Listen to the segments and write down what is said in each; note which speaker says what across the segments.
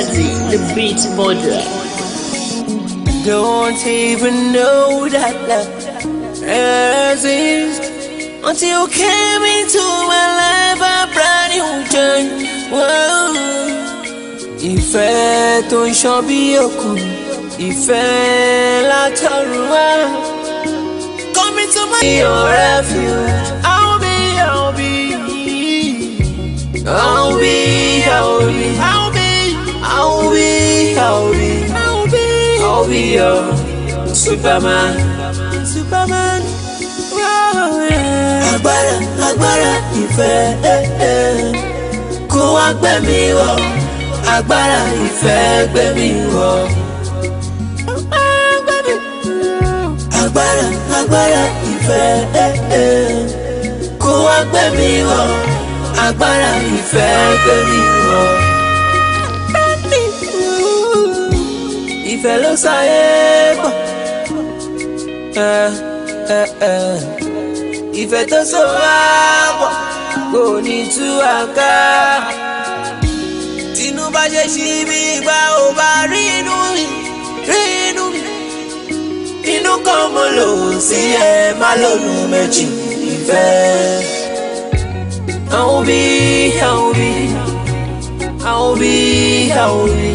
Speaker 1: Kamasi, the beach border. Don't even know that love exists until you came into my life. A brand new journey. Whoa. Ìfẹ́ tó ń ṣan bí òkun, ìfẹ́ látọ̀run wá. Come into my your refuge. I'll be, I'll be, I'll be your refuge. I'll be, I'll be, your
Speaker 2: Superman,
Speaker 1: Superman. agbara yeah. Agbára, agbára ìfẹ́, eh, eh. kó wá gbẹ̀mí agbara ife, ìfẹ́ gbẹ̀mí wọ̀. agbára agbára ìfẹ́ eh, kó wá gbẹ̀mí wọ̀ agbára ìfẹ́ gbẹ̀mí wọ̀. ìfẹ́ ló sáyé pọ̀. Eh, eh, eh. ìfẹ́ tó so wá pọ̀ kò ní tú àká. tinú bá ṣe ṣí mi ìgbà ò bá rí inú mi rí inú mi. inú kan mo lò sí ẹ má lónú méjì ìfẹ́. àwọn bí àwọn bí àwọn bí àwọn bí.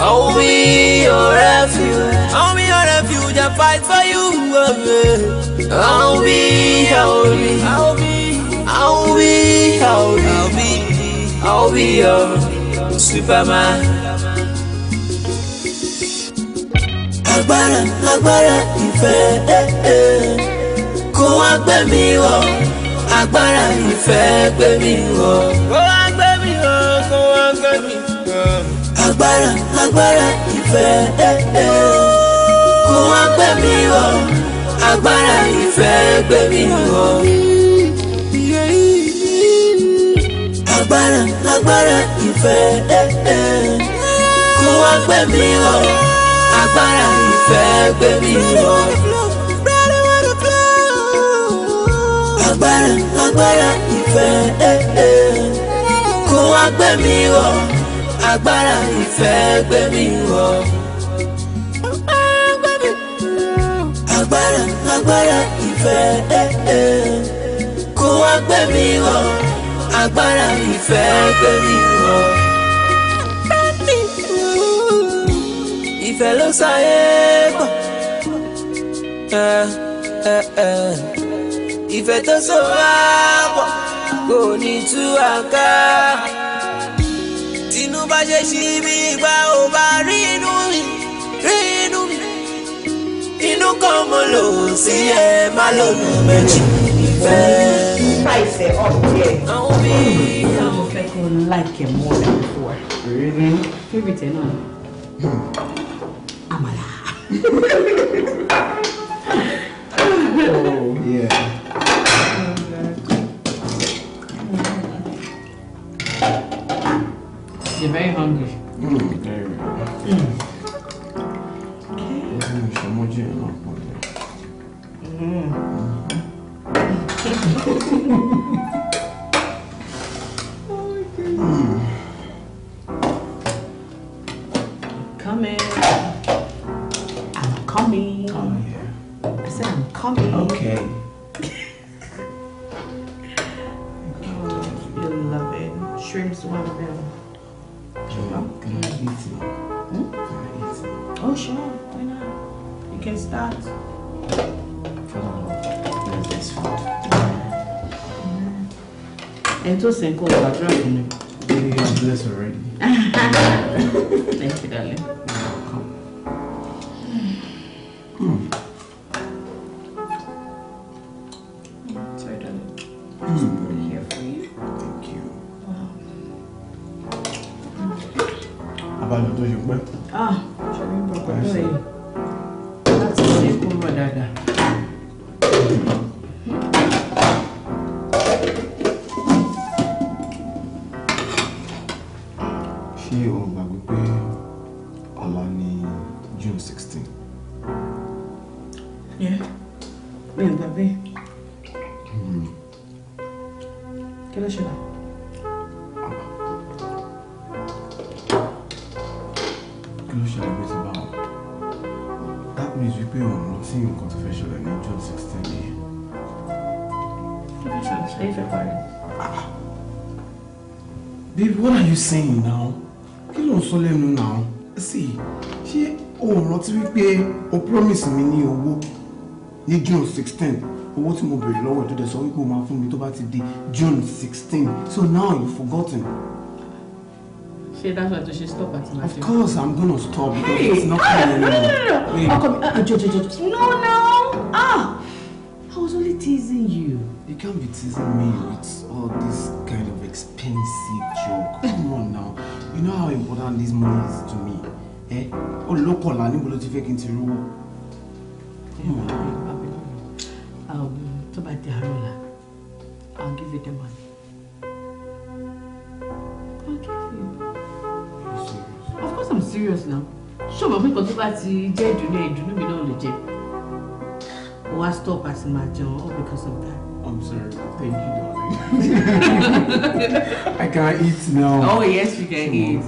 Speaker 1: I'll be your refuge. I'll be your refuge. I fight for you. I'll be, I'll be, I'll be, I'll be, I'll be, I'll be your Superman. Agbara, agbara, ife, eh, eh. kó wá gbé mi wọ̀. Agbara, ife, gbé mi wọ̀. Kó wá gbé mi wọ̀, kó wá gbé mi wọ̀. Agbára lágbára ìfẹ́ kó wá gbẹ̀mí o agbára ìfẹ́ gbẹ̀mí o. agbára lágbára ìfẹ́ kó wá gbẹ̀mí o agbára ìfẹ́ gbẹ̀mí o. agbára lágbára ìfẹ́ kó wá gbẹ̀mí o agbára ìfẹ́ gbé mi wọ̀. agbára agbára ìfẹ́ eh, eh. kó wá gbé mi wọ̀ agbára ìfẹ́ gbé mi wọ̀. ìfẹ́ ló sáyé bọ̀. Eh, eh, eh. ìfẹ́ tó sọ wá pọ̀ kò ní tú àká ṣe ṣì bí ìgbà ò bá rí inú mi rí inú mi inú kan mo lò sí ẹ má lónú méjì ìfẹ́. price ẹ̀ up there. àwọn bí fẹ́ kó like ẹ̀ more than before. really? favourite ẹ̀ náà. Hmm.
Speaker 3: àmàlà. oh yeah.
Speaker 2: very hungry. Mm. Mm.
Speaker 4: tó sìn kó o gbàdúrà fún mi. We are blessed already.
Speaker 5: Thank you, darling.
Speaker 3: saying now? kí ló ń sọ lẹ́nu now? see ṣé o rántí wípé o promise mi ní owó ní June sixteen owó tí mo béèrè lọ́wọ́ ìdúdẹ sọ wípé o máa fún mi tó bá ti di June sixteen so now you
Speaker 6: forgotten.
Speaker 5: ṣé that's why to ṣe stop at máa of course
Speaker 6: i'm gonna stop because hey. it's not fair ah, anymore. no. Come,
Speaker 1: ah jojo ah, jojo. no no ah i was
Speaker 3: only teasing you. you can't be teasing me with all this kind of expensive joke. Come on now. You know how important this money is to me. Eh? Oh, níbo ló ti fẹ́ kí n ti rówó.
Speaker 5: Um, tó bá di àárọ̀ I'll give you the money. I'll give you. Are you serious? Of course I'm serious now. Ṣọ́bọ̀ pé kan tó bá ti jẹ́ ìdùnnú ẹ̀ ìdùnnú mi náà ló jẹ́. Wá stop àti
Speaker 3: máa jẹun all because of that. Oh, I'm sorry. Thank
Speaker 4: you, darling.
Speaker 5: I can not eat now. Oh, yes, you can eat.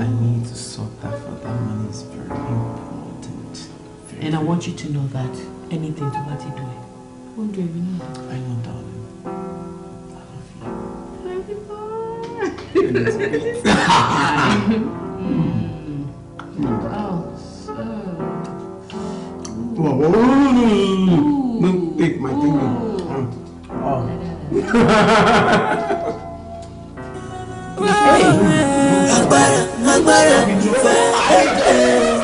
Speaker 3: I need to sort that for that money is very important.
Speaker 5: and I want you to know that anything to what you do, won't do even. I know, darling. I love you. Love you,
Speaker 4: boy. Hmm. Hmm. Oh.
Speaker 6: Oh, no, take my thing.
Speaker 1: Agbára, agbára ìfẹ́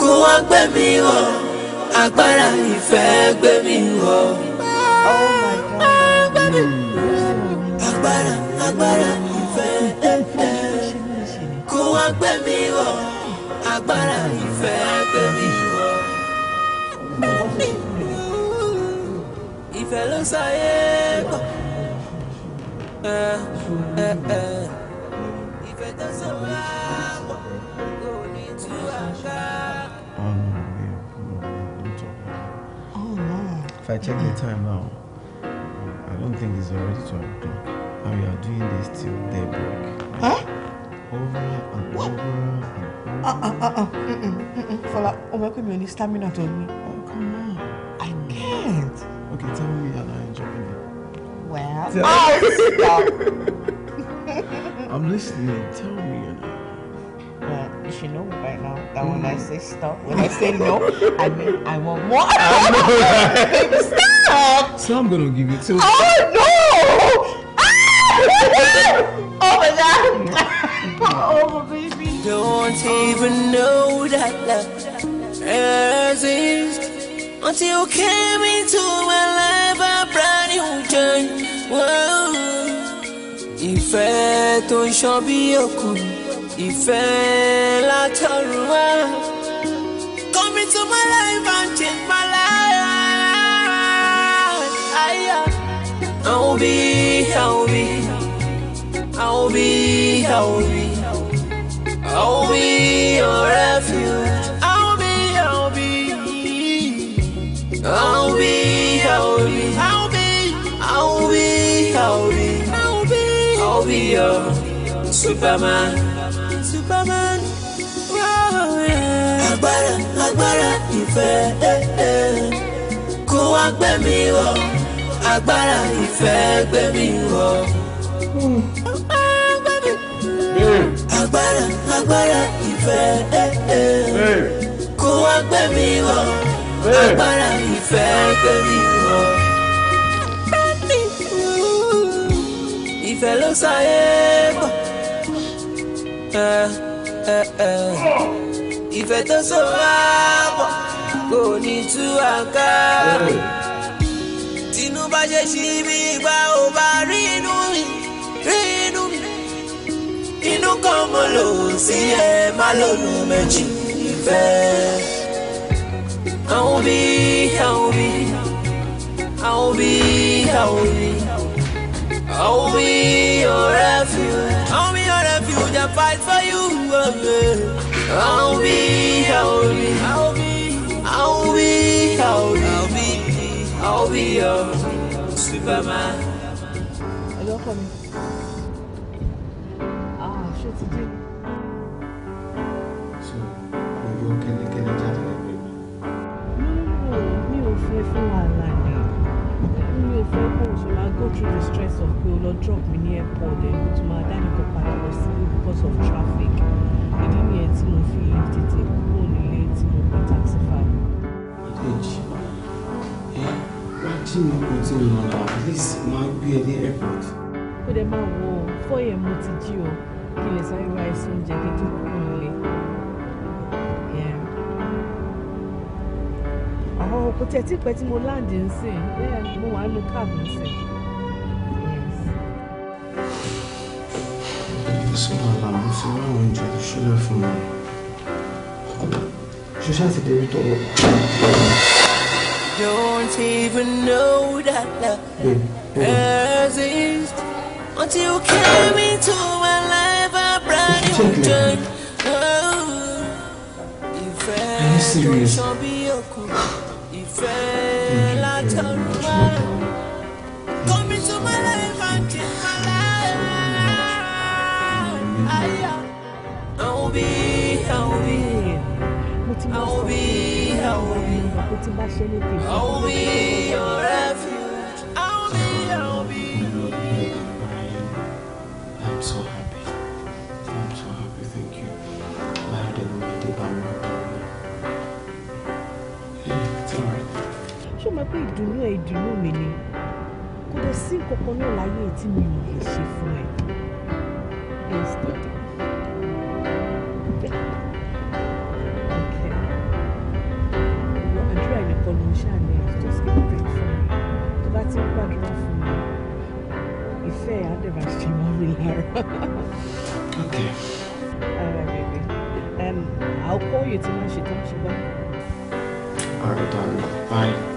Speaker 1: kó wá gbé mi wọ̀, agbára ìfẹ́ gbé mi wọ̀. Agbára, Agbara. ìfẹ́ kó wá gbé mi wọ̀, agbára ìfẹ́ ló sáyé pọ̀. ìfẹ́ tó sọ̀rọ̀ pọ̀ kò ní tú
Speaker 3: If I check the time now, I don't think it's already 12 o'clock. And we are doing this till daybreak. Huh? Over and what? over and over. Uh-uh, uh-uh.
Speaker 5: Mm-mm, mm-mm. Fọlá, ọmọ ẹgbẹ́ mi ò ní stamina tó ní. Ọkàn
Speaker 4: Tell oh, stop.
Speaker 3: I'm listening. Tell me. But you should know right now that when I mm. say stop, when I say no, I mean I want
Speaker 1: more. I know, right? stop.
Speaker 3: So I'm gonna give you two. Oh
Speaker 1: no! Ah! oh my god! Mm. oh my baby. Don't even know that love hurts. until you came into my life. ìfẹ́ tó ń ṣan bí òkun ìfẹ́ látọ̀run wá. Come into my life and change my life. I
Speaker 4: will be, I'll be,
Speaker 1: I'll be, I'll be, I'll be your refuge. I be, I'll be, I be. will
Speaker 2: be Superman.
Speaker 1: Superman. Oh, yeah. Agbara, Agbára agbára ìfẹ́ eh, eh. kó wá gbẹ̀mí wọ̀ agbara ìfẹ́ gbẹ̀mí wọ̀. Agbára agbára ìfẹ́ eh, kó wá gbẹ̀mí wọ̀ agbára ìfẹ́ gbẹ̀mí wọ̀. ìfẹ́ ló sáyé bọ̀. Eh, eh, eh. ìfẹ́ tó so wá pọ̀ kò ní tú àká. tinubu ṣe ṣí mi ìgbà ò bá rí inú mi rí inú mi. inú kan mo lò sí ẹ má lónú méjì ìfẹ́. àwọn bí àwọn bí àwọn bí àwọn bí. I'll be your refuge. I'll be your refuge. I'll fight for you. Oh, I'll be, I'll be, I'll be, I'll be, I'll be, I'll
Speaker 4: be, I'll be your
Speaker 2: Superman.
Speaker 4: Hello, come.
Speaker 1: through the stress of pé o lọ drop mi ní airport ẹ̀ kó tó máa dá nìkan padà lọ sílé because of traffic ìdí nìyẹn tí mo fi tètè kúrò nílé tí mo pẹ́ taxify.
Speaker 4: èjì
Speaker 3: ẹ wá jí mi kò tí mi mọ̀ at least máa gbé ẹ ní airport. kó dẹ máa wọ fọyẹ mo ti jí o kí lè sáré ra ẹsẹ
Speaker 4: oúnjẹ kí n tó kúrò nílé.
Speaker 5: àwọn òkúta ẹ̀ tí pẹ́ tí mo láǹdì ń sìn bẹ́ẹ̀ mo wà á lo káàbù ń sìn.
Speaker 4: Bismillah,
Speaker 3: düşürür Şu doğru.
Speaker 1: Don't even know that love exists until you came into my life. I brought oh, you joy. Are you
Speaker 4: Come into my life and change my life.
Speaker 1: àwòbí àwòbí àwòbí àwòbí àwòbí your refuge àwòbí àwòbí.
Speaker 5: I'm so happy. I'm so happy. Thank you. My head and my my Yeah, it's alright. Ṣé o máa pé ìdùnnú ẹ̀ ìdùnnú mi ni? Kò dẹ̀ sí nǹkan kan náà láyé tí mi ò lè ṣe fún ẹ. is the okay. àdúrà ìnìkọlù you, ṣàní just keep praying for me okay. all right baby um, I'll call you tí
Speaker 4: all right darling bye.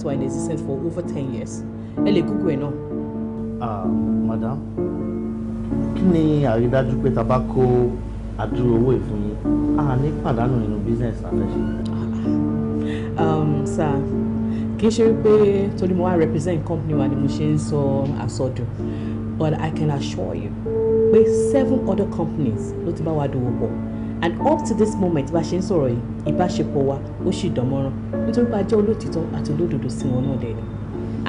Speaker 3: that were in existence for over ten years ẹ Kuku. google ẹ náà.
Speaker 7: ah madam kí ni àrídájú pé ta bá kó àdúró owó ìfún yín a ní pàdánù nínú business Um, sir
Speaker 3: kì í ṣe wípé torí mo wá represent company wa ni mo ṣe ń sọ àsọdùn but I can assure you pé seven other companies ló ti bá wa dòwò pọ̀ and up to this moment bá a ṣe ń sọ̀rọ̀ yìí ìbáṣepọ̀ wa ó sì dánmọ́rán nítorí pé a jẹ́ olótìtọ́ àti olódodo sí wọn náà dẹ̀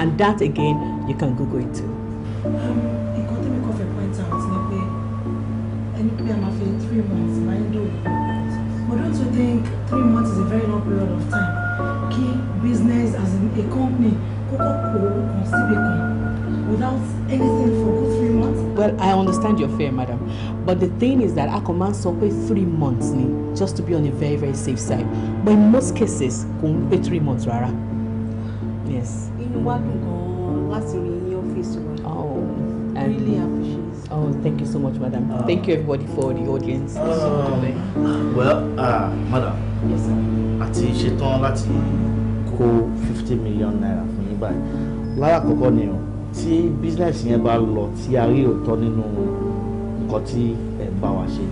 Speaker 3: and that again you can google it too. Um, nǹkan tẹ́mi kọ́ fẹ́ point out ni pé ẹni pé a máa fi three months láyé dòwò but don't you think three months is a very long period of time kí business as in a company kókó kó owó kan síbi kan without anything
Speaker 4: for good three months.
Speaker 3: well I understand your fear madam but the thing is that I command máa pay three months ni just to be on a very very safe side but in most cases kò ń pé three months rara. yes. inú wa dùn gan-an láti rí yín ọ́fíìsì wa. oh
Speaker 1: I really appreciate oh thank you so much madam uh, thank
Speaker 3: you everybody for
Speaker 7: the audience. Uh, um, well uh, madam. yes sir. àti ṣetán láti kó fifty million naira fún yín báyìí lára àkọ́kọ́ ni o tí business yẹn bá lọ tí a rí òótọ́ nínú. No, nǹkan tí ẹ bá wa ṣe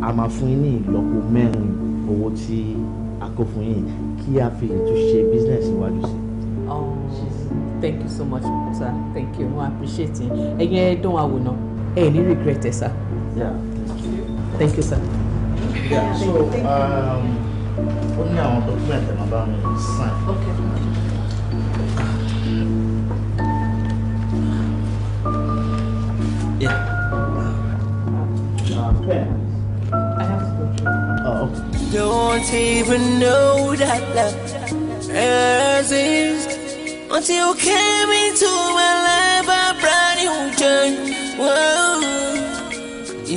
Speaker 7: a máa fún yín ní ìlọ́po mẹ́rin owó tí a kó fún yín kí a fi ìtúnṣe business iwájú sí.
Speaker 5: Oh, thank you so much sir thank you mo appreciate it
Speaker 3: ẹ̀yin ẹ dán wa wò náà ẹ ní regret ẹ sir. Yeah. thank you sir.
Speaker 7: Yeah, so um, ó ní àwọn document ẹ̀ máa bá mi sign. Okay.
Speaker 1: don't even know that love exists until you came into my life a brand new turn.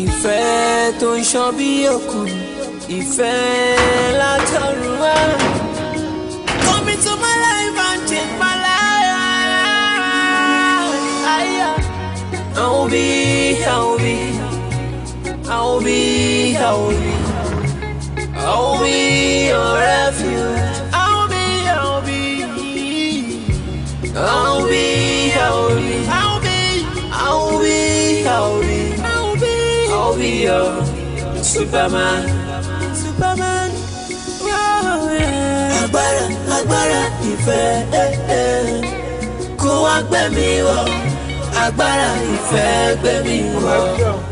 Speaker 1: Ìfẹ́ tó ń ṣan bí òkun, ìfẹ́ látọ̀run wá. Come into my life and change my life. I will be, I will be, I will be, I will be. I'll be your refuge. I'll be, I'll be. I'll be, I'll be. I'll be, I'll be.
Speaker 2: your Superman.
Speaker 1: Superman. Agbára, agbára ìfẹ́. Eh, eh. Kó wá gbẹ̀mí wọ̀. Agbára ìfẹ́ gbẹ̀mí wọ̀.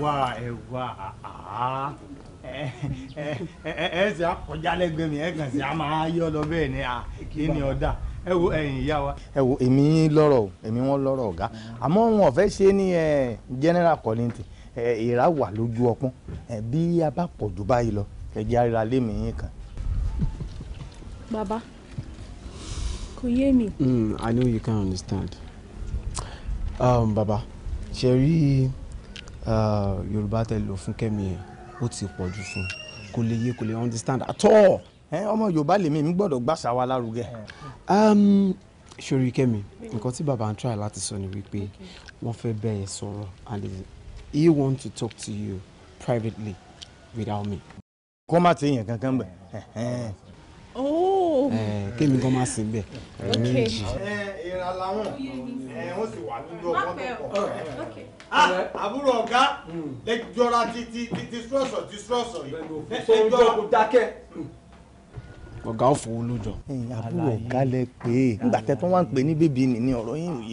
Speaker 7: ẹwà ẹwà a ah. ẹ eh, ṣe eh, àkọjálẹ́gbẹ́ eh, mi ẹ kàn sí a máa lọ bẹ́ẹ̀ ni a ah, kí ni ọ̀dà ẹ wo ẹ̀yìn ìyá wa. ẹ wo èmi o èmi lọrọ ọ̀gá àmọ́ wọn ò ṣe general kọ́lẹ́ǹtì ìrà wà lójú bí a bá pọ̀ jù báyìí lọ mi
Speaker 5: yín
Speaker 3: hmm, I know you can understand. Um, baba ṣe Ah, yorùbá tẹ lò fún kẹ́mi yẹn ó ti pọ̀ jù fún kò lè yé kò lè understand at
Speaker 7: all ọmọ yorùbá lèmi mi gbọ́dọ̀ gbàṣà wa lárugẹ.
Speaker 3: Um, sori kẹ́mi nǹkan tí bàbá ń try láti sọ ni wípé wọ́n fẹ́ bẹ́ẹ̀ sọ̀rọ̀ and he want to talk to you privately without me. kó má ti yàn kankan bẹ̀. kémi kan máa sin bẹ́ẹ̀ oh. eh, méjì.
Speaker 5: Eh, ìrànlọ́wọ́ ẹ̀ oh, eh, wọ́n sì wà nínú ọgbọ́n tó pọ̀. àbúrò ọ̀gá lẹ́jọ́ra hmm. ti ti ti ti sọ́ọ̀sọ̀ ti sọ́ọ̀sọ̀ yìí lẹ́jọ́ra hmm.
Speaker 3: ọ̀gá ò fowó lójọ. àbúrò ọ̀gá lẹ pé hmm. nígbà tẹ tó pè ní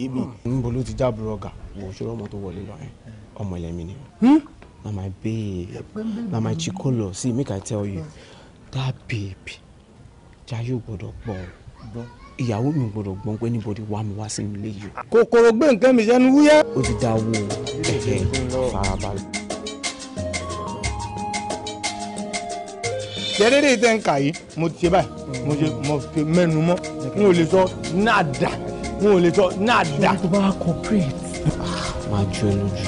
Speaker 3: mi. ti já àbúrò ọ̀gá wò ó ṣòro ọmọ tó wọlé lọ eh? ọmọ ni. na my babe na my ìyàwó mi gbọ́dọ̀ gbọ́n pé níbodè wá mi wá sí mi yìí.
Speaker 6: kòkòrò gbé nǹkan mi sẹ́nu wúyẹ́. ó ti dá owó ẹ̀fẹ̀ farabalẹ̀. jẹ́rẹ́rẹ́ tẹ́ ń kà yìí mo ti ṣe báyìí mo ṣe mo fi mẹ́nu mọ́ n ò lè sọ nada n ò lè sọ nada. ṣé o bá cooperate.
Speaker 3: máa jó ẹ lójú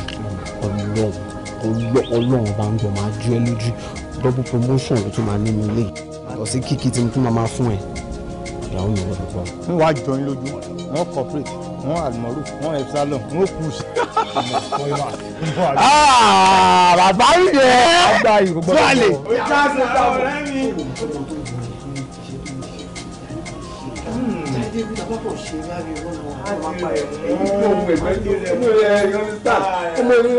Speaker 3: ọlọ́run ọlọ́run bá ń gbọ́ máa jó ẹ lójú double promotion ló tún máa nínú ilé yìí lọ kìkì tí mo tún máa máa fún ẹ ìdáhùn mi
Speaker 7: gbọ́dọ̀ pọ̀. wọ́n wá jọ yín lójú wọ́n corporate wọ́n àlùmọ́rù wọ́n epsilon wọ́n kùsì.
Speaker 1: bàbá yìí yẹ tíwálè. ọmọ ẹgbẹ́ ọmọ ẹgbẹ́ ọmọ ẹgbẹ́ ọmọ ẹgbẹ́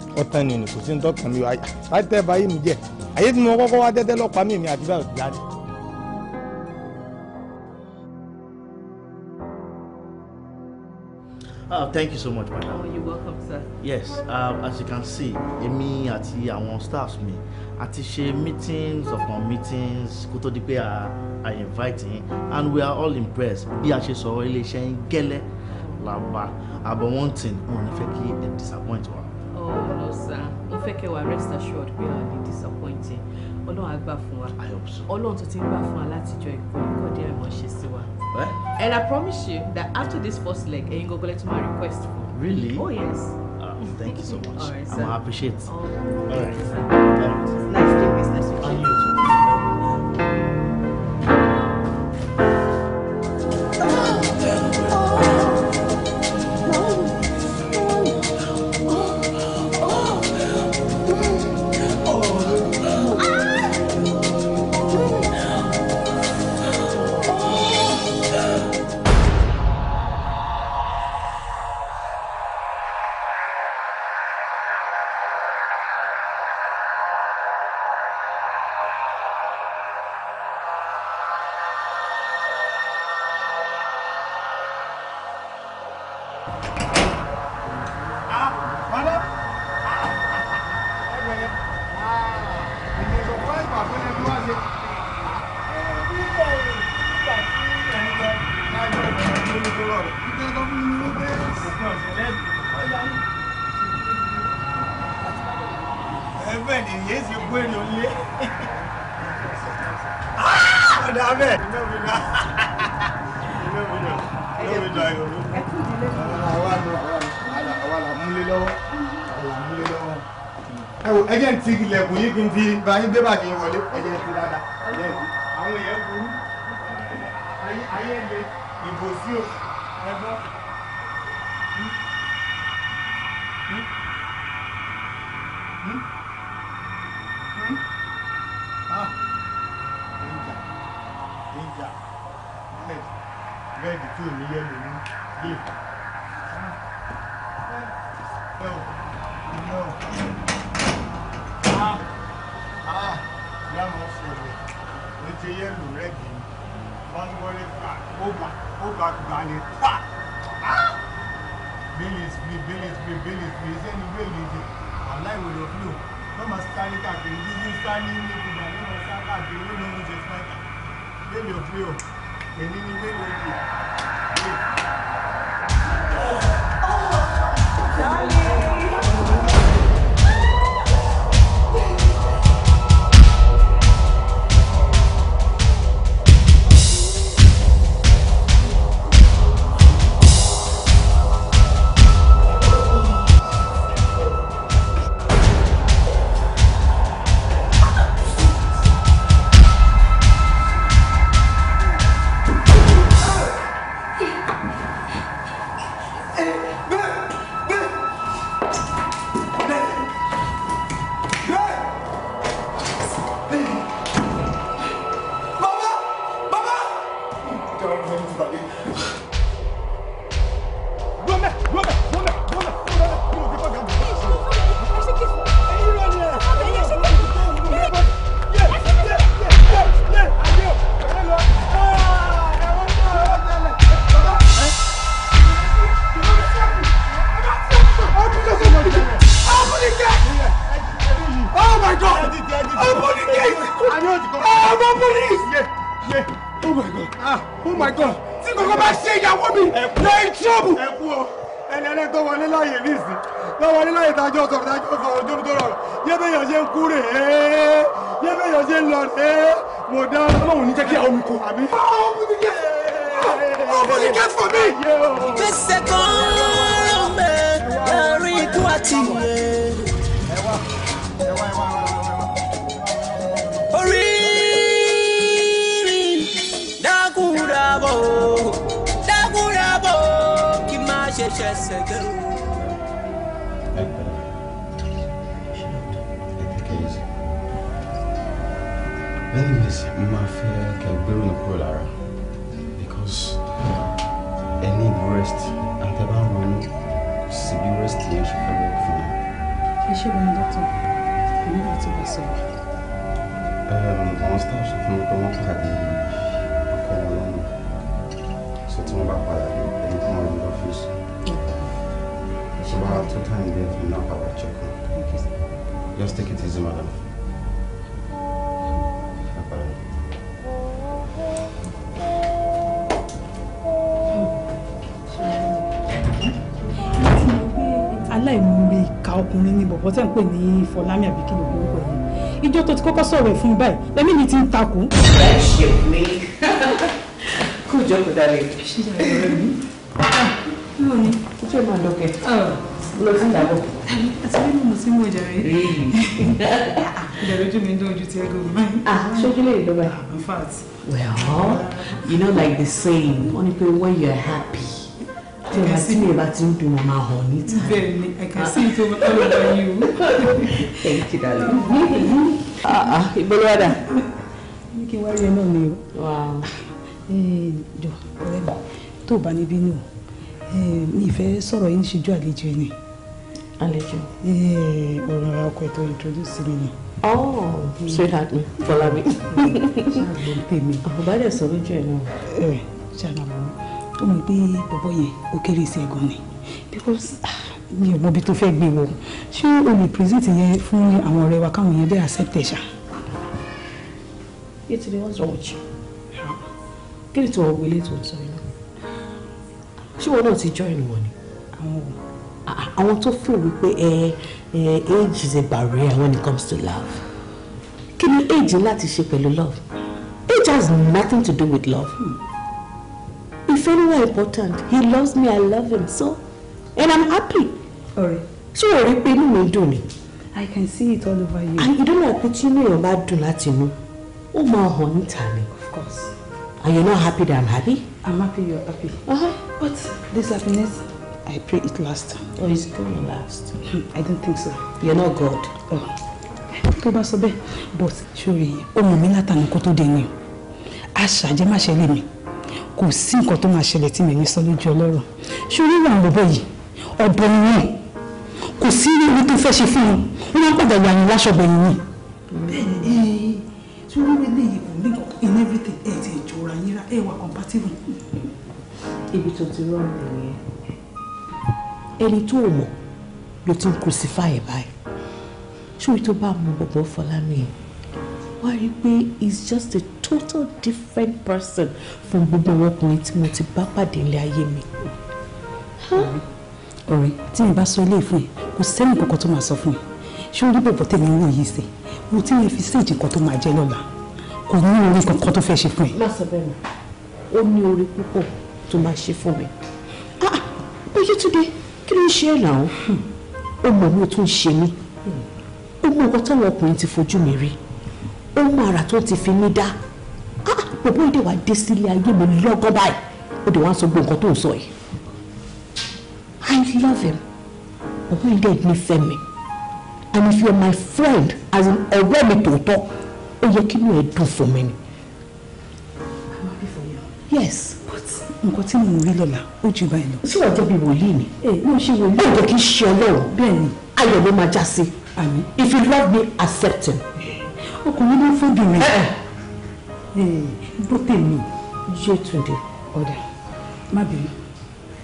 Speaker 6: ọ̀tàn nìyí kò sí ní tọ́kàn mi àtẹ báyìí mi jẹ àyè tí mo kọ́kọ́ wá tẹ́tẹ́ lọ́pàá mi mi àti báyìí òtí láti.
Speaker 7: Oh, ah, thank you so much, madam. Oh, you're welcome, sir. Yes, um, as you can see, èmi àti àwọn staffs mi a ti ṣe meetings upon meetings kó tó di pé a a invite yín and we are all impressed bí a ṣe sọ̀rọ̀ ilé iṣẹ́ yín gẹ́lẹ́ làbà àbọ̀ one thing wọn ò ní fẹ́ kí ẹ disappoint wa
Speaker 5: no sir mo fẹ́ kẹ́ wà rest assured pé a lè disappoint ẹ ọlọ́run á gbà fún wa ọlọ́run tó ti ń
Speaker 3: gbà fún wa látijọ́ ìkọ́ ìkọ́ díẹ̀ mọ̀ ṣe sí wa. Eh? and I promise you that after this first leg ẹ̀yin gbogbo lẹ́tọ́ máa request for. really oh yes. Uh, thank you so much. All right, sir. I appreciate it. All right. All right. All right. All right. yín gbé bàjẹ́ ìka ọkùnrin ni bọ̀bọ̀ tẹ̀ ń pè ní Fọlámi àbí orúkọ yìí ìjọ tó ti kọ́kọ́ sọ̀rọ̀ ẹ̀ fún báyìí lẹ́mí mi ti ń takò. friendship
Speaker 5: ni kò jókòó dalẹ̀. ṣé ìyá rẹ̀ mi? báwo ni? ojú ẹ̀ máa lọ́kẹ́. Ah. lọ sí ìyàwó. àti bí mo ti ń wọ ìjà rẹ̀. ìdàrú ojú mi ń dán ojú ti ẹgbẹ́ mi báyìí. Ah, ṣojú lè ah, in fact.
Speaker 3: well you know like the saying only pé when you are happy. I can see me about ti ń dùn ọmọ ahọ́n I can see it all over you.
Speaker 5: thank you darling. Mm-hmm. Ah, ah ìgbọ́lọ́dà
Speaker 4: You kí n wá rí ẹ náà ni o. To ọ̀rẹ́ mi tó bá I nù
Speaker 3: mi ìfẹ́ sọ̀rọ̀ yìí ń ṣojú àlejò ẹ̀ ni. àlejò. ọ̀rọ̀ ọkọ̀
Speaker 5: to introduce mi Oh, sweetheart me follow me. Mm, Ṣé àgbọ̀n tèmi? Àbúbá dẹ̀ sọ lójú ẹ̀ náà. Ẹ ṣáà Eh. mọ̀ mí tó mọ̀ pé bọ̀bọ̀ yẹn ó kéré
Speaker 3: sí ẹ̀gàn ni because ah, mi ò mọbi tó fẹ́ gbé wọ e ṣé o lè present yẹn fún àwọn ọ̀rẹ́ wa káwọn yẹn dẹ́ accept ẹ̀ ṣá. ètò ni wọ́n sọ wọ́n jù kí ni tí wọ́n wọlé tó ń sọ yìí ṣé wọn náà ti join wọn ni. àwọn ah, ah, tó fún wípé eh, eh, age is a barrier when it comes to love kí ni age láti ṣe pẹ̀lú love age has nothing to do with love. Hmm ìfẹ́ ló important he loves me i love
Speaker 5: him so and i'm happy. ọ̀rẹ́ ṣé o rí pé inú me. i can see it all over you. and you don't know pé tí inú èèyàn bá dùn láti inú ó máa hàn níta ni.
Speaker 3: of course. and you're not happy that i'm happy. i'm happy you're happy. Uh-huh. but this happiness I pray it lasts. Oh, it's going to last. I don't think so. You're not God. Oh. Tó bá sọ bẹ́ẹ̀, but ṣòrí ọmọ mi látànà kó tó dé ni o. Àṣà jẹ́ máṣe kò sí nǹkan tó máa ṣẹlẹ̀ tí mi ní sọ lójú ọlọ́run ṣé orí
Speaker 4: wà lọ́bọ̀ yìí ọ̀bọ ni wọ́n kò sí rírí tó fẹ́ ṣe fún wọn wọ́n padà yà ní láṣọ̀bẹ̀ yìí. bẹ́ẹ̀ni ee tí wọn rí eléyìí kò ní in everything ẹ ti
Speaker 3: jọra yín ra ẹ wà compatible. ibi tó ti rọrùn nìyẹn ẹni tó mọ̀ ló tún crucify ẹ̀ báyìí
Speaker 5: ṣé orí tó bá mọ bọ̀bọ̀ fọlá mi yìí wá rí i pé he's just a total different
Speaker 3: person from gbogbo àwọn ọkùnrin tí mo ti bá
Speaker 5: pàdé ilé ayé mi.
Speaker 3: ọ̀rẹ́ tí mi bá sọ ilé ìfún ẹ kò sẹ́ni kankan tó máa sọ fún ẹ ṣé orí bọ̀bọ̀ tèmi ń wò yìí sè mo ti lè fi séèjì kan tó máa jẹ lọ́la kò ní orí kankan tó fẹ́ ṣe fún ẹ. má sọ bẹ́ẹ̀ mọ́ ó ní orí púpọ̀ tó máa ṣe fún mi. Ah, Bójútúndé kí ló ń ṣe ẹ̀ náà hmm. ó mọ̀ mí ó tún ṣe mí ó mọ̀ nǹkan táwọn ọkùnrin ti fojú mi rí ohun àrà tó ti fi mí dá bàbá ìdè wa dé sílé ayé mi lọ́gán báyìí ó dé wá sọ gbogbo nǹkan tó ń sọ yìí I love him bàbá ìdè nífẹ̀ẹ́ mi and if you are my friend as in ọ̀rẹ́ mi tòótọ́ ó yẹ kí inú ẹ̀ dùn fún mi ni.
Speaker 4: I'm happy for you.
Speaker 3: yes nǹkan tí mo rí lọ́la ó jù báyìí lọ. tí wọ́n jẹ́bi wòlíì ni. ẹ eh, mo ṣe wòlíì. ó jẹ́ kí n ṣe ọlọ́run. bẹ́ẹ̀ ni ayọ̀ ló máa já sí. if you love me accept him ọkùnrin ló fún bìnrin gbọ́ eh, eh. eh, tèmi Yétúndé ọ̀dà má bínú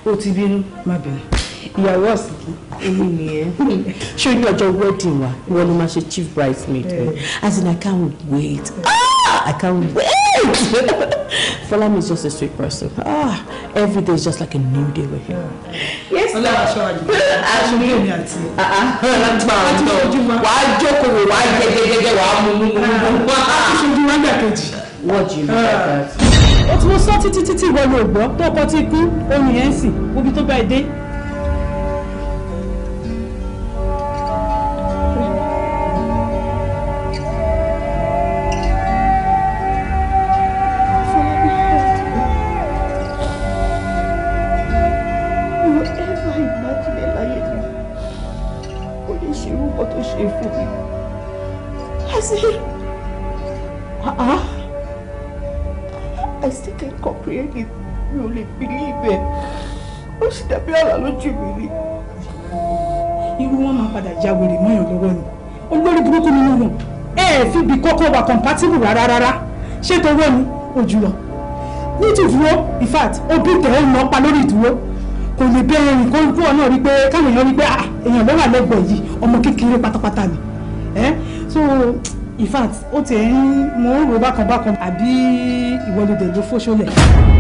Speaker 3: ó ti bínú má bínú ìyàwó ọ̀sìnkì èmi nìyẹn ṣé ní ọjọ́ wedding wa wọ́n ló máa ṣe chief bridesmaid as in I can't wait. Ah! I can't wait. Falami is just a sweet person. Ah, every day is just like a new day with him.
Speaker 5: Yes. Ọlá aṣọ àjùmọ̀. Ah, ah. Aṣọ mi ò ní àti. Alágbà ọ̀dọ́. Wà á jókòó wò, wà á jẹ gẹ́gẹ́, wà á mú mú mú mú. Aṣojú
Speaker 3: ah, wọn gbà kejì. What do you mean by that? O ti mo sọ títí títí ìwọ ló gbọ́ tó kọ tí kú, ohun yẹn ń sìn, obi tó bá
Speaker 4: ẹ
Speaker 6: dé.
Speaker 5: dàbí àlá lójú mi rí. irú wọn máa padà ya wèrè mọ́yàn lọ́wọ́ ni olórí burúkú nínú wọn ẹ ẹ fi ibi kọ́kọ́ wà compatible rárá rárá ṣé torí ẹni ojú lọ ní ìdúró in fact obi tẹ̀ ẹ́ ìmọ̀ pa lórí ìdúró kò lè
Speaker 3: bẹ ẹrìn kó kú ọ̀nà rí pé káwọn èèyàn rí pé ah, èèyàn ló wà yìí ọmọ kékeré pátápátá ni so in fact ó tẹ̀ ń mo ń rò bákan bákan àbí ìwọlódé ló fóṣọlẹ̀.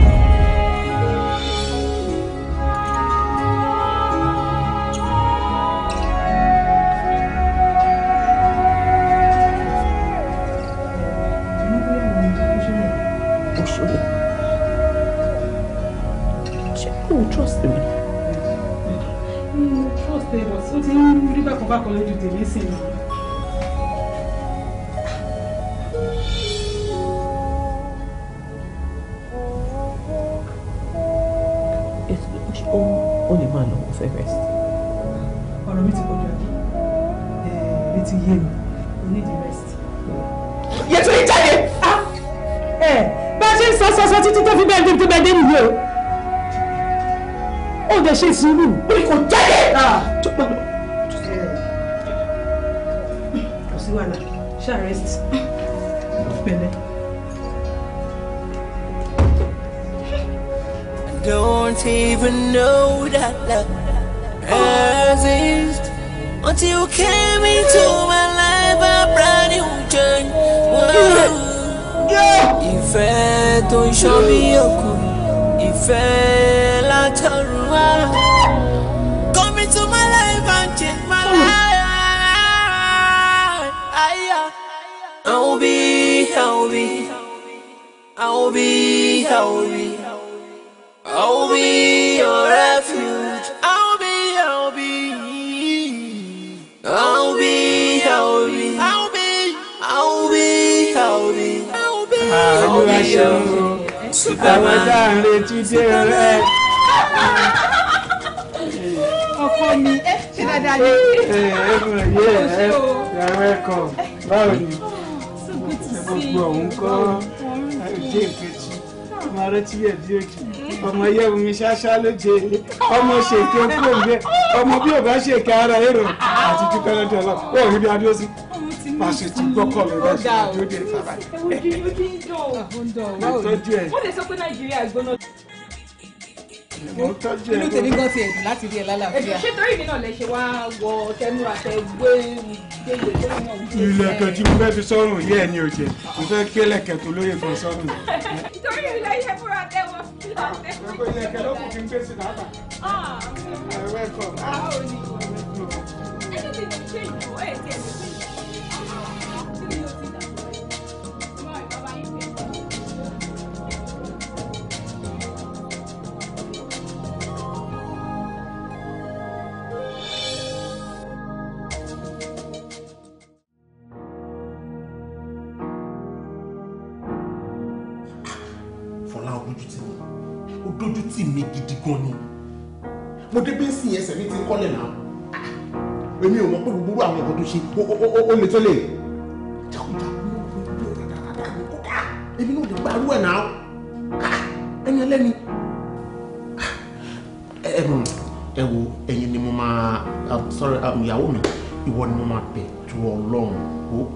Speaker 5: ṣe sùúrù. ó ní kò jáde. Ah. Ah.
Speaker 1: Don't even know that love exists until you came into my life. A brand new journey. Ìfẹ́ tó ń ṣọ́ bí òkú, ìfẹ́. Come into my life and change my life.
Speaker 6: I will be, I'll
Speaker 1: be, will be, I'll be, will be your refuge. I will be, I'll be,
Speaker 4: I'll be, I'll be,
Speaker 1: I'll be, I'll be, I'll be, I'll be, I'll be your Superman. ẹ ẹ welcome báwo ni
Speaker 6: gbogbo òun kọ́ ṣe ìkejì ọmọ rẹ ti yẹ díẹ̀ jù ọmọ yẹ̀wò mi ṣáṣá ló jẹ ọmọ ṣèké kúrò ń bẹ ọmọ bí ò bá ṣèké ara èrò àti dúpẹ́ lọ́dọ̀ ọlọ́ ó rí bí adó sí pàṣẹ tí gbọ́kọ̀ lọ rẹ ṣe àdó dé
Speaker 5: fàbáyé. ojú yóò dín dùn. ó tọ́jú ẹ̀. wọ́n lè sọ pé nàìjíríà gbóná inú tèmi gan ti
Speaker 1: ẹ̀dùn láti rí ẹ lálàáfíà. ṣé torí mi náà lè ṣe wá wọ tẹnura tẹ gbé gbègbè lórí náà. ìlẹ̀kẹ̀
Speaker 6: tí mo fẹ́ fi sọ́rùn yẹ́ ẹ̀ ní òjè mo fẹ́ kí ẹlẹ́kẹ̀ tó lóye kan sọ́rùn.
Speaker 1: ìtorí mi lè ṣe fúra tẹ wọ fúra tẹ. gbogbo ìlẹ̀kẹ̀
Speaker 5: ló kù kí n gbé sí nàbà.
Speaker 1: Ah. ẹ wẹ́kọ̀. ẹ ṣe ti ṣe ìdúró ẹ̀
Speaker 3: náà èmi ò mọ̀ pé gbogbo àwọn nǹkan tó ṣe ó lè tó lè jagunjagun èmi náà lè gbàrú ẹ̀
Speaker 7: náà ẹni ẹlẹ́ni ẹ mm, wo ẹ̀yin ni mo máa um, sorry um, ìyàwó mi ìwọ ni mo máa bẹ̀ tó ọlọ́run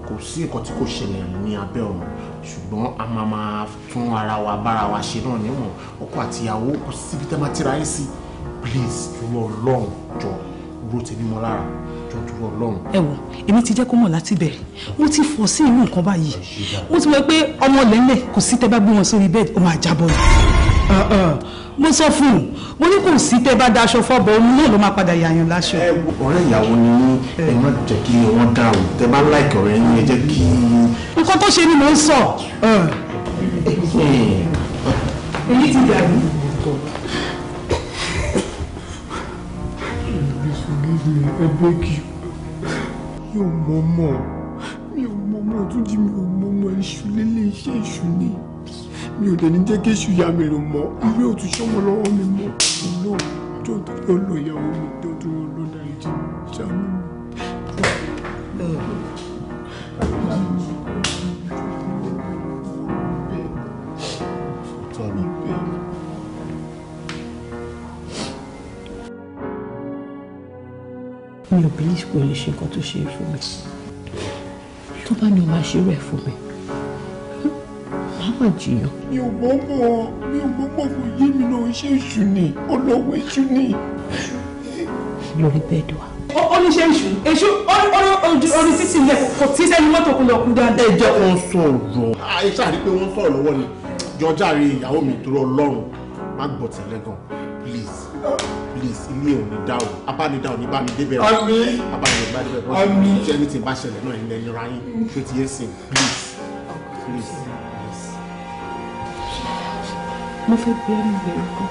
Speaker 7: kò sí nǹkan tí kò ṣẹlẹ̀ ní abẹ́ ọ̀run ṣùgbọ́n a máa máa tún
Speaker 3: ara wa bára wa ṣe náà níwọ̀n ọkọ àtìyàwó kò síbi tẹ́ máa tíra yín sí please tó ọlọ́run jọ̀ọ́ ro tèmi mọ́ lára jọjọ Ọlọ́run. ẹ wò èmi ti jẹ́ kó mọ̀ láti bẹ̀rẹ̀ mo ti fọ̀ sí inú nǹkan báyìí mo ti wọ pé ọmọ lẹ́lẹ̀ kò sí tẹ́ bá gbé wọn
Speaker 5: sórí bẹ́ẹ̀dì ó máa jábọ́ ni ah, ah. mo sọ fún un mo ní kò sí tẹ́ bá daṣọ fọbọ òun náà ló máa padà yàyàn láṣọ.
Speaker 7: ọ̀rẹ́ ìyàwó ni ẹ má jẹ́ kí wọ́n dàrú tẹ́ bá láìkì ọ̀rẹ́ yín ẹ jẹ́ kí.
Speaker 3: nǹkan tó ṣe ni mò ń sọ. Ah. èyí ti dàrú.
Speaker 5: beg I beg you. Mi mama, mọ̀ mama, don't ò mọ̀ mọ̀, mama. mi ò mọ̀ mọ̀, èṣù lélẹ̀ iṣẹ́ èṣù it.
Speaker 6: Mi ò dẹ̀ ní jẹ́ kí èṣù ya mi my mọ́,
Speaker 5: ìwé òtún ṣọ́mọ lọ́wọ́ mi mọ́. Ọlọ́run, jọ̀ọ́ mi ò believe pé o lè ṣe nǹkan tó ṣe é fún mi tó bá ní o máa ṣe rẹ̀ fún mi máa jiyàn.
Speaker 3: mi ò mọ̀ọ́mọ̀ mi ò mọ̀ọ́mọ̀ kò yé mi náà iṣẹ́ èṣù ni ọlọ́wọ́ èṣù ni.
Speaker 5: lórí bẹ́ẹ̀dì wa.
Speaker 3: oníṣẹ́ èṣù èṣù orí títì ilẹ̀ kò tí sẹ́ni mọ́tò kú lọ kú dáadáa. ẹ jẹ́ kó ń sọ̀rọ̀. àìsàn àti pé wọ́n ń sọ̀rọ̀ lọ́wọ́ ni
Speaker 7: jọjá rí ìyàwó mi dúró ọlọ́run má gbọ̀tẹ̀lẹ́gàn please please ilé òní dá o abánidá òní bá mi débẹ̀ o àmín abánidá òní bá débẹ̀ o àmín ṣé ní ti bá ṣẹlẹ̀ náà ilẹ̀ nira yín tó ti yé sìn please please.
Speaker 5: mo fẹ́ bí ẹni bẹ̀rẹ̀ kan.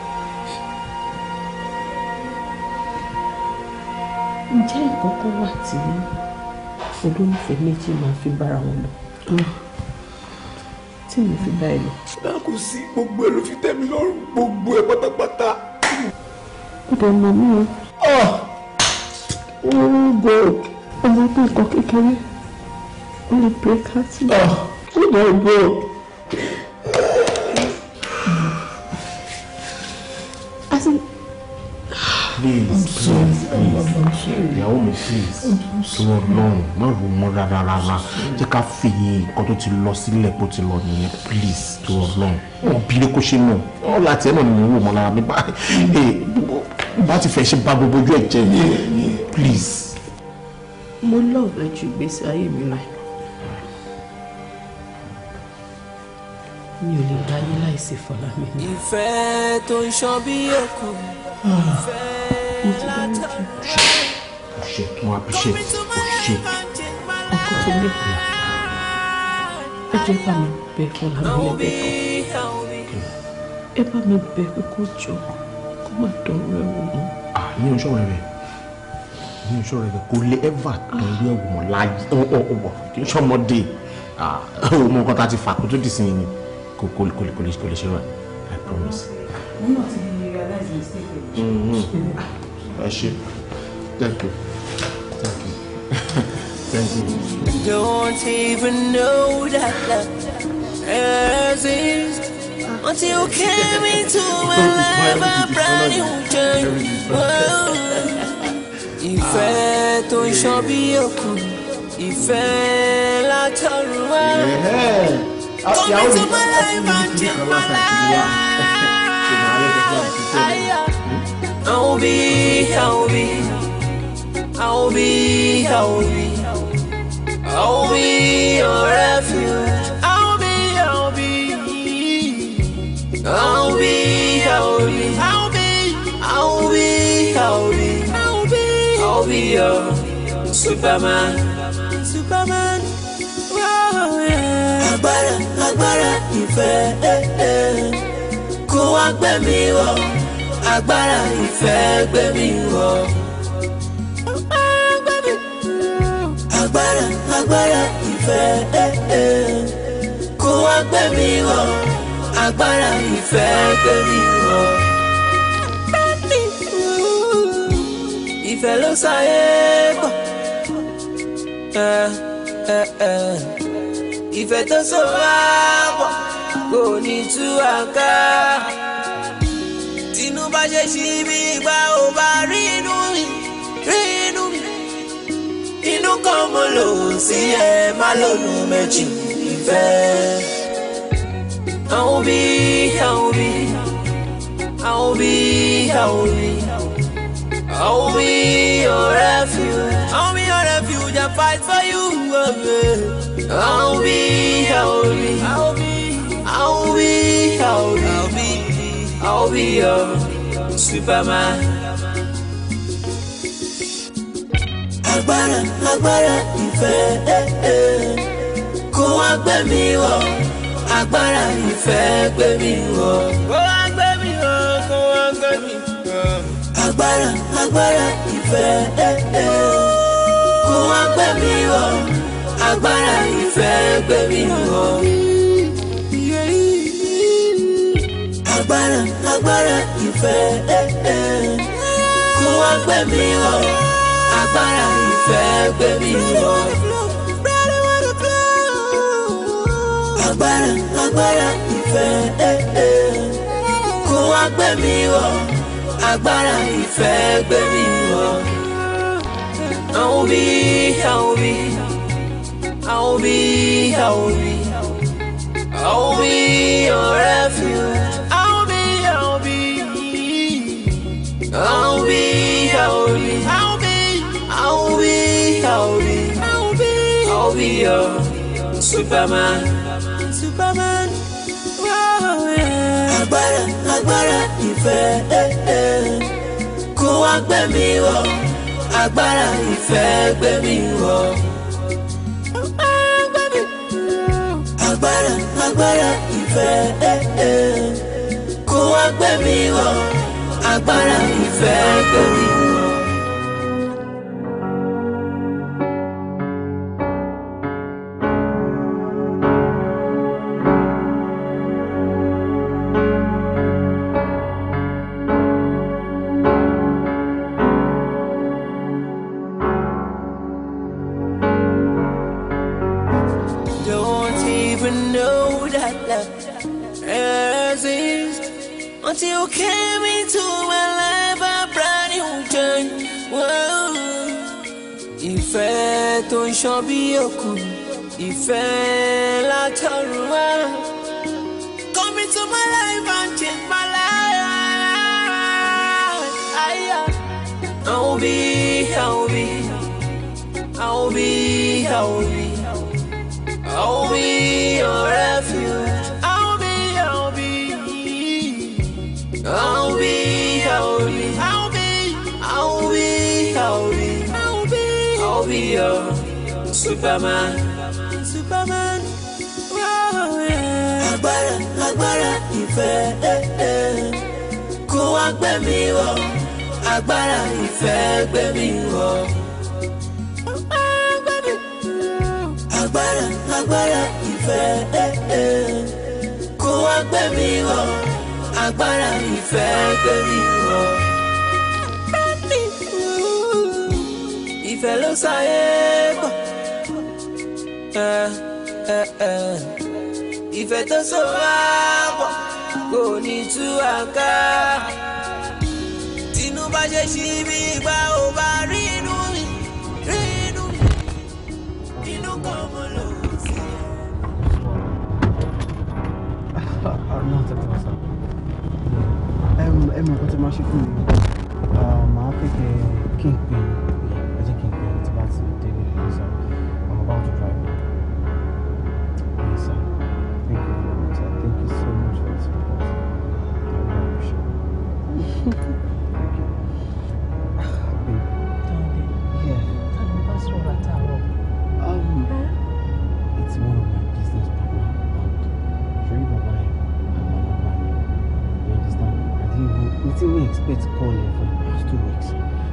Speaker 5: ǹjẹ́ ìkọ́kọ́ wà
Speaker 6: tí olólùfẹ́
Speaker 5: méjì máa fi bára wọn lọ tí mi fi bá ẹ lọ. náà kò sí gbogbo ẹ ló fi tẹ́ mi lọ́rùn gbogbo ẹ pátápátá dẹ̀ mọ̀ mí o. wọ́n oh! gbọ́ ọmọ tó nǹkan kékeré ó lè break out. Oh! ó dẹ̀ gbọ́.
Speaker 3: please please please ìyàwó mi please kí wọ́n lọ́rùn má rò mọ́ rárá rárá jẹ́ ká fi nǹkan tó ti lọ sílẹ̀ bó ti lọ nìyẹn please kí wọ́n lọ́rùn obìnrin kò ṣe nù ọ́ láti ẹ̀ náà ni mo wò mọ́ lára mi eh, bá ti fẹ́ ṣe bá gbogbo ojú ẹ̀ jẹ́ please.
Speaker 5: mo lọ́ọ̀bẹ ju ìgbésí ayé
Speaker 1: mi rẹ̀ mi ò lè dáyé láìsí Fọlámi. ìfẹ́ tó ń ṣan bí òkú. Ah. ìfẹ́ mo ti dárí jù. o ṣe mo appreciate o ṣe.
Speaker 5: ọkọ tó lè kú ẹ jẹ́ bá mi bẹ̀ kọ́ lábílẹ̀ bẹ̀ kọ́ ẹ bá mi bẹ̀ pé kó jọ kó má dọ̀rọ̀ ẹ̀ wò mọ́.
Speaker 7: ní oṣù rẹ̀ rẹ̀ ní oṣù rẹ̀ rẹ̀ kò lè ever dọ̀rọ̀ ẹ̀ wò mọ́ láyé
Speaker 3: ọ̀wọ̀ kì í ṣọmọdé ọmọ kan tá a ti fà kó tó dì sí ni kò kò kò kò
Speaker 6: lè ṣe rẹ̀ I promise. mo náà ti
Speaker 4: realize mistake rẹ̀
Speaker 6: ẹ ṣe thank you thank you thank you.
Speaker 1: don't even know that love exists until you came into my life a brand new journey. ìfẹ́ tó ń ṣan bí òkun ìfẹ́ látọ̀run wá.
Speaker 6: come into my life and change I'll be, I'll
Speaker 1: be, I'll be, I'll be, I'll be your refuge. I'll be, I'll be, I'll
Speaker 2: be, I'll be, I'll
Speaker 1: be, I'll be, I'll be, I'll be, I'll be
Speaker 2: your Superman,
Speaker 1: Superman. oh yeah. Agbára, agbára, ìfẹ́, kó wá gbẹ̀mí wọ̀ agbára ìfẹ́ gbé mi wọ̀. agbára agbára ìfẹ́ eh, eh. kó wá gbé mi wọ̀ agbára ìfẹ́ gbé mi wọ̀. ìfẹ́ ló sáyé bọ̀. Eh, eh, eh. ìfẹ́ tó sọ wá bọ̀ kò ní tú àká ṣe ṣí bí ìgbà ò bá rí inú mi rí inú mi. inú kan mo lò sí ẹ má lónú méjì ìfẹ́. àwọn bí àwọn bí àwọn bí àwọn bí àwọn bí your refuge. àwọn bí your refuge I fight for you. Oh, àwọn bí àwọn bí àwọn bí àwọn bí àwọn bí. I'll be your Superman. Agbára agbára ìfẹ́ eh, eh. kó wá gbé mi wọ̀ agbára ìfẹ́ gbé mi wọ̀. Kó wá gbé mi wọ̀ kó wá gbé mi wọ̀. Agbára agbára ìfẹ́ eh, kó wá gbé mi wọ̀ agbára ìfẹ́ gbé mi wọ̀. agbára agbára ìfẹ́ kó eh, eh. wá gbé mi o agbára ìfẹ́ gbé mi o. agbára agbára ìfẹ́ kó eh, wá gbé mi o agbára ìfẹ́ gbé mi o. àwọn bí àwọn bí àwọn bí àwọn bí. I'll be your refuge. I'll, be, I'll be, I'll be, I'll be, I'll be, I'll be, I'll be your
Speaker 2: Superman,
Speaker 1: Superman. yeah. Agbára, agbára, ìfẹ́, eh, eh. Kó wá gbẹ̀mí wọ̀, agbára, ìfẹ́, gbẹ̀mí wọ̀. Agbára, agbára, ìfẹ́, eh, eh. Kó wá gbẹ̀mí wọ̀ agbára ìfẹ́ gbẹ̀mí. I'll be, I'll be, I'll be, I'll be your
Speaker 2: Superman,
Speaker 1: Superman. agbara agbára ìfẹ́, eh, eh. kó wá gbẹ̀mí wọ̀, agbára ìfẹ́ gbẹ̀mí wọ̀. Agbára, agbára ìfẹ́, eh, kó wá gbẹ̀mí wọ̀, agbára ìfẹ́ gbẹ̀mí wọ̀. ìfẹ́ ló sáyé pọ̀. Eh, eh, eh. ìfẹ́ tó so wá kò ní tú àká. tinubu ṣe ṣí mi ìgbà ò bá rí inú mi rí inú mi inú kan mo lò sí.
Speaker 4: ẹ ẹ mọ̀ nǹkan
Speaker 2: tí máa
Speaker 3: ṣe fún mi màá pèké kí n pè é. expect calling for the past two weeks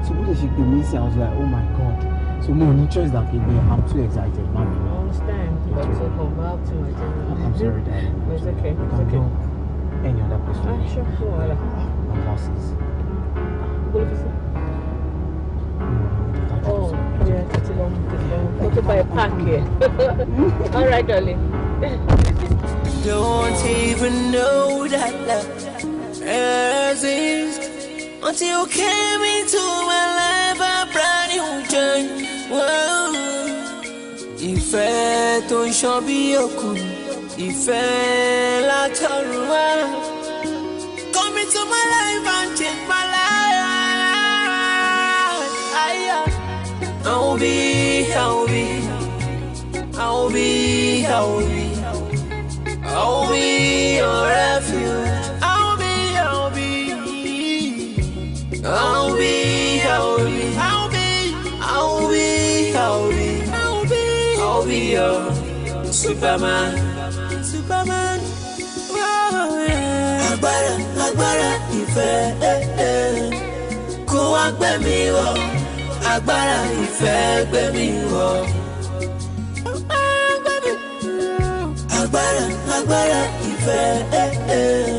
Speaker 3: so what ṣe ṣe pè mí i was like oh my god so no ní choice than pé i'm too excited man. i understand but to come back to my journey. Uh, i'm sorry darling. it's okay it's okay. any other person. I'm ah, sure no wahala. my glasses. bó ló fi
Speaker 1: Oh, yeah, it's a long, it's a long. to buy a pack here. All right, darling. Don't even know that love exists. Until you came into my life, a brand new journey. Ìfẹ́ tó ń ṣàn bí òkun, ìfẹ́ látọ̀run wá. Come into my life and change my life. I will be, I will be, I will be, I will be, I be your refuge.
Speaker 4: I'll be,
Speaker 1: I'll be, I'll be, I'll be, I'll be, I'll be, your Superman, Superman. Agbára, agbára ìfẹ́, eh, eh. kó wá gbẹ̀mí wọ̀, Agbara ìfẹ́ gbẹ̀mí wọ̀. agbara agbára ìfẹ́, eh,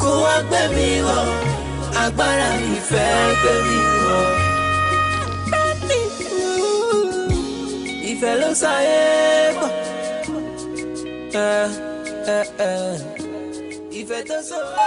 Speaker 1: kó wá gbẹ̀mí wọ̀ agbára ìfẹ́ gbé mi rọ. ìfẹ́ ló sáyé bọ̀. Eh, eh, eh. ìfẹ́ tó sọ wá.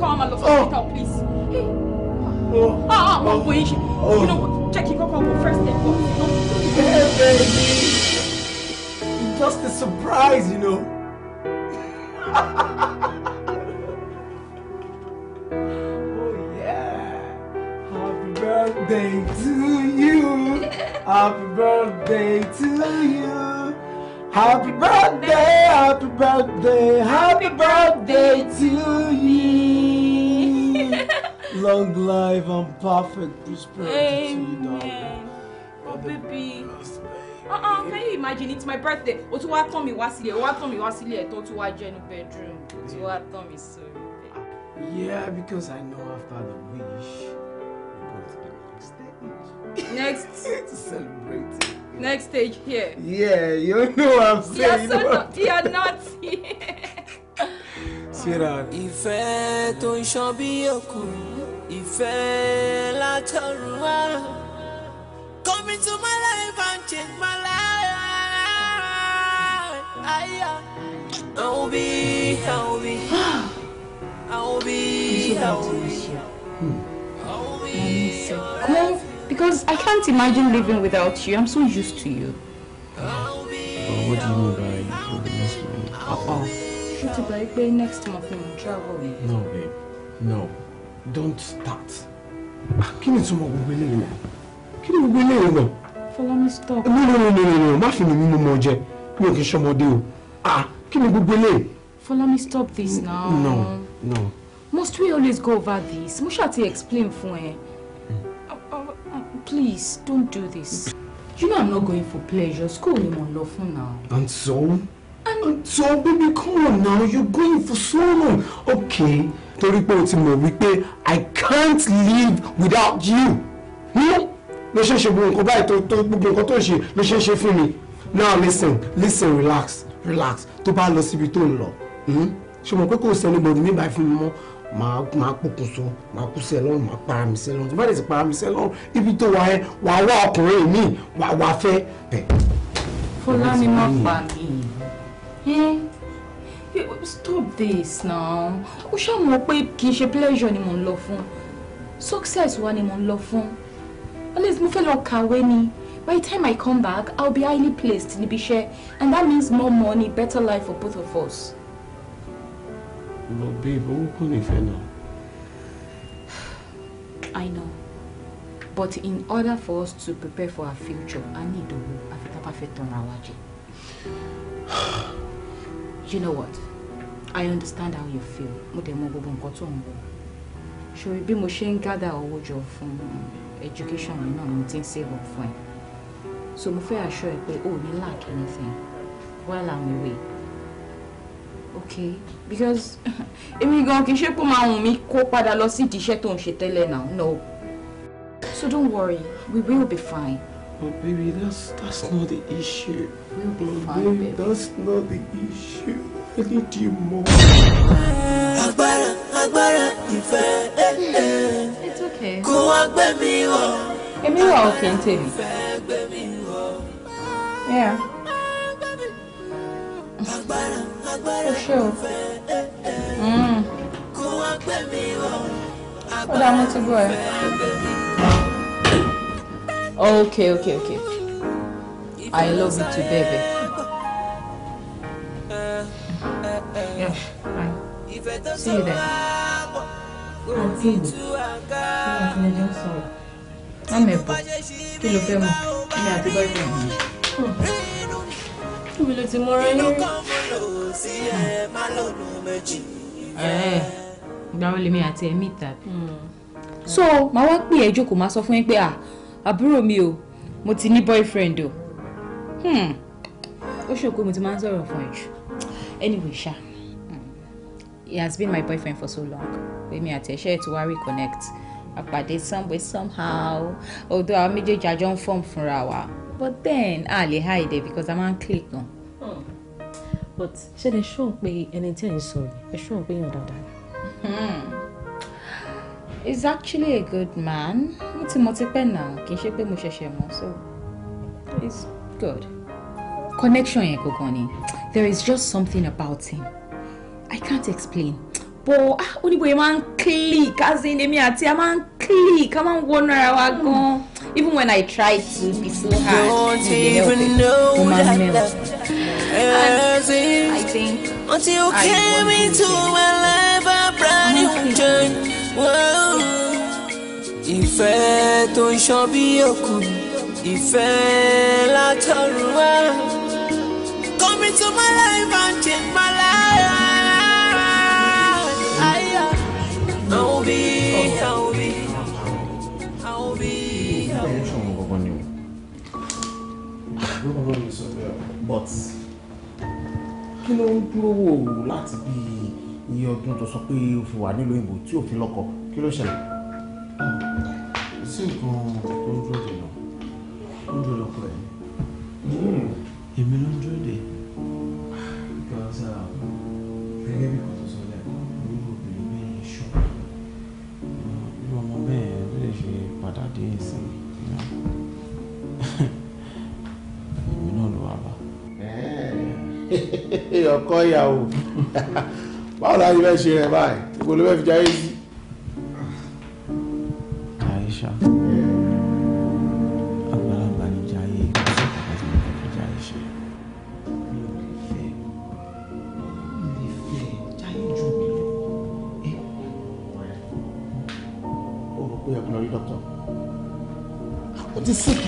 Speaker 3: kọ́ ọmọ lọ fún hospital please. ọ̀ ọ̀ wọn kò yín ṣe you know jẹ́ kí kọ́kọ́ go first step go. Oh, hey baby, just a surprise, you know.
Speaker 5: oh yeah, happy birthday to you, happy birthday to you. Happy birthday,
Speaker 1: happy birthday, happy birthday to you. Long life and perfect prosperity Amen. to you, darling. Oh, baby.
Speaker 3: Uh-uh, can you imagine? It's my birthday. Ó tún wá tán mi wá sílé, ó wá tán mi wá sílé, tó tún wá jẹ́ ní bedroom. Ó tún wá tán mi Yeah, because I know after the wish, we go to the next stage. Next. to celebrate Next stage here.
Speaker 1: Yeah, you know what I'm saying. You're, so not, you're not here. Sarah. Ìfẹ́ tó ń ṣan bí òkú, ìfẹ́ látọ̀run wá. Come into my life and change my life. Aya. I'll be, I'll be. I'll be, I'll be. I'll be.
Speaker 5: I'll be. Because I can't imagine
Speaker 1: living without you. I'm so used to you.
Speaker 4: Uh, well, what do you mean by for the next month? Uh-oh.
Speaker 3: Shut up, like, next month when you travel. No, babe. No. Don't start. Kí ni túmọ̀ gbogbo eléyìí náà? Kí ni gbogbo eléyìí náà? Fọlámi stop. No, no, no, no, no, no. Má fi mi mímú more. jẹ. Mi ò kì í ṣọmọdé o. Ah, kí ni gbogbo eléyìí? me stop this now. No, no. Must we always go over this? Must I explain for? ẹ. Please, don't do
Speaker 5: this. You know I'm not going for pleasure. School ni mo ń now.
Speaker 3: And so? And so, baby, come on now. You're going for so long. Okay. Torí pé o ti I can't live without you. No? Hmm? Ló ṣe ṣe gbogbo nǹkan báyìí tó gbogbo nǹkan tó ṣe ló ṣe ṣe fún mi. Now listen, listen, relax, relax. To bá lọ síbi tó ń lọ. Hmm? Ṣé o mọ̀ pé kò sẹ́ni gbọ̀dọ̀ mi báyìí máa máa pokùnso máa kú sí ẹ máa para mi sí ẹ lọ́rùn bá dẹ̀ sì para mi sí ẹ ibi tó wà ẹ wà wá ọkùnrin mi wà wá fẹ́ bẹ̀. má pa mí stop this now ó ṣàmù pé kì í ṣe pleasure ni mò ń lọ fún success wa ni mò ń lọ fún at mo fẹ́ lọ kàwé ni. By the time I come back, I'll be highly placed in Ibishe, and that means more money, better life for both of us.
Speaker 6: But babe, owó kò nífẹ̀ẹ́ náà.
Speaker 3: I know. But in order for us to prepare for our future, I need to have tá a bá fẹ́ You know what? I understand how you feel. Mo dẹ̀ mọ gbogbo nǹkan tó ń wọ̀. Ṣòrí bí mo ṣe ń education mi náà ni mo save up for ẹ. So mo fẹ́ assure ẹ pé o ò lack anything while I'm away okay because èmi gan kì í ṣe pé máa wùn mí kó padà lọ sí ìdí iṣẹ́ tó ń ṣe now no so don't worry we will be fine.
Speaker 5: But baby, that's that's not the issue. We'll be oh, fine, baby, baby. That's not the issue.
Speaker 1: I need you more. Agbára, agbára, ìfẹ́. Eh, eh. It's okay. Kó wá mi wọ̀. Èmi wà òkè ń Yeah. Agbára agbára mo fẹ́ eh, eh. mm. kó wá gbé mi o agbára mo Okay, okay, okay. I love you too, baby. Yeah, fine. See you then. Àǹtí mi, kí ni ọjọ́ sọ̀rọ̀? Má mẹ́bọ̀, kí ló fẹ́
Speaker 5: mọ̀? Kí ni àti bá ìgbà mi?
Speaker 1: níbi ló ti mọ́ra yín.
Speaker 3: ìgbà wo lèmi àti ẹ meet up. Hmm. so màá wá pè ẹ́ jókòó máa sọ fún yín pé ah, àbúrò mi o
Speaker 5: mo ti ní boyfriend o
Speaker 3: hmm. ó ṣòkó mo ti máa ń sọ̀rọ̀ fún ẹ jù anyway ṣá hmm. he has been my boyfriend for so long èmi àti ẹ̀ṣẹ́ ẹ̀ ti wá reconnect àpàdé somewhere somehow although àwọn méjèèjì àjọ ń fọ́ọ̀mù fúnra wa but then a lè hide it because a máa ń click gan. Hmm. but ṣé lè ṣóun pé ẹni tí ẹ ń sọ yìí ẹ ṣóun pé èèyàn dáadáa. Hmm. he's actually a good man mo ti mọ̀ tipẹ́ náà kì í ṣe pé mo ṣẹ̀ṣẹ̀ mọ̀ so he's good. connection yẹn gangan ni there is just something about him i can't explain bọ̀ ah, ó ní bóyá máa ń click as in èmi àti a máa ń click a máa ń wọnú ara wa gan even when I try to
Speaker 1: be so hard to dey help it máa ń melt and I think Until you I came into my life a brand new journey. Ìfẹ́ tó ń ṣan bí òkun, ìfẹ́ látọ̀run wá. Come into my life and change my life. àwòbí
Speaker 3: àwòbí. ìgbà yẹn ṣọ̀wọ́n
Speaker 1: gbọ́gbọ́n ni
Speaker 7: o gbọ́gbọ́n mi sọ bẹ́ẹ̀ but kí ló ń dúró wò láti bí iye ọdún tó sọ pé o fi wà nílùú òyìnbó tí o fi lọ́kọ
Speaker 3: kí ló ṣẹlẹ̀. sí nǹkan tó ń dúró dè náà ó ń dúró lọ́kọ ẹ̀ hmm. èmi ló ń dúró dè. because ah, gẹ́gẹ́ bí kò ṣe padà dé ìsìn èmi náà ló wà bá.
Speaker 6: ọkọ ìyàwó báwo la ṣe fẹ́ ṣe rẹ̀ báyìí ìbò ló fẹ́ fi jayé sí.
Speaker 3: Aisha.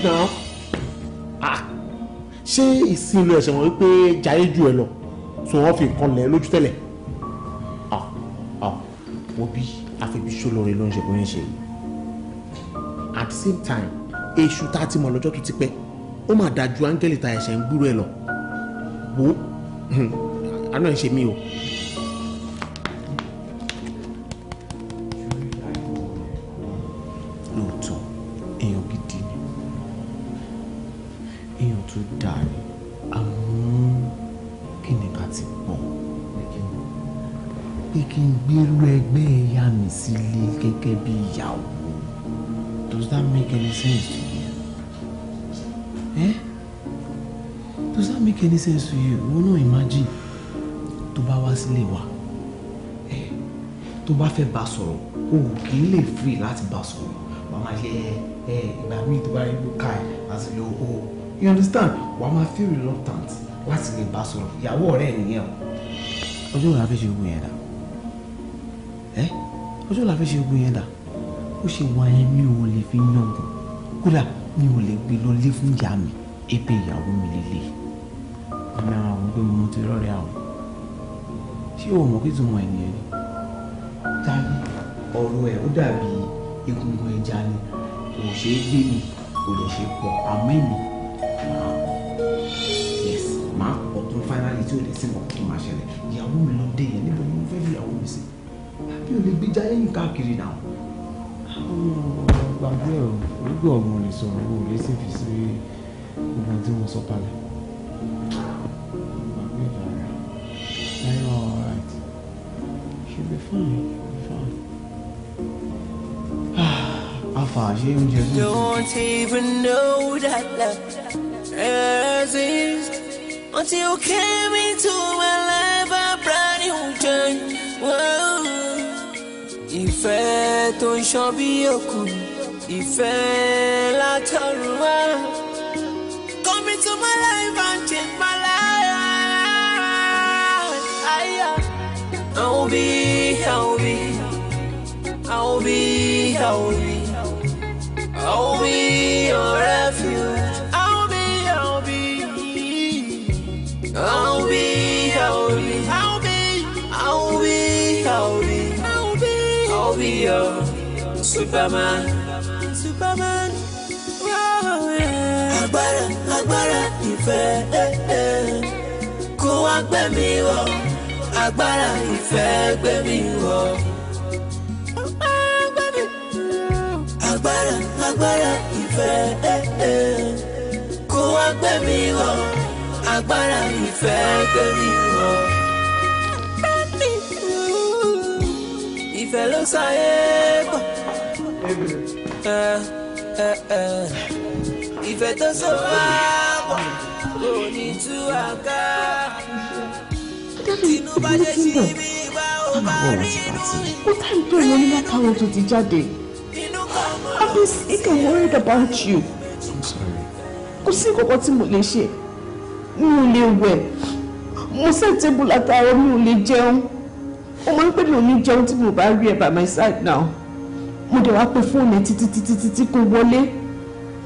Speaker 3: now ah ṣé ìsinmi ẹ̀sẹ̀ wọn wípé jayé ju ẹ lọ tí wọ́n fi kan lẹ̀ lójú tẹ́lẹ̀ ah ah wọ́n bí àfẹ́bíṣó lọ́rẹ́ ló ń ṣe bó ń ṣe at the same time èṣù tá a ti mọ̀ lọ́jọ́
Speaker 7: tó ti pẹ́ ó mà dájú áńgẹ́lì ta ẹ̀ṣẹ̀ ń gbúrò ẹ lọ wò ó àná ẹ̀ ṣe mí o.
Speaker 3: sense to you òun no! imagine to bá wá sílé wa tó bá fẹ́ bá sọ̀rọ̀ o kì í lè free láti bá sọ̀rọ̀ wà á máa ṣe mi to míì tó bá rí ló ká lo o you understand wà á máa feel reluctant láti lè bá sọ̀rọ̀ ìyàwó ọ̀rẹ́ nìyẹn Ojo ọjọ́ wo la fẹ́ ṣe ogun yẹn dà ẹ ọjọ́ wo la fẹ́ ṣe ogun yẹn dà ó ṣe wá yẹn mi ò lè fi yangàn kódà mi ò lè gbé lọ lé fún ìyá mi ebe ìyàwó mi lélẹ́yìí àmì ara òun pé mo ti rọ́ọ̀rẹ́ àwọn ṣé o mọ̀ kí tùmọ̀ ènìyàn ni tàbí ọ̀rọ̀ ẹ̀ ó dàbí egungun ẹja ni kò ṣeé gbé mi kò lè ṣe pọ̀ àmọ́ èmi máa pọ̀ yes máa pọ̀ tó fáínálì tí ò lè sí nǹkan tó máa ṣẹlẹ̀ ìyàwó mi ló dé yẹn níbo ni mo fẹ́ fi ìyàwó mi sí mi ò lè gbé jáyé yìí káàkiri náà.
Speaker 6: gbàgbé ọ̀ orúkọ ọ̀gbọ̀n lè sọ̀rọ̀ owó rẹ̀ sì fi sí
Speaker 3: ogun tí mo sọ palẹ̀. She'll be fine.
Speaker 1: She'll be fine. She even just. Don't even know that love exists until you came into my life. A brand new turn. Ìfẹ́ tó ń ṣọ́ bí òkun, ìfẹ́ látọ̀run wá. shall we? I'll be your refuge. I'll be, I'll be.
Speaker 6: I'll be,
Speaker 1: I'll be. I'll be, I'll be. I'll be, I'll be. I'll be your Superman. Superman. Agbára, agbára agbara ife eh, eh. wá gbẹ̀mí wo. Agbára ìfẹ́ gbẹ̀mí wọ̀. agbára agbára ìfẹ́ eh, eh. kó wá gbẹ̀mí wọ̀ agbára ìfẹ́ gbẹ̀mí wọ̀. ìfẹ́ ló sáyé bọ̀ eh, ìfẹ́ tó so wá bọ̀ kò ní tú àká tinubu ṣe ṣí mi bá ò
Speaker 4: bá rí inú.
Speaker 1: ó tàn tó ìwọ ní látàwọn
Speaker 5: tó ti jáde. I've been sick worried about you. I'm sorry. Kò sí nǹkan kan tí mo lè ṣe. Mi ò lè wẹ̀. Mo sẹ́ǹtẹ́bù látàárọ̀ mi ò lè jẹun. Ó máa ń pè mí ò ní jẹun tí mo bá rí ẹ by my side now. Mo dẹ̀ wá pe fóònù ẹ títí títí títí kò wọlé.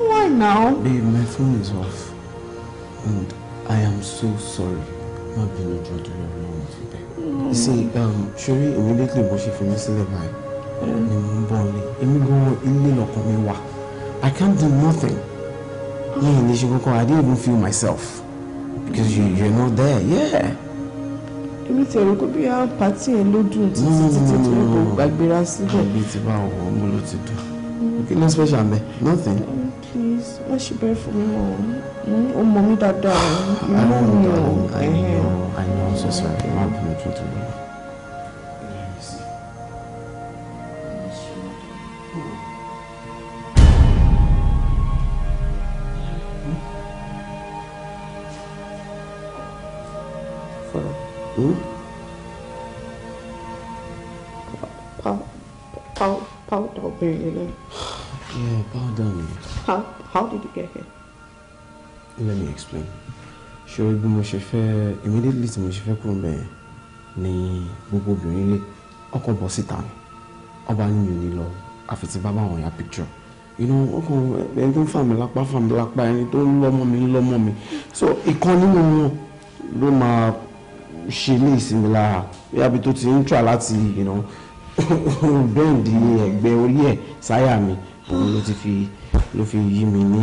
Speaker 5: Why now?
Speaker 4: Babe,
Speaker 3: my phone is off and I am so sorry. Má bínú jọjọ lọ́wọ́ lọ́wọ́ fún
Speaker 4: bẹ́ẹ̀. You see,
Speaker 3: um, Ṣorí immediately bó ṣe fi mí sílẹ̀ báyìí ni mo ń ni èmi gan ilé lọkàn mi wà i can't do nothing ní ìní ṣe kọ́kọ́ i didn't even feel myself because you you're not there yeah.
Speaker 5: èmi ti ẹ̀rọ kó bí a pàtí ẹ̀ ló dùn títí títí tí wọ́n kò
Speaker 3: gbàgbéra síbẹ̀. àbí ti bá wọ̀ ọ́ ló ti dùn kí ló special mẹ́ nothing.
Speaker 5: please má ṣe bẹ́ẹ̀ fún mi mọ́ o mọ̀ mi dáadáa inú mi ò ẹ̀hẹ́. i know
Speaker 3: i know i'm so
Speaker 4: sorry i'm not being true to you.
Speaker 5: obìnrin náà.
Speaker 3: yeah pardon down.
Speaker 5: how how did you get here.
Speaker 3: let me explain. Sure, bí mo ṣe fẹ́ immediately tí mo ṣe fẹ́ kúrò bẹ́ẹ̀ ni gbogbo obìnrin lé ọkọ̀ bọ̀ síta ni ọba ní mi ò ní lọ àfi tí bàbá àwọn ya picture you know ọkàn ẹni tó ń fà mí lápá fà mí lápá ẹni tó ń lọ́mọ mi ń lọ́mọ mi so ìkan nínú wọn ló máa ṣe ilé ìsinmi lára bí abi tó ti ń try láti you know, bẹ́ẹ̀ndì ẹ̀gbẹ́ orí ẹ̀ sáyà mi òun ló ti fi ló fi yí mi ní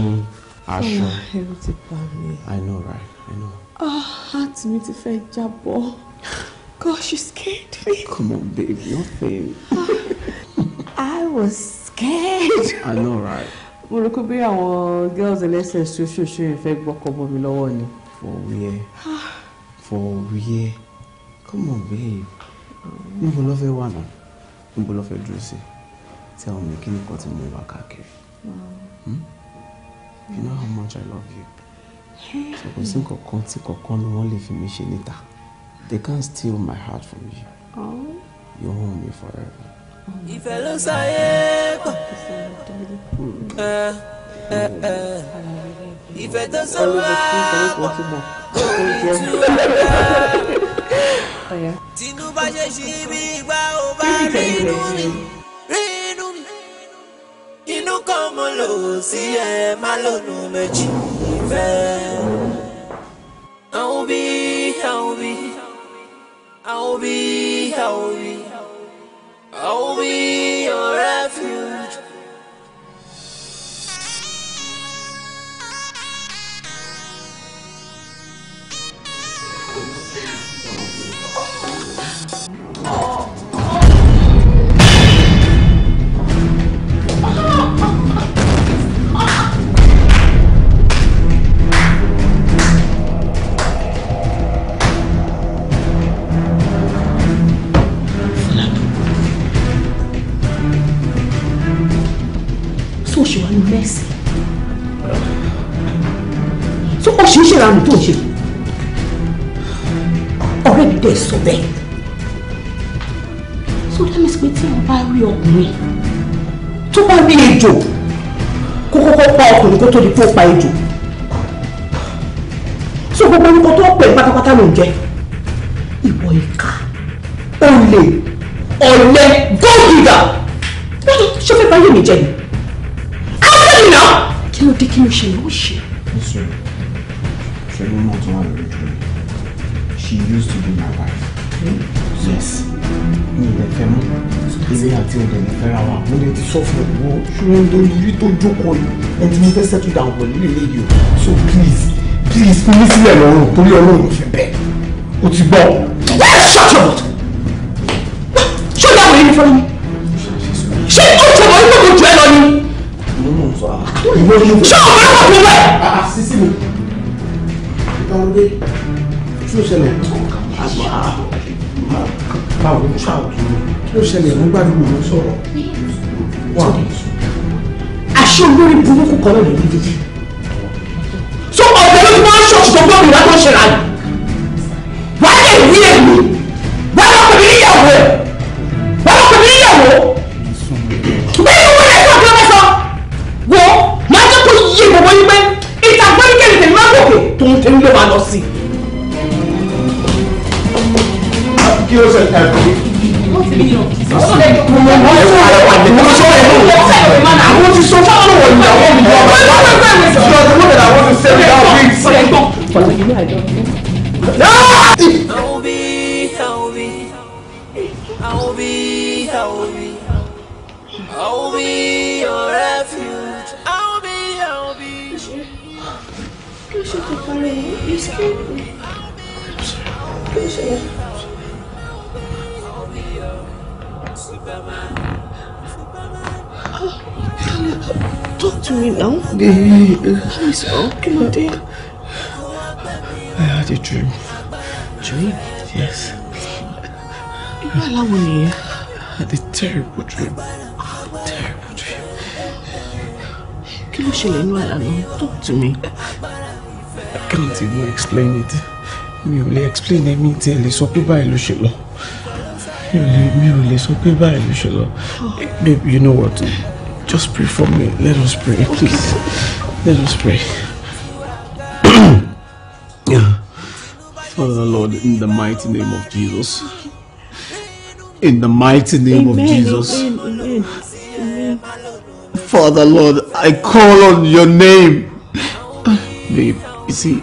Speaker 3: aṣọ. Ah,
Speaker 5: ẹ̀rù ti bà mí.
Speaker 3: I know right I know.
Speaker 5: ah heart mi ti fẹ́ jábọ́ God, you scared me.
Speaker 3: come on babe nothing.
Speaker 5: Ah, I was scared.
Speaker 3: I know right.
Speaker 5: mo rò pé bí àwọn girls ẹlẹ́sẹ̀
Speaker 3: ṣoṣooṣo yẹn fẹ́ gbọ́kọ̀ bọ́ mi lọ́wọ́ ni. for where ah. for where come on babe níbo ló fẹ́ wà náà níbo ló fẹ́ dúró sí tí àwọn mi kí nìkan ti mú ìwà káàkiri. Hmm? you know how much I love you. so kò sí kankan tí kankan ni wọ́n lè fi mi ṣe níta they can't steal my heart from you. you own me forever.
Speaker 1: ìfẹ́ ló sáyé pọ̀ hmm. eh, eh, eh. ìfẹ́ tó sọ wá pọ̀ orí tinubu ṣe ṣe bí ìgbà ò bá rí inú mi rí inú mi inú kan mo lò sí ẹ má lónú méjì ìfẹ́ àwọn bí àwọn bí àwọn bí àwọn bí àwọn bí your refuge.
Speaker 3: tó ṣe wà ní mẹ́sì tó o ṣe ń ṣèrànù tó ṣe ọ̀rẹ́ mi dẹ̀ sọ bẹ́ẹ̀ so that means pé tí wọ́n bá rí ọkùnrin tó bá rí ejò kó kọ́kọ́ pa ọkùnrin kó tó di tó pa ejò so gbogbo orúkọ tó pè pátápátá ló ń jẹ ìwọ ìka olè ọ̀lẹ gold digger ṣé fẹ́ báyé mi jẹ ni mi náà. kí ló dé kí ló ṣe ló ṣe. ṣe ló náà tó wà lórí ìjọ rẹ she used to be my wife. yes mi ò lè fẹ́ mọ́ èmi àti ọ̀dọ̀ mi fẹ́ra wa mo lè ti sọ fún ẹ wo ṣùgbọ́n lórí rí tó jókòó yìí ẹni mo fẹ́ settle down pẹ̀lú ilé yìí o so please please fún mi sílẹ̀ lọ́rùn torí ọlọ́run ò fẹ́ bẹ́ẹ̀ o ti gbọ́.
Speaker 5: shut your mouth ṣé ìyá wòye ni fọlọ́ mi ṣé ó ti wọ̀ ẹ́ pé mo jù ẹ lọ ni ṣé o fẹ́ wà nílẹ̀.
Speaker 3: sisi mi ìtàwọlé kí ló ṣẹlẹ̀ báwo ni ṣáà kí ló ṣẹlẹ̀ mo gbàdúrà mo sọ̀rọ̀ wà. aṣọ olórí burúkú kan náà lè ní dídí.
Speaker 5: so ọ̀dọ́ ló ti máa ń ṣọ̀ṣì tó gbọ́ mi látọ̀ ṣe ra ni. wàá lè rí èmi wàá ẹ̀.
Speaker 3: ló máa lọ sí.
Speaker 1: kí ló ṣe ẹ̀rọ mi. wọ́n ti bí ọ̀sán lẹ́yìn. wọ́n
Speaker 5: ti sọ fáwọn ọ̀rọ̀ ìyàwó mi lọ́wọ́. wọ́n ti
Speaker 1: sọ fáwọn ọ̀rọ̀ ìyàwó mi lọ́wọ́. Are you? You scared me. Appreciate
Speaker 2: it.
Speaker 5: talk to me now. Please, how can I dear. I had a dream. Dream?
Speaker 3: Yes. You are allowing me. I had a terrible dream. Terrible dream. Kí ló ṣẹlẹ̀ nínú Talk to me. can't even explain it mi ò lè explain ẹ̀ mi tí ẹ lè sọ pé báyìí ló ṣe lọ mi ò lè mi ò lè sọ pé báyìí ló ṣe lọ babe you know what just pray for me let us pray please let us pray. Father Lord, in the mighty name of Jesus. In the mighty name amen, of Jesus.
Speaker 4: Amen, amen.
Speaker 3: Father Lord, I call on your name. Babe, you see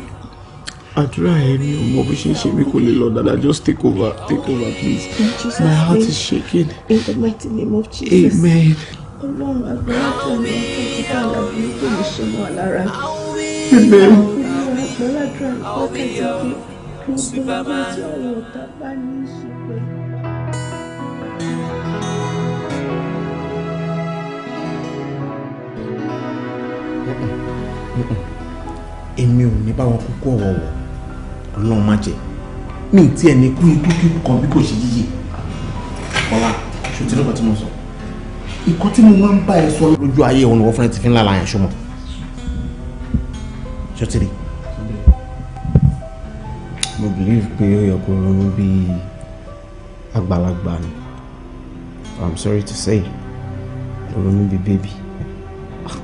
Speaker 3: àdúrà ẹ mi ò mọ bó ṣe ń ṣe mí kò lè lọ dáadáa just
Speaker 6: take over take over please
Speaker 3: my heart is shaking. in the mighty name of Jesus. amen.
Speaker 1: amen.
Speaker 4: ọlọ́run
Speaker 3: èmi ò ní bá wọn kúkú ọ̀wọ̀ wọ̀ ọlọ́run má jẹ́ mi ì tiẹ̀ ní kú
Speaker 7: ikú kíkú kan bí kò ṣe yíyẹ ọ̀la ṣùtì lọ́kàn tí mo sọ ìkan tí mo máa ń bá ẹ sọ lójú ayé òun ìwọ fúnra ti fi ń lálàyàn ṣọmọ ṣùtì rí. mo believe pé ó yẹ kó ronú
Speaker 3: bíi àgbàlagbà ni i'm sorry to say ronú bíi baby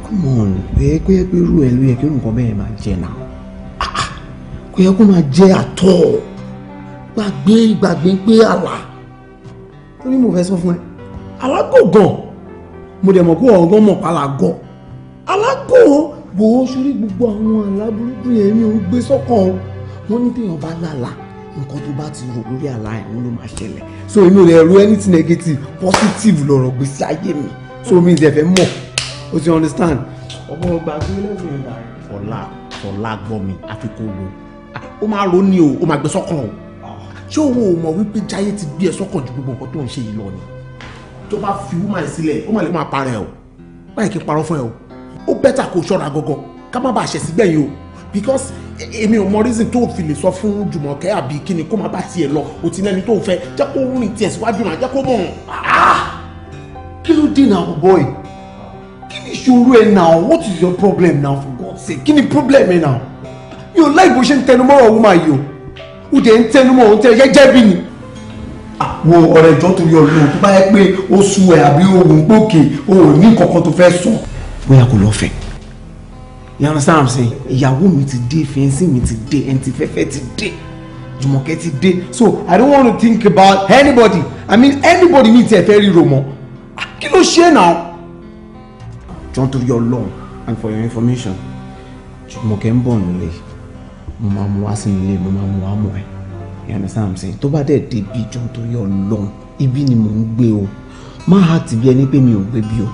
Speaker 3: come on kò yẹ kó yẹ pé irú ẹ ló yẹ kí nǹkan bẹ́ẹ̀ máa jẹ náà ah, ah, kò yẹ kó máa jẹ àtọ̀ gbàgbé gbàgbé pé àlà tó ní mo fẹ́ sọ fún ẹ alágògàn mo dẹ̀ mọ̀ kó ọ̀gán mọ̀ pàlàgọ́ alágòó bò ó sórí gbogbo àwọn aláburúkú yẹn mi ò gbé sọ́kàn o wọ́n ní téèyàn bá lálà nǹkan tó bá ti rò lórí àlá ẹ̀ wọ́n ló máa ṣẹlẹ̀ so èmi ò lè ro anything negative positive lọ̀rọ̀ gbèsè ayé mi so mi ìdẹ̀fẹ́ mọ̀ o ti understand.
Speaker 6: ọmọ ọgbà gbélé mi ò dàrú.
Speaker 3: fọlá fọlá gbọ́ mi àfi kó wo ah, ó máa ro ni o ó máa gbé sọ́kàn o ṣé òun ò mọ̀ wípé jayé ti gbé ẹ sọ́kàn ju gbogbo nǹkan tó ń ṣe yìí lọ ni tó bá fi
Speaker 7: wúmà ẹ sílẹ̀
Speaker 3: ó mà lè máa parẹ́ o báyìí kí n parọ́ fún ẹ o ó bẹ́tà kó ṣọ́ra gọ́gọ́ ká má bàa ṣẹ̀sí gbẹ̀yìn o because e-, èmi ò mọ reason tó fi lè sọ fún Jùmọ̀kẹ́ àbí kí kó má bá tiẹ̀ lọ o ti lẹ́ni tó ń fẹ́ jẹ́ kó rìn tiẹ̀ síwájú náà jẹ́ kó mọ̀ ah! kí ló dé náà bọ́ọ̀ yìí ṣòro ẹ náà what is your problem now for God's sake kí ni problem ẹ now? yóò láì bó ṣe ń tẹnumọ́rọ̀ ọ̀hún máa yọ ó dẹ̀ ń tẹnumọ́ ọ̀hún tẹ jẹ́jẹ́ bí ni. àwọn ọ̀rẹ́ ìjọ tó yọ lóhùn tó bá yẹ pé ó sú ẹ àbí ohun gbòkè o ò ní kankan tó fẹ́ sọ. bóyá kò lọ fẹ́ you understand what I'm saying ìyàwó mi ti dé fẹ́ǹsì mi ti dé ẹni tí fẹ́fẹ́ ti dé Jùmọ̀kẹ́ ti dé so I don't want to think about anybody I mean anybody mi ti ẹ̀ fẹ́ ríro mọ́ ah, kí ló ṣe náà jọ́n your ọlọ́run and for your information Jùmọ̀kẹ́ ń bọ̀ nílé mo máa mú wá sí nílé mo máa mú wá mọ̀ ẹ́ you understand what I'm saying? tó bá dẹ̀ débi jọ́n torí ọlọ́run ibi ni mò ń gbé o má hà tí bí ẹni pé mi ò gbé bí o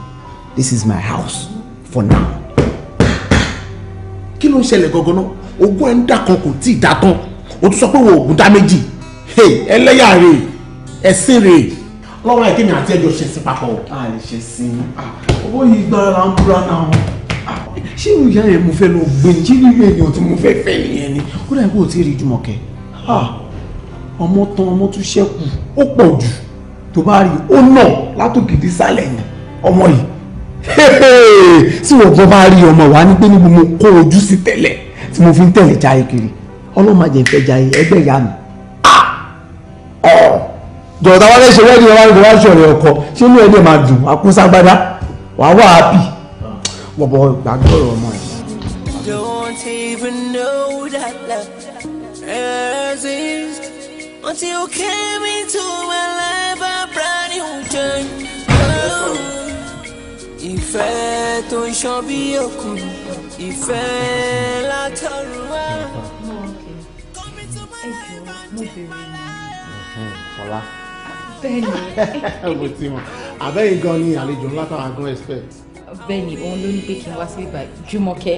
Speaker 3: this is my house for now. kí ló ń ṣẹlẹ̀ gangan náà ogún ẹ̀ ń dà kan kò tí dà kan o tún sọ pé wo oògùn dá méjì ẹlẹ́yà rèé ẹ̀sìn rèé lọ́wọ́ ẹ̀ kémi àti ẹjọ́ ṣe sí papọ̀. a lè ṣe sí i ah, owó yìí gbára la ń búra náà ah, ṣé ìlú ìyá yẹn mo fẹ́ lọ gbé ní ṣé nílé èèyàn tí mo fẹ́ fẹ́ nìyẹn ni ó dàbí kò tí ì rí Jùmọ̀kẹ́ ah, ọmọ tán ọmọ tún ṣẹ́kù ó pọ̀ jù tó bá rí ó nà látòkìdí sálẹ̀ yẹn ọmọ yìí tí wọ́n gan bá rí ọmọ wa ní pé mo kó ojú sí tẹ́lẹ̀ tí mo fi ń tẹ̀lé jayé kiri ọlọ́mọ jọ̀dá wálé ṣe wẹ́ẹ̀dì wọn wáyé wáyé ṣọ̀rẹ́ ọkọ ṣé ẹni máa dùn àkúnṣágbádá wà á wà hápì wọ̀bọ̀ gbàgbọ́ ọ̀rọ̀ ọmọ ẹ̀.
Speaker 1: Don't even know that love exists until you came into my life a brand new journey. if oh, tó ń ṣan bí òkun, ìfẹ́ látọ̀run wá. Ẹ jọ̀ọ́ mo bèrè ní.
Speaker 7: Fọlá bẹ́ẹ̀ni. mo ti mọ̀ àbẹ́yìn gan ni àlejò ńlá táwọn agan expect.
Speaker 3: bẹ́ẹ̀ni òun ló ní pé kí n wá sí ibà Jùmọ̀kẹ́.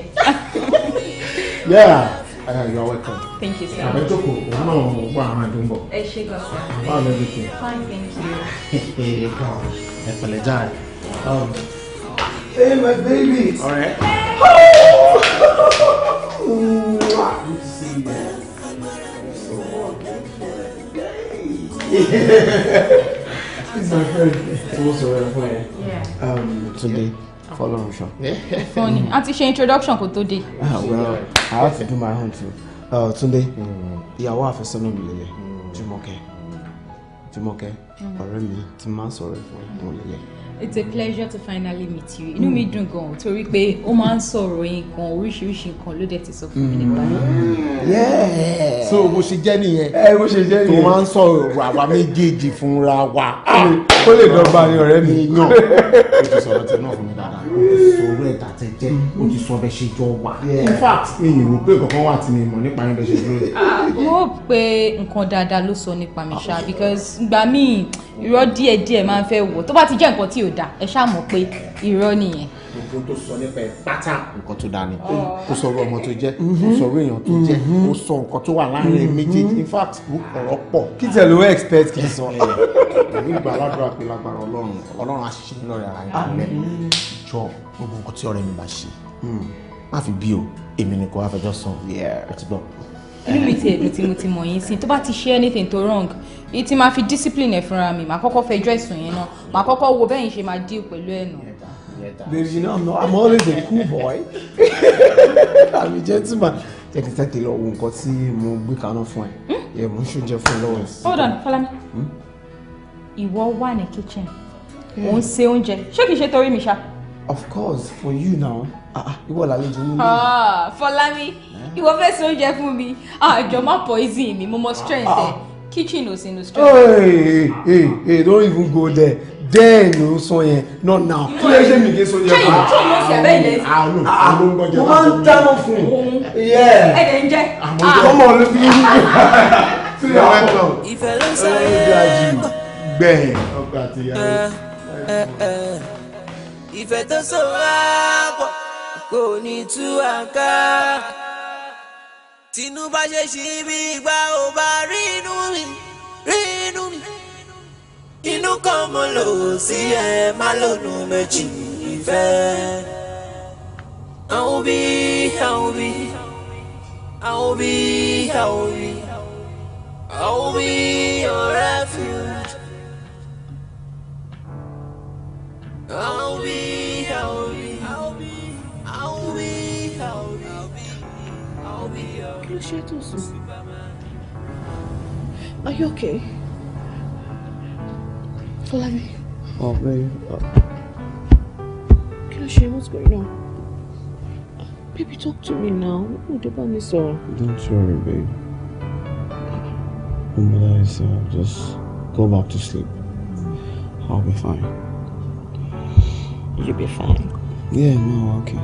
Speaker 7: yeah uh, you are welcome. thank you sir. àbẹ́jọ́ kò òun náà mo gbọ́ àwọn ẹ̀dùn bọ̀. ẹ ṣe gan how is everything.
Speaker 5: fine thank you.
Speaker 7: ẹ gan ẹ um,
Speaker 5: Hey, my baby. All right. Oh! Good to see
Speaker 4: you. It's my friend.
Speaker 3: Mo sọ̀rọ̀ ẹ̀ Yeah. Um. Today, follow sure. Funny, Auntie, she introduction for today. dé. Ah, well, I have to do my own too. Uh, Tunde, mm. ìyàwó àfẹ́sọ́nà mi lélẹ̀, mm. Jùmọ̀kẹ́, Jùmọ̀kẹ́. Mm. ọ̀rẹ́ mi ti máa ń sọ̀rọ̀ ẹ̀fọ́ ìgbọ̀n lélẹ̀. it's a pleasure to finally meet you inú mi dùn gan-an torí pé ó máa ń sọ̀rọ̀ nǹkan oríṣiríṣi nǹkan ló dẹ̀ ti sọ fún mi nípa rẹ̀.
Speaker 7: Mm. so bó ṣe jẹ́ nìyẹn eh, bó ṣe jẹ́ nìyẹn tó máa ń sọ̀rọ̀ àwa méjèèjì fúnra wa. Ah, ó lè dọ́gba ni ọ̀rẹ́ mi yàn
Speaker 3: ó ti sọ̀rọ̀ tẹ náà fún mi dáadáa ó ti sọ̀rọ̀ ẹ̀dá tẹ jẹ́ mm. ó ti sọ bẹ́ẹ̀ ṣe jọ wà. in fact mi
Speaker 6: ì rò pé kankan wà tí mi mọ̀ nípa yín bẹ́ẹ̀ ṣe dúró yẹn.
Speaker 3: Ah, mo rò pé nǹkan dáadáa ló sọ nípa mi ṣá because gbà míì yìí irọ́ díẹ̀ díẹ̀ máa ń fẹ́ wọ̀ tó bá ti jẹ́ nǹkan tí ò dáa ẹ ṣáà mọ̀ pé irọ́ nìyẹn.
Speaker 7: gbogbo tó sọ nípa ẹ pátá nǹkan tó dáa ni
Speaker 3: kò sọ̀rọ̀ ọmọ tó
Speaker 7: jẹ́ kò mhm. sọ̀rọ̀ èèyàn tó mhm. jẹ́ kò sọ nǹkan tó wà láàrin méjèèjì mhm. in fact ọ̀rọ̀ pọ̀. kí tẹ̀ ló expect kì í sọ. èmi gbà ládùúrà pé lágbára ọlọ́run ọlọ́run àṣìṣe lọ́rẹ̀ ara rẹ̀ jọ gbogbo nǹkan tí ọ̀rẹ́ mi bá ṣe hmm. má fi bí o èmi
Speaker 3: yìí ti fi discipline ẹ̀ mi màá kọ́kọ́ fẹjọ́ ẹ̀sùn yẹn náà màá kọ́kọ́ wo bẹ́yìn ṣe máa deal pẹ̀lú ẹ̀
Speaker 6: nù. Baby, you know I'm not. I'm always a cool boy. I'm a
Speaker 3: gentleman. Jẹ́ kí n tètè lọ wo nǹkan tí mo gbé kaná fún ẹ. Hmm? Yẹ mo ń ṣoúnjẹ fún ẹ lọ́wọ́. Hold on, Fọlámi. Hmm? Ìwọ wà ní kitchen. Mo hmm. ń ṣe oúnjẹ. Ṣé kìí ṣe torí mi ṣá? Of course, for you now. Ah, ah, ìwọ làlejò mi náà. Ah, Fọlámi,
Speaker 5: eh? ìwọ fẹ́ ṣe oúnjẹ fún mi. Àjọ má poison mi, mo mọ strength ẹ kitchen was in australia.
Speaker 3: hey hey hey don't even go there then ló sọ yẹn not now. kí ló ṣe mìíràn sọ yẹn fún un. ṣé ìtọ́ ìmọ̀ọ́sì abẹ́ ilẹ̀ ẹ̀sìn. àánú àánú ń gbọ́jọ́. mo máa ń dáná fún un.
Speaker 5: ẹ̀dẹ̀ ń jẹ́. ọmọ ah, ló fi ń
Speaker 7: gbọ́. Ah.
Speaker 1: ìfẹ́ ló tinubu ṣe ṣe bí ìgbà ò bá rí inú mi rí inú mi. inú kan mo lò sí ẹ má lónú méjì ìfẹ́. àwọn bí àwọn bí àwọn bí àwọn bí àwọn bí ọ̀rẹ́ fi. àwọn bí àwọn bí àwọn bí àwọn bí.
Speaker 5: Are you okay? Fọlábí.
Speaker 4: Oh, me. Oh.
Speaker 5: Kí What's going on? Baby, talk to me now.
Speaker 3: What dé bá mi do
Speaker 6: Don't worry, babe. When my dad uh, just go back to sleep. I'll be fine.
Speaker 3: You'll be fine. Yeah, no, okay.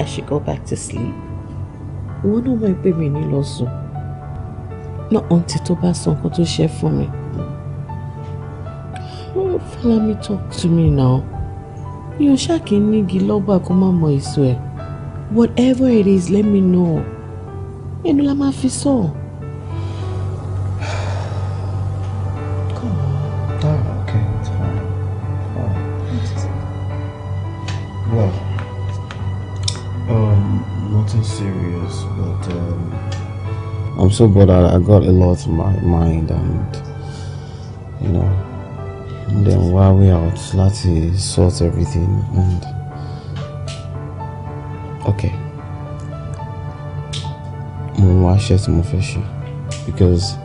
Speaker 3: I should go back to sleep.
Speaker 5: òun náà mọ̀ pé mi ní lọ sùn náà àǹtí tó bá sọ nǹkan tó ṣe fún mi oh, follow me talk to me now mi ò ṣáàkì nígi lọ́gbà kó má mọ èso ẹ̀ whatever it is let me know
Speaker 3: ẹnu la máa fi sọ̀rọ̀.
Speaker 6: so bothered. I got a lot in my mind, and
Speaker 3: you know. And then while we out, Lati sorts everything, and okay. Mo wá ṣe tí because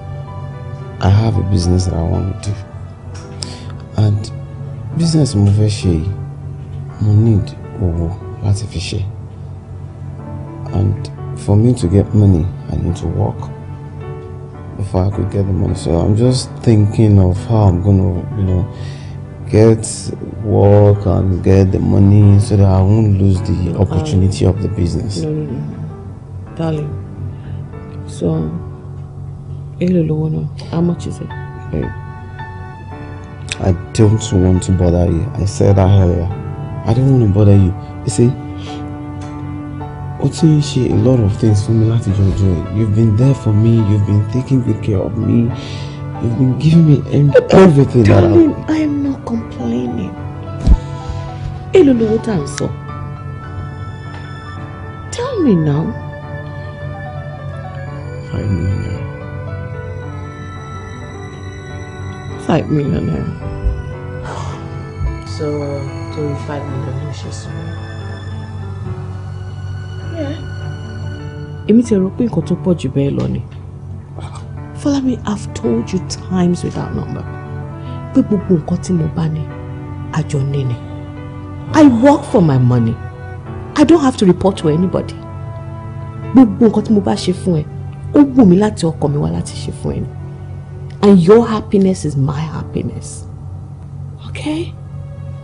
Speaker 3: I have a business that I want to do and business mo fẹ́ ṣe mo need owó láti fi ṣe and for me to get money I need to work. far I could get the money. So I'm just thinking of how I'm gonna, you know, get work and get the money so that I won't lose the opportunity um, of the business. No,
Speaker 4: no, no.
Speaker 5: Darling. So how much is it?
Speaker 3: I don't want to bother you. I said that earlier. I don't want to bother you. You see ó a lot of things fún mi láti jọjọ you've been there for me you've been taking good care of me you've been giving me everything that I. darling
Speaker 5: I am not complaining.
Speaker 3: èlò what tá à ń sọ tell me now.
Speaker 5: five million five million
Speaker 2: so torí five
Speaker 4: million
Speaker 5: èmi ti rò pé nǹkan tó pọ̀ jù bẹ́ẹ̀ lọ ni
Speaker 3: Fọlámi I've told you times without number pé gbogbo nǹkan tí mo bá ní àjọ ní ni I work for my money I don't have to report to anybody gbogbo nǹkan tí mo bá ṣe fun. ẹ ó wù mí láti ọkàn mi wá láti ṣe fún ẹ and your happiness is my happiness okay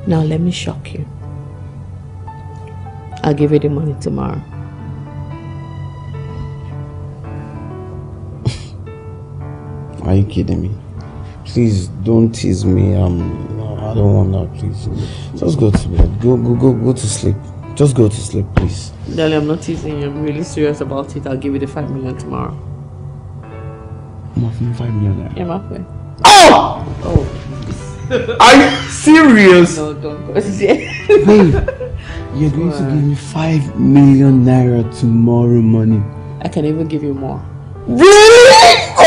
Speaker 3: now let me shock you I'll give you the money tomorrow. Are you kidding me? Please don't tease me. Um, I don't want that. Please, just go to bed. Go, go, go, go to sleep. Just go to sleep, please.
Speaker 1: Darling, I'm not teasing you. I'm really serious about it. I'll give you the five million tomorrow.
Speaker 3: Muffin five million.
Speaker 1: Naira. Yeah, muffin.
Speaker 5: Oh! Oh. Are you serious? No, don't go. Babe,
Speaker 3: you're going to give me five million naira tomorrow morning.
Speaker 5: I can even give you more. Really?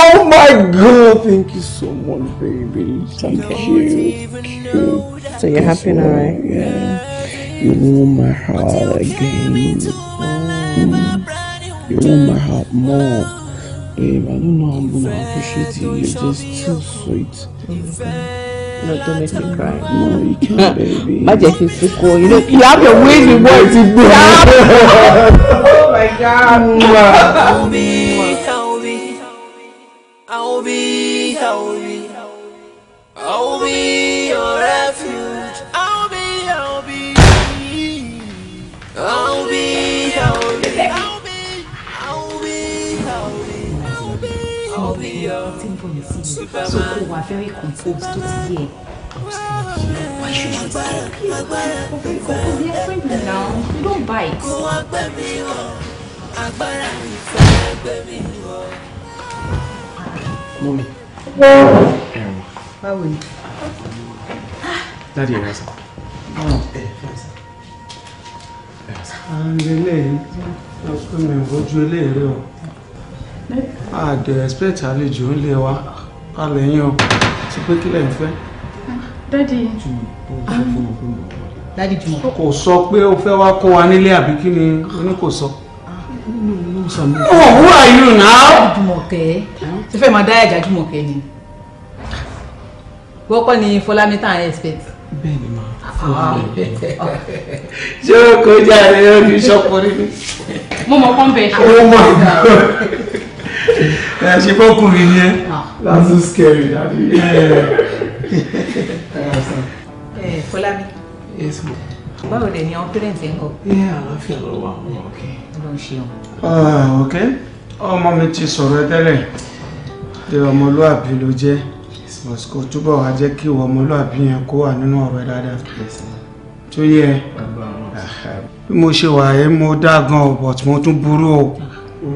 Speaker 5: Oh my god, thank you so much, baby. Thank you. Cute. So you're happy now, right? Yeah.
Speaker 1: You warm my heart again. Mm. You
Speaker 5: warm my heart more. Babe, I don't know how I'm gonna appreciate you. You're just too sweet.
Speaker 1: Mm-hmm.
Speaker 5: No, don't make me cry. No, you can't, baby. My Magic is so cool. You know, you have your ways in words. oh
Speaker 1: my god. so kò are very composed tó ti yẹ. Why should you take it?
Speaker 3: Because they are friends now. You don't bite. Kò wá gbé mi wọ̀, agbára mi fẹ́ gbé mi wọ̀. Mọ́mi. Báwo ni? Dáàdi ẹ̀rọ sá.
Speaker 6: Àwọn eléyìí lọ pé mi ò bójú eléyìí rí o. Àdè eh? expect àlejò ń lé wa alẹ̀ yín o ti pé kílẹ̀ ń fẹ́.
Speaker 5: dádì dádì jùmọ̀.
Speaker 6: kò sọ pé o fẹ́ wá kó wa nílé àbí kí ni o ní kò sọ.
Speaker 5: Ah.
Speaker 6: oh
Speaker 3: who are you now. jùmọ̀kẹ́ ṣe fẹ́ máa dá ẹ̀já jùmọ̀kẹ́ ni wọ́pọ̀ ni fọlámi tá à ń expect.
Speaker 6: bẹ́ẹ̀ni ma ah. ṣé o kò jáde o ní sọ́kùn rí mi.
Speaker 5: mo mọ̀ pọ́ńpẹ́ oh ṣe. ó mọ̀
Speaker 3: ẹ̀ ṣe fọ́kùnrin ni ẹ́. That's so
Speaker 6: scary, Daddy.
Speaker 3: Yeah.
Speaker 1: Eh, Kola mi. Yes, ma'am. Báwo dẹ̀ ni àwọn parents ń kọ? Ẹ àlàáfíà ló wà mú
Speaker 6: ọ̀kẹ́. Ọlọ́run ṣeun. Ọ̀kẹ́ ah, ọmọ mi ti sọ̀rọ̀ tẹ́lẹ̀ pé ọmọlúàbí ló jẹ́ bọ̀sùkò túbọ̀ wá jẹ́ kí ìwọ ọmọlúàbí yẹn kó wà nínú ọ̀rẹ́ dáadáa. Tó yẹ bí mo ṣe wà yẹn mo dá gan o but mo tún burú o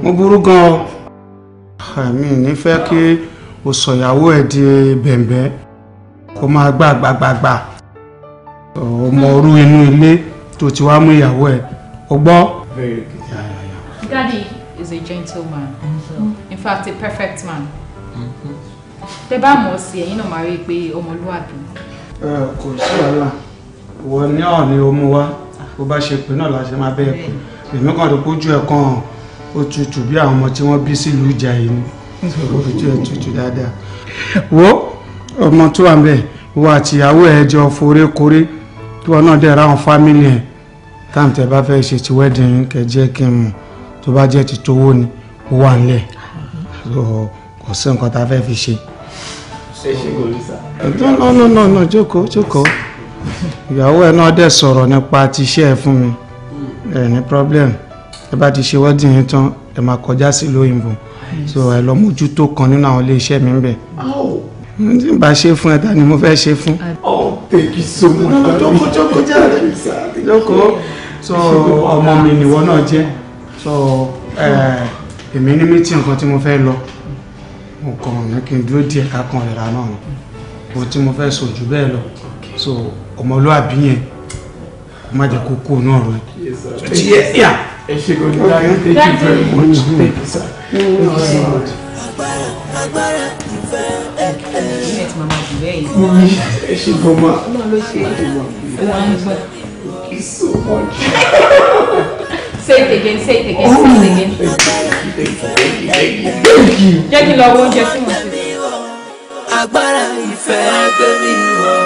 Speaker 6: mo burú gan o. Èmi ah, nífẹ̀ẹ́ kí ó sọ ìyàwó ẹ̀ di bẹ̀m̀bẹ́ kó máa gbà gbàgbàgbà ọmọ orú inú ilé tó ti wá mú ìyàwó ẹ̀ ó gbọ́.
Speaker 5: Daddy is
Speaker 3: a gentleman mm in fact a perfect man tẹ bá mọ̀ sí
Speaker 5: ẹ̀yin náà máa rí i pé ọmọlúwàbí.
Speaker 6: kò sí wàhálà ìwọ ní ọ̀ọ́ni o mú wá bó bá ṣe pé náà la ṣe máa bẹ́ẹ̀ pé èmi kàn tó kójú ẹ̀ kan òtútù bí àwọn ọmọ tí wọ́n bí sílùú ìjà yìí ni ojú ẹ̀ tutù dáadáa wo ọmọ tó wà ń bẹ̀ wo àtìyàwó ẹ̀ jọ forékoré tí wọn náà dẹ̀ ráhùn fámìlì ẹ̀ táwọn tẹ bá fẹ́ ṣe ti wẹ́dìn kẹ jẹ́ kí n mọ̀ tó bá jẹ́ ti tówó ni ó wà nílẹ̀ kò sí nǹkan tá a fẹ́ fi ṣe. ẹ ṣe kò rí sá. no no no jókòó jókòó ìyàwó ẹ náà dẹ̀ sọ̀rọ̀ nípa ti iṣẹ́ ẹ fún mi hmm. ẹ ní problem ẹ bá ti ṣe wẹ́dìn yẹn tán ẹ máa kọjá sí lóyìnbó so ẹ lọ mójútó kan nínú àwọn ilé iṣẹ́ mi ń bẹ̀. tí n bá ṣe fún ẹ ta mo fẹ́ ṣe fún. oh thank you so much. jókòó jókòó jáde jókòó so ọmọ mi nìwọ náà jẹ so èmi ní mítí nǹkan tí mo fẹ́ lọ nǹkan ní kí n dúró díẹ̀ kákan ìlera náà nù ohun tí mo fẹ́ sọ jù bẹ́ẹ̀ lọ so ọmọlúàbí yẹn kó má jẹ́ kó kó náà rẹ. ẹ ṣe kò ní dáa thank you very much mm-hmm.
Speaker 5: thank you sir agbára agbára ìfẹ́ ẹ ẹ. ìyẹn ti màmá jù bẹ́ẹ̀ yìí. ẹ ṣe gan ma. náà ló ṣe wà ń gbà.
Speaker 1: so much.
Speaker 3: say it again say it again say it again. jẹ́ kí n lọ wo oúnjẹ tí mo ṣe.
Speaker 1: agbára ìfẹ́ gbé mi wọ̀.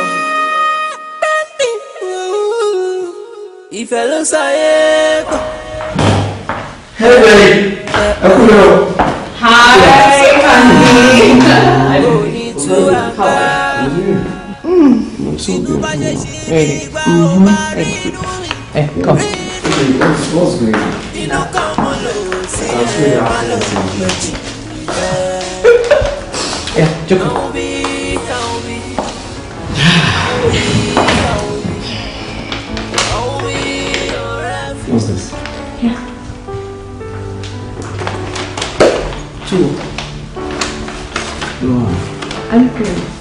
Speaker 1: ìfẹ́ ló sáyé kọ̀. Hẹ́ẹ̀dẹ̀rì, ẹ kú lọ. Ààrẹ kàní.
Speaker 2: Mm, so good. Really? Mm-hmm. Thank you.
Speaker 1: Hey, come. Hey, what's, what's going on? Yeah, Joko.
Speaker 5: 아이고.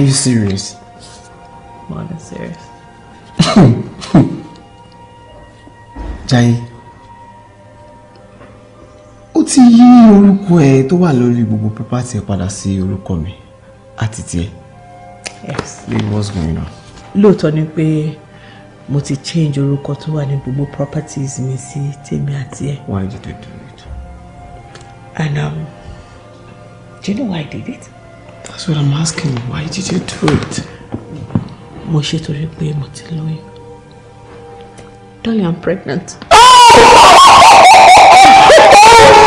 Speaker 3: Are you serious? More than serious. Jai, ó ti yí orúkọ ẹ tó wà lórí gbogbo property ẹ padà sí orúkọ mi àti tiẹ̀. Yes. Baby, what's going on? Lóòótọ́ ni pé mo ti change orúkọ tó wà ní gbogbo properties mi sí tèmi àti ẹ. Why did you do it? And um, do you know why I did it? That's what I'm asking. Why did you do it? Mo ṣe torí pé mo ti lóyún.
Speaker 5: Darling, I'm pregnant. Oh! oh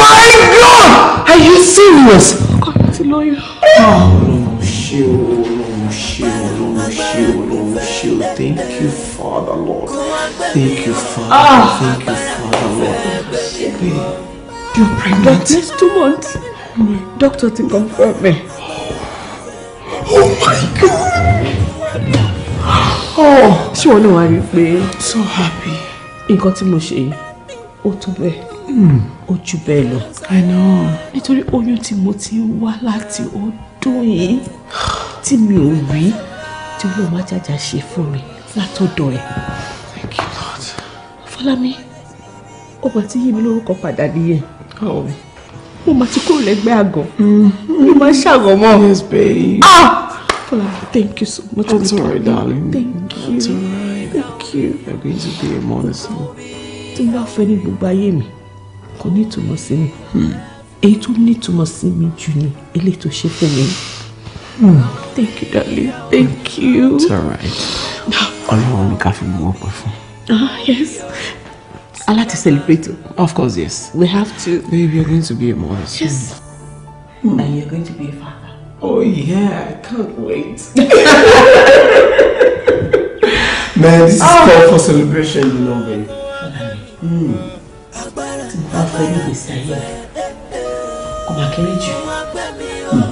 Speaker 5: my God! Are you serious? Kọ́ mi ti lóyún. Ọlọ́run ṣe o, Ọlọ́run ṣe o, Ọlọ́run ṣe o,
Speaker 4: Ọlọ́run ṣe o. Thank you, Father Lord. Thank you, Father.
Speaker 5: Ah. Thank you,
Speaker 4: Father Lord.
Speaker 3: Babe,
Speaker 5: you're pregnant. Just two months. Doctor to confirm me oh my god. Oh, ṣé wọn náà wá rí i pé. so happy. nǹkan tí mo ṣe yìí ó tó bẹ́ẹ̀ hmm. ó jù bẹ́ẹ̀ lọ. i know.
Speaker 3: nítorí oyún tí mo ti ń wá láti
Speaker 5: ọdún yìí tí mi ò rí tí olóò má jàjà ṣe fún mi látọ̀dọ̀ ẹ̀. thank you lord. fọlámi ọgbà tí yìí mi lórúkọ padà nìyẹn. Oh mo máa ti kúrò lẹ́gbẹ́ àgọ́ mm-hmm. mo máa ń ṣàgọ́ yes babe. ah Fọlárin thank you so much. that's all right darling. thank you that's all thank you. you're going to be a monster. tí n bá fẹ́ ní gbogbo ayé mi kò ní ìtumọ̀ sí mi hmm. èyí tó ní ìtumọ̀ sí mi jù ni eléyìí tó ṣe fún mi. Hmm. thank you darling thank you. it's alright.
Speaker 4: right. Ah.
Speaker 3: ọlọ́run ni ká fi mú ọpẹ́ fún.
Speaker 5: ah yes. I like to celebrate. Of
Speaker 3: course, yes. We have to. Baby, you're going to be a mother. Yes. Mm. And you're going to be a father. Oh, yeah. I can't wait. Man, this is oh. called for celebration, you know, babe. Mm. That for you is Saheed. Come and carry you. Mm.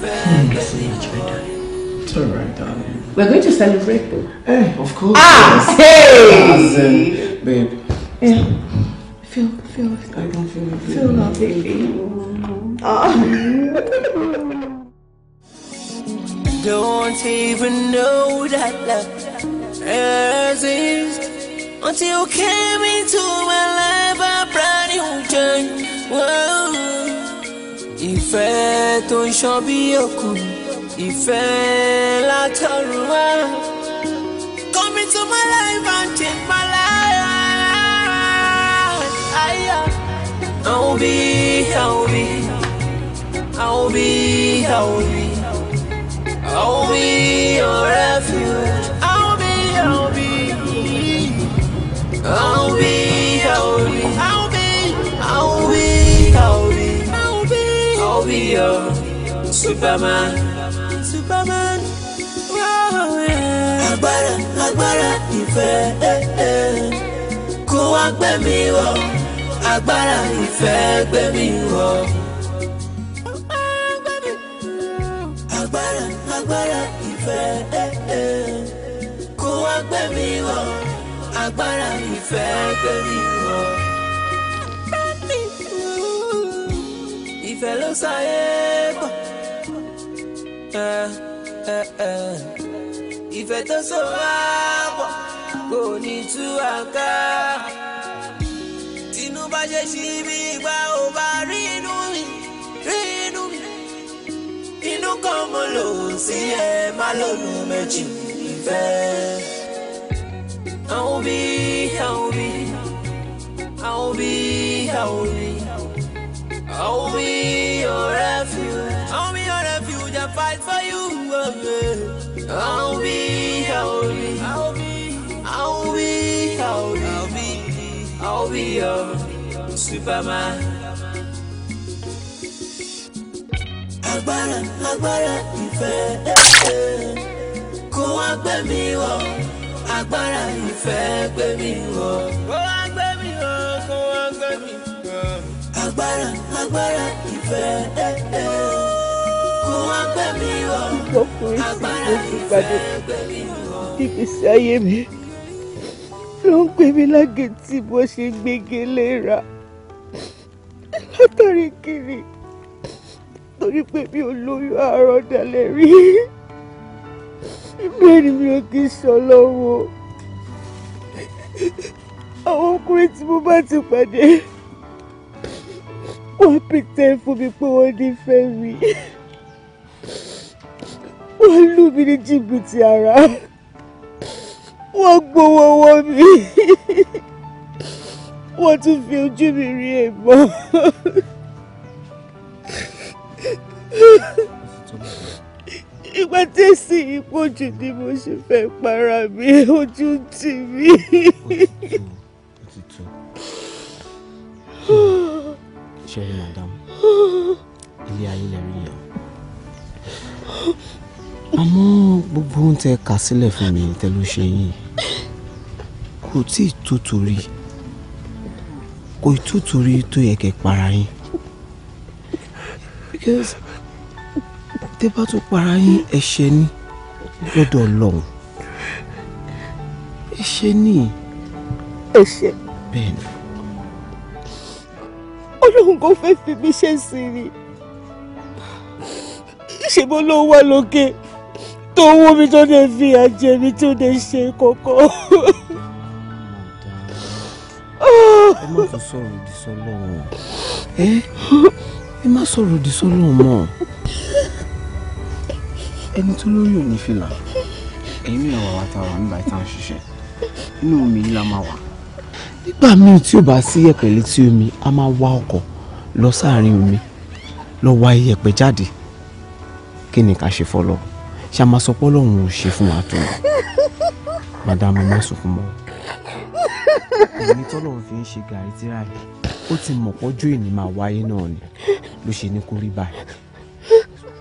Speaker 3: Thank you so much, my darling. It's all right, darling. We're going to celebrate though. Hey,
Speaker 4: eh, of course. Ah, yes. hey! As, um, babe.
Speaker 1: Yeah. Feel, feel. I can feel it. Feel love, baby. Oh. Don't even know that love exists until you came into my life I brought you joy. Whoa. Ìfẹ́ tó ń ṣọ́ bí Ìfẹ́ látọ̀run wá. Come into my life and change my life. I will be, I will be, I will be, I will be, I will be your refuge. I will be, I be, I be, I be, I be, I be, I be your Superman superman. agbára agbára ìfẹ́ eh, eh. kó wá gbẹ̀mí wọ̀ agbára ìfẹ́ gbẹ̀mí wọ̀. agbára agbára ìfẹ́ eh, kó wá gbẹ̀mí wọ̀ agbára ìfẹ́ gbẹ̀mí wọ̀. ìfẹ́ ló sáyé bọ̀. Eh, eh, eh. ìfẹ́ tó so wá pọ̀ kò ní tú àká tinubu ṣe ṣí mi ìgbà ò bá rí inú mi rí inú mi inú kan mo lò sí ẹ má lónú méjì ìfẹ́ àwọn bí àwọn bí àwọn bí àwọn bí àwọn bí your refuge dey fight for you. oh be, I'll be, I'll be, I'll be, I'll be, I'll be your Superman. Agbara, agbara, ife. kó wá gbé mi wọ̀. Agbara, ife, gbé mi wọ̀. Kó wá gbé mi wọ̀, kó wá gbé mi wọ̀. agbara, agbára ìfẹ́ lọkùnrin tí mo ti pàdé
Speaker 5: nígbèsí ayé mi ló ń pè mí lágè tí mo ṣe gbége léra látàrí kiri torí pé mi ò lóyún àárọ̀ dalẹ̀ rí bẹ́ẹ̀ ni mi ò kí sọ lọ́wọ́ àwọn ọkùnrin tí mo bá ti pàdé wọ́n pè tẹ́ fún mi pé wọ́n nífẹ̀ẹ́ mi wọ́n lù mí ní jìbìtì ara wọ́n gbowó owó mi wọ́n tún fi ojú mi rí èèmọ̀. ìgbà tí èsì yìí pọ̀ jù ni mo ṣe fẹ́ para mi ojú tì mí.
Speaker 3: ṣe rí madam ilé ayé lè yẹn àmọ́ gbogbo ohun tẹ kà sílẹ̀ fún mi tẹ ló ṣe yín kò tí ì tó torí kò ì tó torí tó yẹ kẹ́ para yín because tẹ bá tún para yín ẹ̀ṣẹ̀ ni lọ́dọ̀ Ọlọ́run
Speaker 5: ẹ̀ṣẹ̀ ni ẹ̀ṣẹ̀ bẹ́ẹ̀ ni kò fẹ́ fi mi ṣe sí ni ṣe bó ló wà lókè tó wú mi tó lè fi àjẹ mi tó lè ṣe kókó. ẹ má
Speaker 3: tún sọ̀rọ̀ òdì sọ́lọ́run ẹ ẹ má sọ̀rọ̀ òdì sọ́lọ́run mọ́ ẹni tó lórí òní fìlà ẹ̀yin náà wà wá ta wà nígbà tá à ń ṣiṣẹ́ inú omi yìí la máa wà.
Speaker 4: nígbà míì tí ò bá
Speaker 3: sí yẹ̀pẹ̀ létí omi a máa wá ọkọ̀ lọ sáàrin omi lọ wá iyẹ̀pẹ̀ jáde kí ni ká ṣe fọlọ ṣá máa sọ pọ́lọ́hún ò ṣe fún wa tó madam ẹ má sunkún mọ́ èmi tọ́lọ́hún fi ń ṣe gàrí tíra yìí ó ti mọ̀ pọ́jú èmi máa wáyé náà ni ló ṣe ní kó báyìí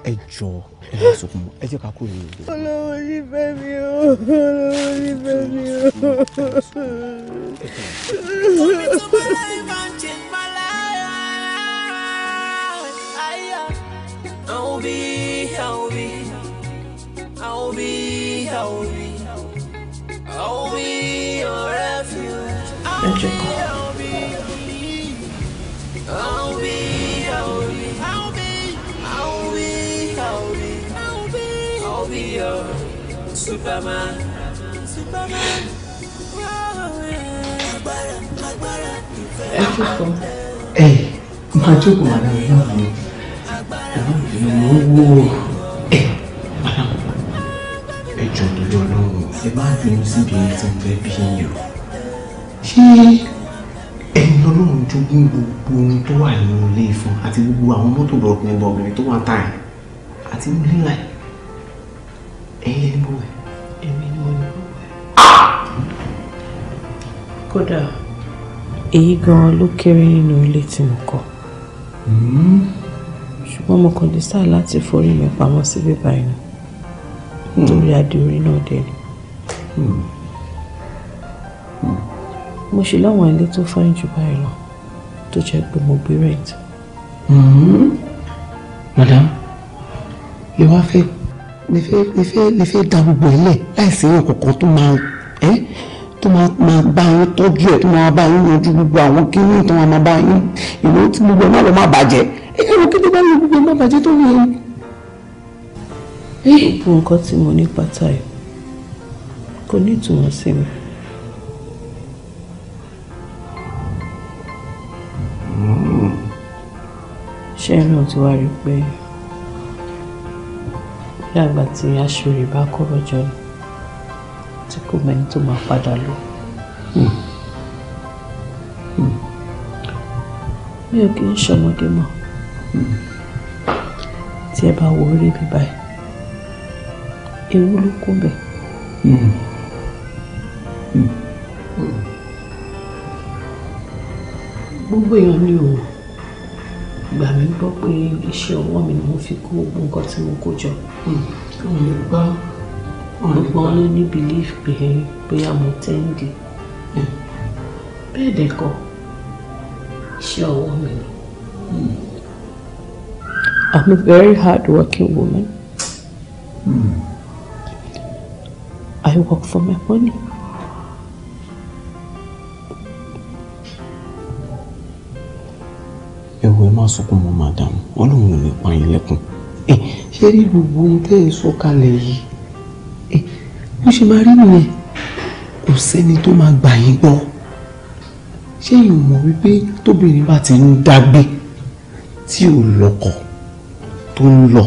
Speaker 3: ẹ jọ ẹ má sunkún mọ́ ẹ jẹ́ ká kúrò nílé.
Speaker 5: olówó ní bẹ́ẹ̀ni o olówó ní bẹ́ẹ̀ni o. omi tó bá
Speaker 1: láyé máa ń ṣe báyìí. I'll be, I'll be, I'll be, I'll be, I'll be your refuge. I'll be, I'll be, I'll be, I'll be, I'll be, I'll be, I'll be, I'll be, I'll be
Speaker 2: your Superman, Superman.
Speaker 5: Agbára, agbára, ìfẹ́. Ẹ fún fún.
Speaker 3: Ẹ máa jókòó màdàmí náà lọ ìnáwó ẹ madam ẹ jọ nílò ọlọ́run ẹ bá bínú síbi ẹni tí mo fẹ́
Speaker 4: bí yín o ṣé
Speaker 3: ẹ̀yin ọlọ́run jogún gbogbo ohun tó wà nínú ilé ìfọn àti gbogbo àwọn mọ́tò bọ̀ọ̀kùnrin bọ̀ọ̀kùnrin tó wà táyà àti inú lílà ẹ̀yin lẹ́nu bọ̀ wẹ̀. èmi ni
Speaker 5: mo ní bọ̀ wẹ̀. kódà èyí gan ló kéré nínú ilé tí mo kọ́. hmm ṣùgbọ́n mo kàn lè sáà láti forí mi pamọ́ síbí báyìí hmm. nítorí adé orí náà dé ni hmm. Hmm. mo ṣe láwọn ilé tó fáyín jù báyìí lọ tó jẹ́ pé mo gbé rent.
Speaker 6: madam
Speaker 3: lè wá fẹ́ lè fẹ́ lè fẹ́ dà gbogbo ẹ̀ lẹ̀ láìsí ọ̀kọ̀ọ̀kan tó máa ẹ́. Eh? tó máa bá yín tọ́jú ẹ̀ tó máa bá yín yanjú gbogbo àwọn kíní tó máa bá yín ìlú tí gbogbo ẹ̀ má lọ má bàjẹ́ ẹ̀yẹ́ ló kéde bá yín gbogbo ẹ̀ má bàjẹ́ tó
Speaker 5: yẹ. gbogbo nǹkan tí mo ní pátá yìí kò ní ìtumọ̀ sí mi. ṣé ẹ náà ti wá rí i pé bí àgbà tí aṣọ rè bá kọ́ lọ́jọ́ ni tí kò mẹ́ni tó máa padà lọ. Hmm. Hmm. mi ò kì í ṣọmọdé mọ́ hmm. tí ẹ ele, wo orí mi báyìí ewu ló gbogbo
Speaker 3: èèyàn ni o gbà mí gbọ́ pé iṣẹ́ ọwọ́ mi ni mo
Speaker 5: fi kó gbogbo nǹkan tí mo kó jọ. òun lè gbọ́ ọ̀pọ̀ ló ní belief pé bóyá mo tẹ́ǹdì bẹ́ẹ̀ dẹ̀ kọ́ iṣẹ́ ọwọ́ mi ni. I'm a very hard-working woman. Mm. I work for my money.
Speaker 3: ẹ̀wọ̀ ẹ má sunkún mọ́ madam ọlọ́run ò ní pa yín lẹ́kùn eh, ṣé rí gbogbo ohun tẹ́ ẹ sọ kalẹ̀ yìí bó ṣe máa rí nìyẹn kò sẹ́ni tó máa gbà yín gbọ́ ṣé ìyẹn mọ̀ wípé tóbìnrin bá ti ń dágbé tí ò lọ́kọ tó ń lọ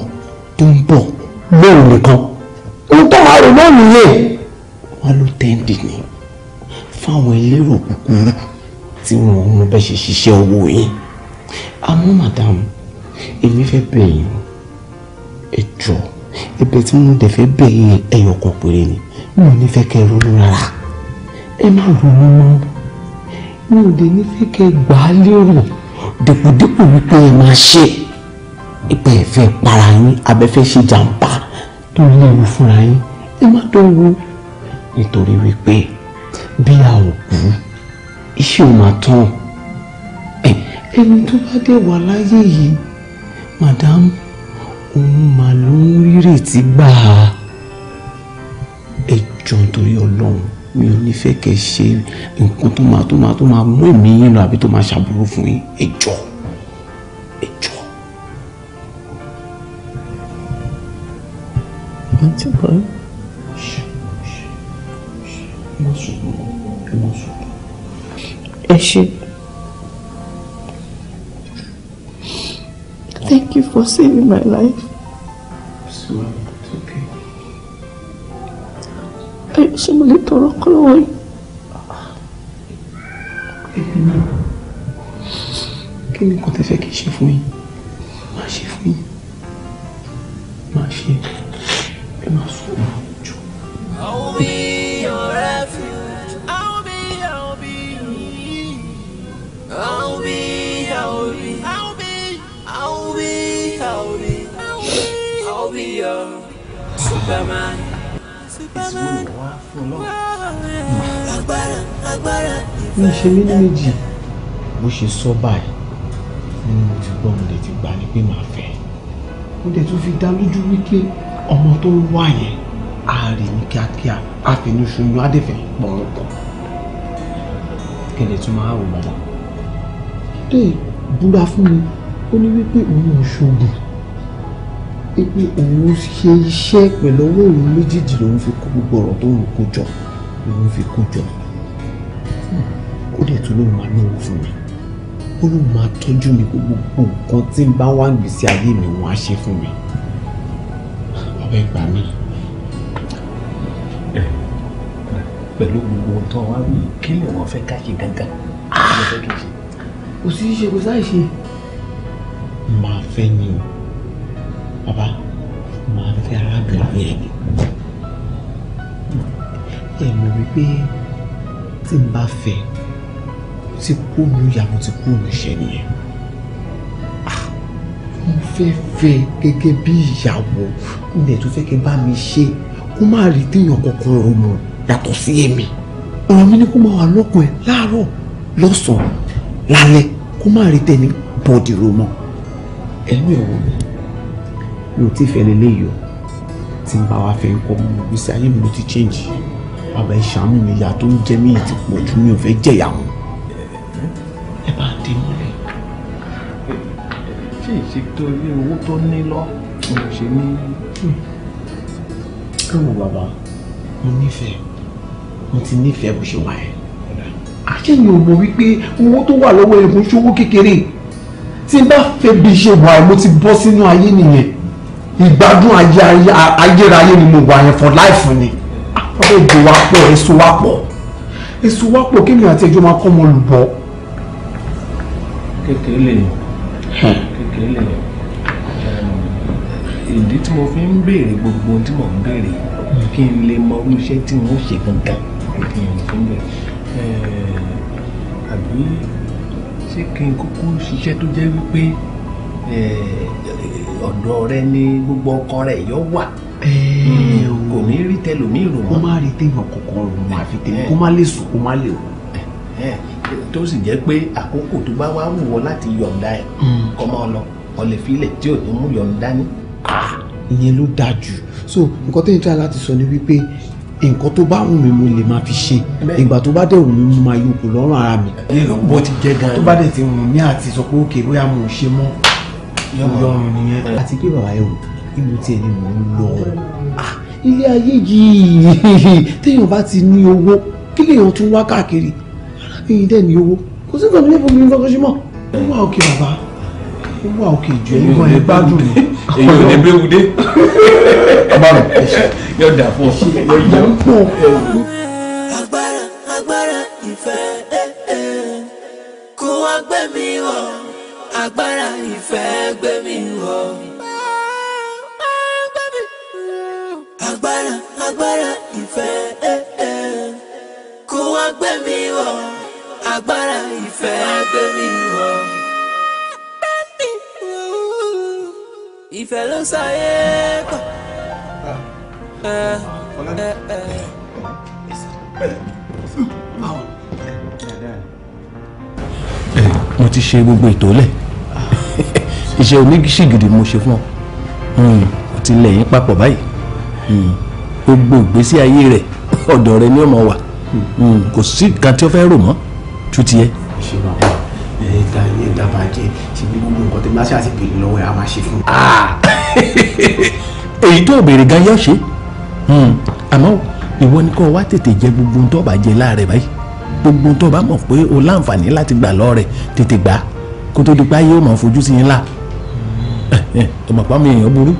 Speaker 3: tó ń bọ̀ lóun nìkan
Speaker 4: ń tọ́ àrùn náà nìyẹn
Speaker 3: wọn ló tẹ́ǹdì ni fáwọn elérò kúkúrú tí wọn ń bẹ ṣe ṣiṣẹ́ owó yín àmọ́ madam èmi fẹ́ bẹ̀ ẹ jọ̀ọ́ ẹ̀bẹ̀ tí mo dẹ̀ fẹ́ bẹ̀ yẹn ẹyọ kan péré ni mi ò
Speaker 5: ní fẹ́ kẹ́ ronú rárá ẹ má ronú mọ́ mi ò dé ní fẹ́
Speaker 4: kẹ́ gbà á lérò dèpòdèpò wípé ẹ máa ṣe
Speaker 5: ìpẹ́ ẹ̀fẹ́
Speaker 3: para yín abẹ́fẹ́ ṣe jàǹbá tó léwu fúnra yín
Speaker 1: ẹ má dọ̀wọ́
Speaker 3: nítorí wípé bí a ò kú iṣẹ́ ò máa tán ẹni tó bá dé wà láyé yìí màdámù òun mà ló ń rírètí gbà á ẹ jọ nítorí ọlọ́run mi ò ní fẹ́ kẹ́ ṣe nǹkan tó máa tó máa tó máa mú èmi yín lọ àbí tó máa ṣàbúrò fún yín ẹ jọ àǹtí
Speaker 1: bọ́ọ̀ ẹ
Speaker 4: má ẹ ṣe.
Speaker 5: Thank you for saving my life.
Speaker 4: Sure, it's okay.
Speaker 3: Ayọ̀ ṣe mo lè tọrọ ọkọ lọ́wọ́ yìí. Kí ni nǹkan tẹ fẹ́ kí n ṣe fún yín? Máa ṣe fún yín.
Speaker 4: Máa ṣe. Ẹ máa sùn
Speaker 1: jù. Superman. Superman. Agbára agbára.
Speaker 6: Ní ṣe mí ní méjì,
Speaker 3: bó ṣe sọ báyìí, nínú mo ti gbọ́ mo lè ti gbà ní pé màá fẹ́. Mo dẹ̀ tún fi dá lójú wípé ọmọ tó ń wá yẹn á rí ní kíákíá, á fi inú ṣoyún á dẹ̀ fẹ́ pọ̀npọ̀. Kẹ̀lẹ̀ tún máa wò mọ́mọ́. Dé búra fún mi, ó ní wípé òun ò ṣoògùn ibi òun ṣe iṣẹ́ pẹ̀lú owó òun méjìdì lòun fi kó gbogbo ọ̀rọ̀ tó ń kó jọ lòun fi kó jọ kó dẹ̀ tún lòun máa náwó fún mi ó lòun máa tọ́jú mi gbogbo nǹkan tí ń bá wà gbèsè ayé mi wọ́n á ṣe fún mi bàbá gbà mí pẹ̀lú gbogbo ohun tó wá wí kí lè wọ́n fẹ́ ká ṣe gangan kí lè fẹ́ kí ṣe. kò sí ṣe kò sáì ṣe. máa fẹ́ ni o papa máa fẹ́ arábìnrin yẹn ni ẹ mọ̀ wípé tí n bá fẹ́ ti kúlù yàtọ̀ ti kúlù ṣẹ nìyẹn
Speaker 4: ah, mo fẹ́
Speaker 3: fẹ́ gẹ́gẹ́ bí ìyàwó ilẹ̀ tó fẹ́ kẹ́ bá mi ṣe kó má rí téèyàn kankan ronú yàtọ̀ sí èmi ọ̀rọ̀ mi ni kó máa wà lọ́kàn ẹ̀ láàárọ̀ lọ́sàn-án lálẹ́ kó má rí tẹ́ni bọ́ọ̀dì ro mọ́ ẹ̀mí ọ̀wọ́ mi mi ò tí fẹ́ lélẹ́yìí o tí n bá wa fẹ́ kọ́ mọ́ gbèsè ayé mi ló ti change bàbá ẹ ṣàánú mi ìyá tó ń jẹ mí yìí ti pọ̀ jù mi ò fẹ́ jẹ̀yà wọn. ẹ bá ń dé mọ́lẹ̀.
Speaker 6: ṣé ìṣètò ilé owó tó ní lọ
Speaker 3: kò ṣe ní. káwọn bàbá mo nífẹ̀ẹ́ mo ti nífẹ̀ẹ́ bó ṣe wà ẹ́. àṣeyìn ò mọ̀ wípé owó tó wà lọ́wọ́ ẹ̀ fún ṣòwò kékeré tí n bá fẹ́ bí ṣe wà ẹ́ mo ti bọ́ sínú ayé nìyẹn ìgbádùn ayérayé ni mo wà yẹn fún láìfún ni àwọn èdè wa pọ̀ èso wa pọ̀ èso wa pọ̀ kí ni àti ẹjọ́ máa kọ́ ọmọ olùbọ́.
Speaker 6: kékeré lè yàn kékeré lè yàn
Speaker 3: ìdí tí mo fi ń béèrè gbogbo ohun tí mo ń béèrè kí n lè mọ irú iṣẹ́ tí wọ́n ṣe gangan kí n fi ń bẹ̀rẹ̀ àbí
Speaker 7: ṣé kí n kúkú ṣiṣẹ́ tó jẹ́ wípé ọ̀dọ̀ rẹ ni gbogbo ọkọ rẹ yọ wà hmm, kò ní rí tẹlòmíì rò mọ́. kó má
Speaker 3: rí téèyàn kankan rò mọ́ àfi tèmi kó má lè sùn kó má lè wò. tó sì jẹ́ pé
Speaker 7: àkókò tó bá wá wù wọ́n láti yọ̀ǹda ẹ̀ hmm. kọ́ máa lọ ọ̀lẹ̀ filẹ̀ tí ò ní mú yọ̀ǹda ní. Ah,
Speaker 3: ìyẹn ló dáa jù so nǹkan tẹ́yìn tí a láti sọ ni wípé nǹkan tó bá wù mí mo lè máa fi ṣe ìgbà tó bá dẹ̀ wù mí mo máa yọkù lọ́rùn ara mi. bó ti jẹ́ gan-an tó bá dẹ̀ ti wù mí àti sọ pé òkè bóyá mo ò ṣe mọ́ yọrùn nìyẹn àti pé bàbá yẹn wò ibo tiẹ̀ ni mò ń lọ ah,
Speaker 7: ilé ayé yìí
Speaker 3: téèyàn bá ti ní owó kí lèèyàn tún wá káàkiri ẹ̀yin dẹ̀ ní owó kò sí nǹkan tó fún mi ní fọkànṣe mọ́ ó òkè bàbá ó òkè jù ẹ̀yin kan ẹ̀ gbádùn mi.
Speaker 5: èyí ò ní bẹ́ẹ̀ wúdé ọmọrùn yóò dà fún ọ. yóò
Speaker 1: pọ̀ agbára agbára ìfẹ́ eh, eh. kó wá gbẹ̀mí wọ̀ agbára ìfẹ́ gbé mi wọ̀. agbára agbára ìfẹ́ eh, eh. kó wá gbé mi wọ̀. agbára ìfẹ́ gbé mi wọ̀. ìfẹ́ ló sáyé pọ̀. Eh,
Speaker 7: mo ti ṣe gbogbo ètò iṣẹ́ oníṣègùdì mo ṣe fún ọ ó hmm, ti lẹ̀ yín papọ̀ báyìí hmm, gbogbo ìgbésí ayé rẹ̀ ọ̀dọ̀ rẹ̀ ni ó máa wà hmm, kò sí nǹkan tí ó fẹ́ rò mọ́ tú tiẹ̀.
Speaker 4: ṣé bàbá
Speaker 3: ẹ ta ẹ dábàá jẹ ṣe bí gbogbo nǹkan tí má ṣe àti bèrè lọ́wọ́ ẹ á máa ṣe fún mi. Ah!
Speaker 7: èyí tó béèrè gan yóò ṣe àmọ́ ìwọ ni kó o wá tètè jẹ gbogbo ohun tó bá jẹ láàrẹ̀ báyìí gbogbo ohun tó bá mọ̀ pé o láǹfààní láti gbà lọ́rẹ̀ tètè gbà kó tó di pé ayé ó máa fojú sí yín láà ọmọ pa mi èèyàn
Speaker 3: burú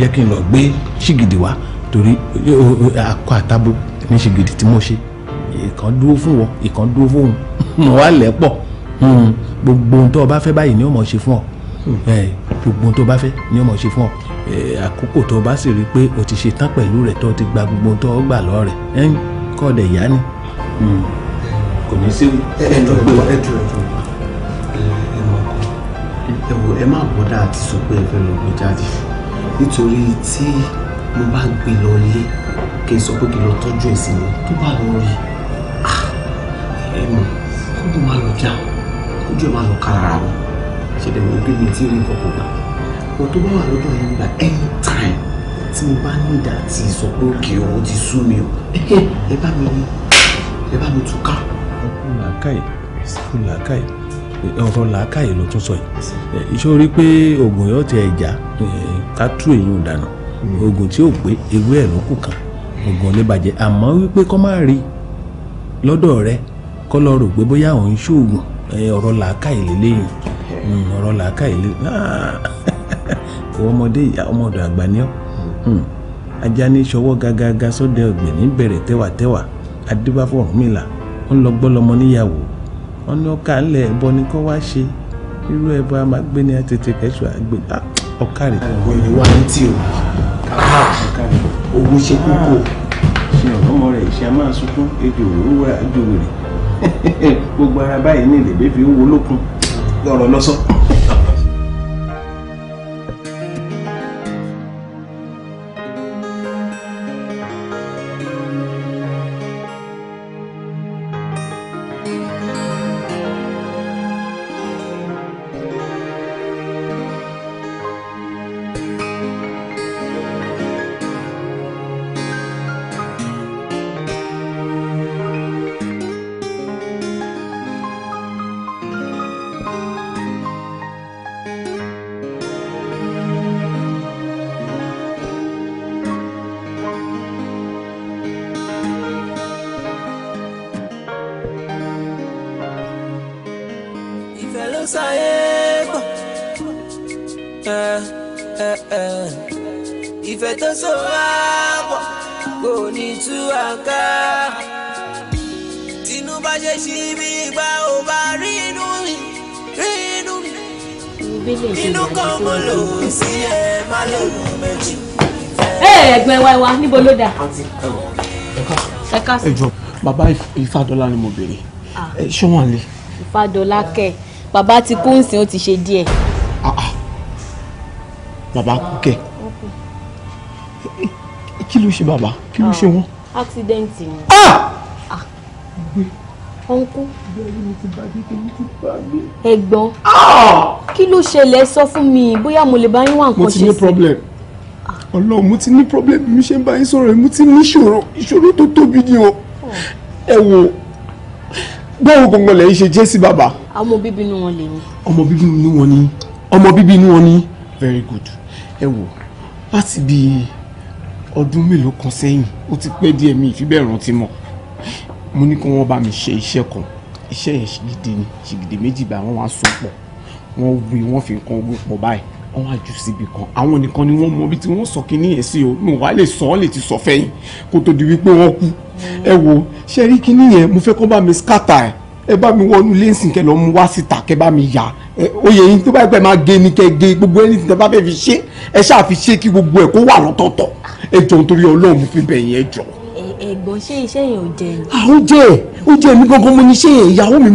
Speaker 3: yẹ kí n lọ gbé ṣìgìdì wá torí akọ àtàbò ní ṣìgìdì tí mo ṣe
Speaker 7: ìkan dúró fún wọn ìkan dúró fóun mo wá lẹ̀ pọ̀ gbogbo ohun tó o bá fẹ́ báyìí ni o mọ̀ ṣe fún ọ gbogbo ohun tó o bá fẹ́ ni o mọ̀ ṣe fún ọ
Speaker 3: àkókò tó o bá
Speaker 7: sì rí i pé o ti ṣe tán pẹ̀lú rẹ̀ tó o ti gba gbogbo ohun tó o gbà lọ rẹ̀ kọ́ ọ̀dẹ̀ ìyá ni
Speaker 1: kò ní í séwu ẹ ẹ dúró ẹ dúró
Speaker 3: ẹ wò ẹ má bọ́dà àti sọ pé ẹ fẹ́ lọ gbé jáde nítorí tí mo bá gbé lọ lé kí n sọ pé kí n lọ tọ́jú ẹ̀ sí ni tó bá lọ rí ah, ẹ mọ̀ kó bó má lọ já kójú ẹ má lọ kára ara wọn ṣẹlẹ̀ wọ́n gbé mi tí rí kọ̀kọ̀ gbà wọn tó bá wà lọ́dọ̀ yìí gba any time tí mo bá ní ìdá àti sọ pé òkè ọ̀rọ̀ ti sú mi o ẹ bá mi ẹ bá mi tú ká. ọkùnrin làákàyè ìsìnkú làákàyè ọ̀rọ̀ làákàyè ló tún sọ yìí ṣó rí pé oògùn yóò ti ẹ̀já ká tú èyí ò dànù hmm.
Speaker 7: oògùn tí ò pé ewé ẹ̀ ló kù kan oògùn oníbàjẹ́ àmọ́ wípé kọ́ máa rí lọ́dọ̀ rẹ kọ́ lọ rò pé bóyá òun ṣoògùn ọ̀rọ̀ làákàyè lélẹ́yìn hmm. Hmm, ọ̀rọ̀ làákàyè lélẹ́yìn ọmọdé ọmọdé àgbà ni ọ́
Speaker 3: ajá ní ṣọwọ́ gágágá sóde ọ̀gbìn ní bẹ̀rẹ̀ tẹ́wàtẹ́wà adébáfọ̀
Speaker 6: ọ̀húnmìlà ń lọ gbọ́ lọmọ níyàwó ọ̀nà ọkà ńlẹ̀ ẹ̀bọ ni kọ́ wá ṣe irú ẹ̀bọ a máa gbé ní àtètè kẹ́sù àgbè ah, ọ̀kà rẹ̀. ọ̀gbọ̀n yìí wá ní tí o
Speaker 7: owó ṣe kókó ṣe ọ̀rọ̀mọ rẹ̀ ṣe a máa sunkún ejò òwúrọ̀
Speaker 3: àjò rẹ̀ gbogbo ara báyìí ní ìlẹ̀bẹ̀ fi ń wo lókun lọ́rọ̀ lọ́sọ̀ọ́. ló dà. ẹ ká ẹ jọ bàbá Ifádọlá ni mo béèrè ah. ẹ ṣé wọn lè. Ifádọlá kẹ bàbá ti kú nsìn ó ti ṣe díẹ̀. Ah, ah. bàbá kú kẹ kí ló ṣe bàbá kí ló ṣe wọn. accident ni. ọ̀nkú. ẹ̀gbọ́n kí ló ṣẹlẹ̀ sọ fún mi bóyá mo lè bá yín wá nǹkan ṣe sí. mo ti ní problem ọlọ́run mo ti ní problem mi ṣe ń bá yín sọ̀rọ̀ mo ti ní ìṣòro ìṣòro tó tóbi ni o ẹ wo báwo gbọ̀ngàn lẹ́yìn ṣe jẹ́ sí bàbá.
Speaker 5: ọmọ bíbí inú wọn lè ní.
Speaker 3: ọmọ bíbí inú wọn ni ọmọ bíbí inú wọn ni very good ẹ wo láti bí ọdún mélòó kan sẹ́yìn ó ti pẹ́ díẹ̀ mi ìfi bẹ́ẹ̀ rántí mọ́ mo ní kí wọ́n bá mi ṣe iṣẹ́ kan iṣẹ́ yẹn ṣìgìdì ni ṣìgìdì méjì bá wọn wá so pọ̀ wọ́n wí wọ́n fi nǹkan ogun pọ̀ báyìí wọ́n wá jù síbi kan àwọn nìkan ni wọ́n mọ ibi tí wọ́n sọ kínní yẹn sí o mi ò wá lè sọ ọ́ lè ti sọ fẹ́yìn kó tó di wípé wọ́n kú ẹ wo ṣe rí kínní yẹn mo fẹ́ kó bá mi skata ẹ̀ ẹ bá mi wọnú lẹ́sìn kẹ lọ mú wá síta kẹ bá mi yá oyè yín tó bá pẹ́ máa gé ni kẹ gé gbogbo ẹni tẹ bá fẹ́ fi ṣe ẹ ṣáà fi ṣe kí gbogbo ẹ kó wà lọ́tọ̀ọ̀tọ̀ ẹ jọ nítorí ọlọ́run fi bẹ̀ yẹn jọ.
Speaker 1: ẹ̀gbọ́n ṣé iṣẹ́ yẹn ò jẹ ni. àwọn
Speaker 3: jẹ ó jẹ mi gangan mo ní ṣe ìyàwó mi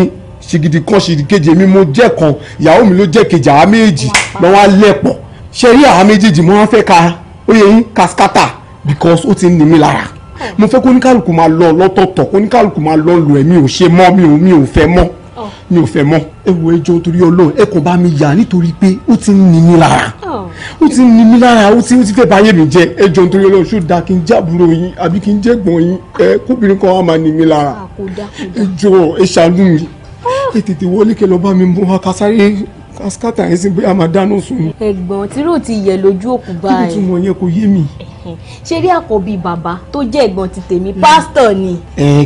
Speaker 3: mo ṣìgìdì kan ṣìgìdì kejì èmi mo jẹ́ kan ìyàwó mi ló jẹ́ kejì àá méjì lọ́ wá lẹ́pọ̀ ṣe rí àá méjèèjì mo wá fẹ́ ka ó yẹ yín kaskata because ó ti ń ní mi lára mo fẹ́ kó oníkálukú máa lọ lọ́tọ̀ọ̀tọ̀ kó oníkálukú máa lọ lù ẹ̀ mi ò ṣe mọ́ mi ò mi ò fẹ́ mọ́ mi ò fẹ́ mọ́ ẹ wo ẹjọ́ torí ọlọ́run ẹ kàn bá mi yà nítorí pé ó ti ń ní mi lára ó ti ń ní mi lára ó ti ó ti fẹ́ báyé mi jẹ ẹjọ́ torí ọlọ́run ṣó da kí n jábúrò yín àbí kí n jẹ́gbọ̀n yín ẹ kóbìnrin kan á máa ní mi lára ẹjọ́ ẹ ṣàánú mi ètètè wọlé kẹ lọ bá mi mú wa ká sáré káskátà yẹn sí pé a máa dáná sun ni. tí rò yẹ lójú òkú báyìí. kí ni túmọ̀ yẹn kò yé mi. Hmm. ṣe rí àkọ́bí bàbá tó jẹ́ ẹ̀gbọ́n ti tèmi hmm. pásítọ̀ ni.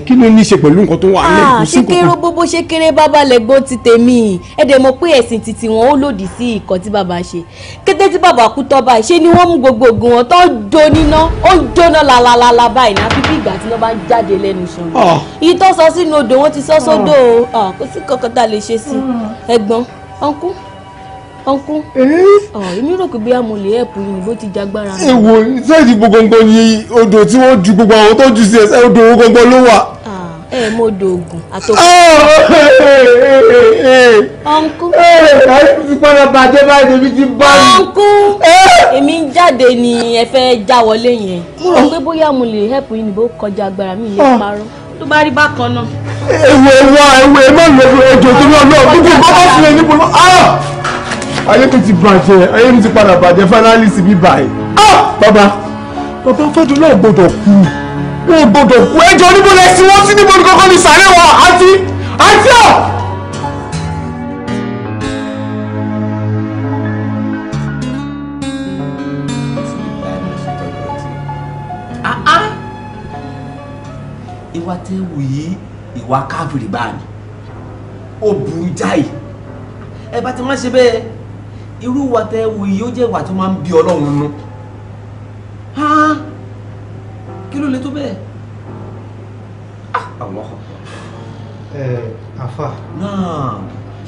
Speaker 6: kí ló ní í ṣe pẹ̀lú nǹkan tó wà nílẹ̀ ah, kò sí nǹkan kan. ṣé kéré
Speaker 3: bóbó ṣé kéré bàbá lẹ́gbọ́n ti tèmi ẹ dẹ̀ mọ̀ pé ẹ̀sìn titi wọn ó lòdì sí nǹkan tí bàbá ṣe kété tí bàbá kú tọ́ báyìí ṣé ni wọ́n mú gbogbo ògùn wọn tó do níná ó ń jóná lalalala báyìí ní àfi bí ìgbà tí wọ́n bá ń jáde lẹ́nu sàn. Ah. Ah. tá a lè ṣe sí hmm. ẹ̀gbọ́n ọkùn eh? èmi rò pé bí a mo lè ẹ̀pù yìí bó ti jagbára. èwo sẹ́ẹ̀dì gbogbo ni odò tí wọ́n ju gbogbo àwọn tó jù
Speaker 6: sí ẹsẹ̀ odò owó gbogbo ló wà.
Speaker 1: ẹ mo do oògùn àtọkùn. Ah! ọ̀nkú. Eh, ayé
Speaker 6: ti padà bàjẹ́ báyìí débi ti bá mi. ọ̀nkú
Speaker 3: eh! èmi ń jáde ni ẹ fẹ́ já wọlé yẹn mo rò ah! pé bóyá mo lè ẹ̀pù yìí bó kọjá agbára mi lè ah! parọ́ tó bá rí bákan náà.
Speaker 5: ewu ewu ewu ẹ má lọ ojú tó lọ lọ gbogbo bàbá fún ẹ níbo náà ayé mi ti bàjẹ́ ayé mi ti padà bàjẹ́
Speaker 3: finally sí mi báyìí. Ah! bàbá bàbá fẹ́dúnlá ò gbọ́dọ̀ kú ò
Speaker 5: gbọ́dọ̀ kú ẹjọ́ níbo lẹ sí wọ́n sí níbo ní kọ́kọ́ ní sàárẹ̀ wọn àti àti ọ̀.
Speaker 3: Ah, ah! ìwà tẹ́ wù yìí ìwà káfíìrì báà ni ó burú jáì ẹ bá ti má ṣe bẹ́ẹ̀ irú wa tẹ́ wo yìí ó jẹ́ ìwà tó máa ń bí ọlọ́run nú kí ló lè tó bẹ́ẹ̀. Ah! ẹ àfà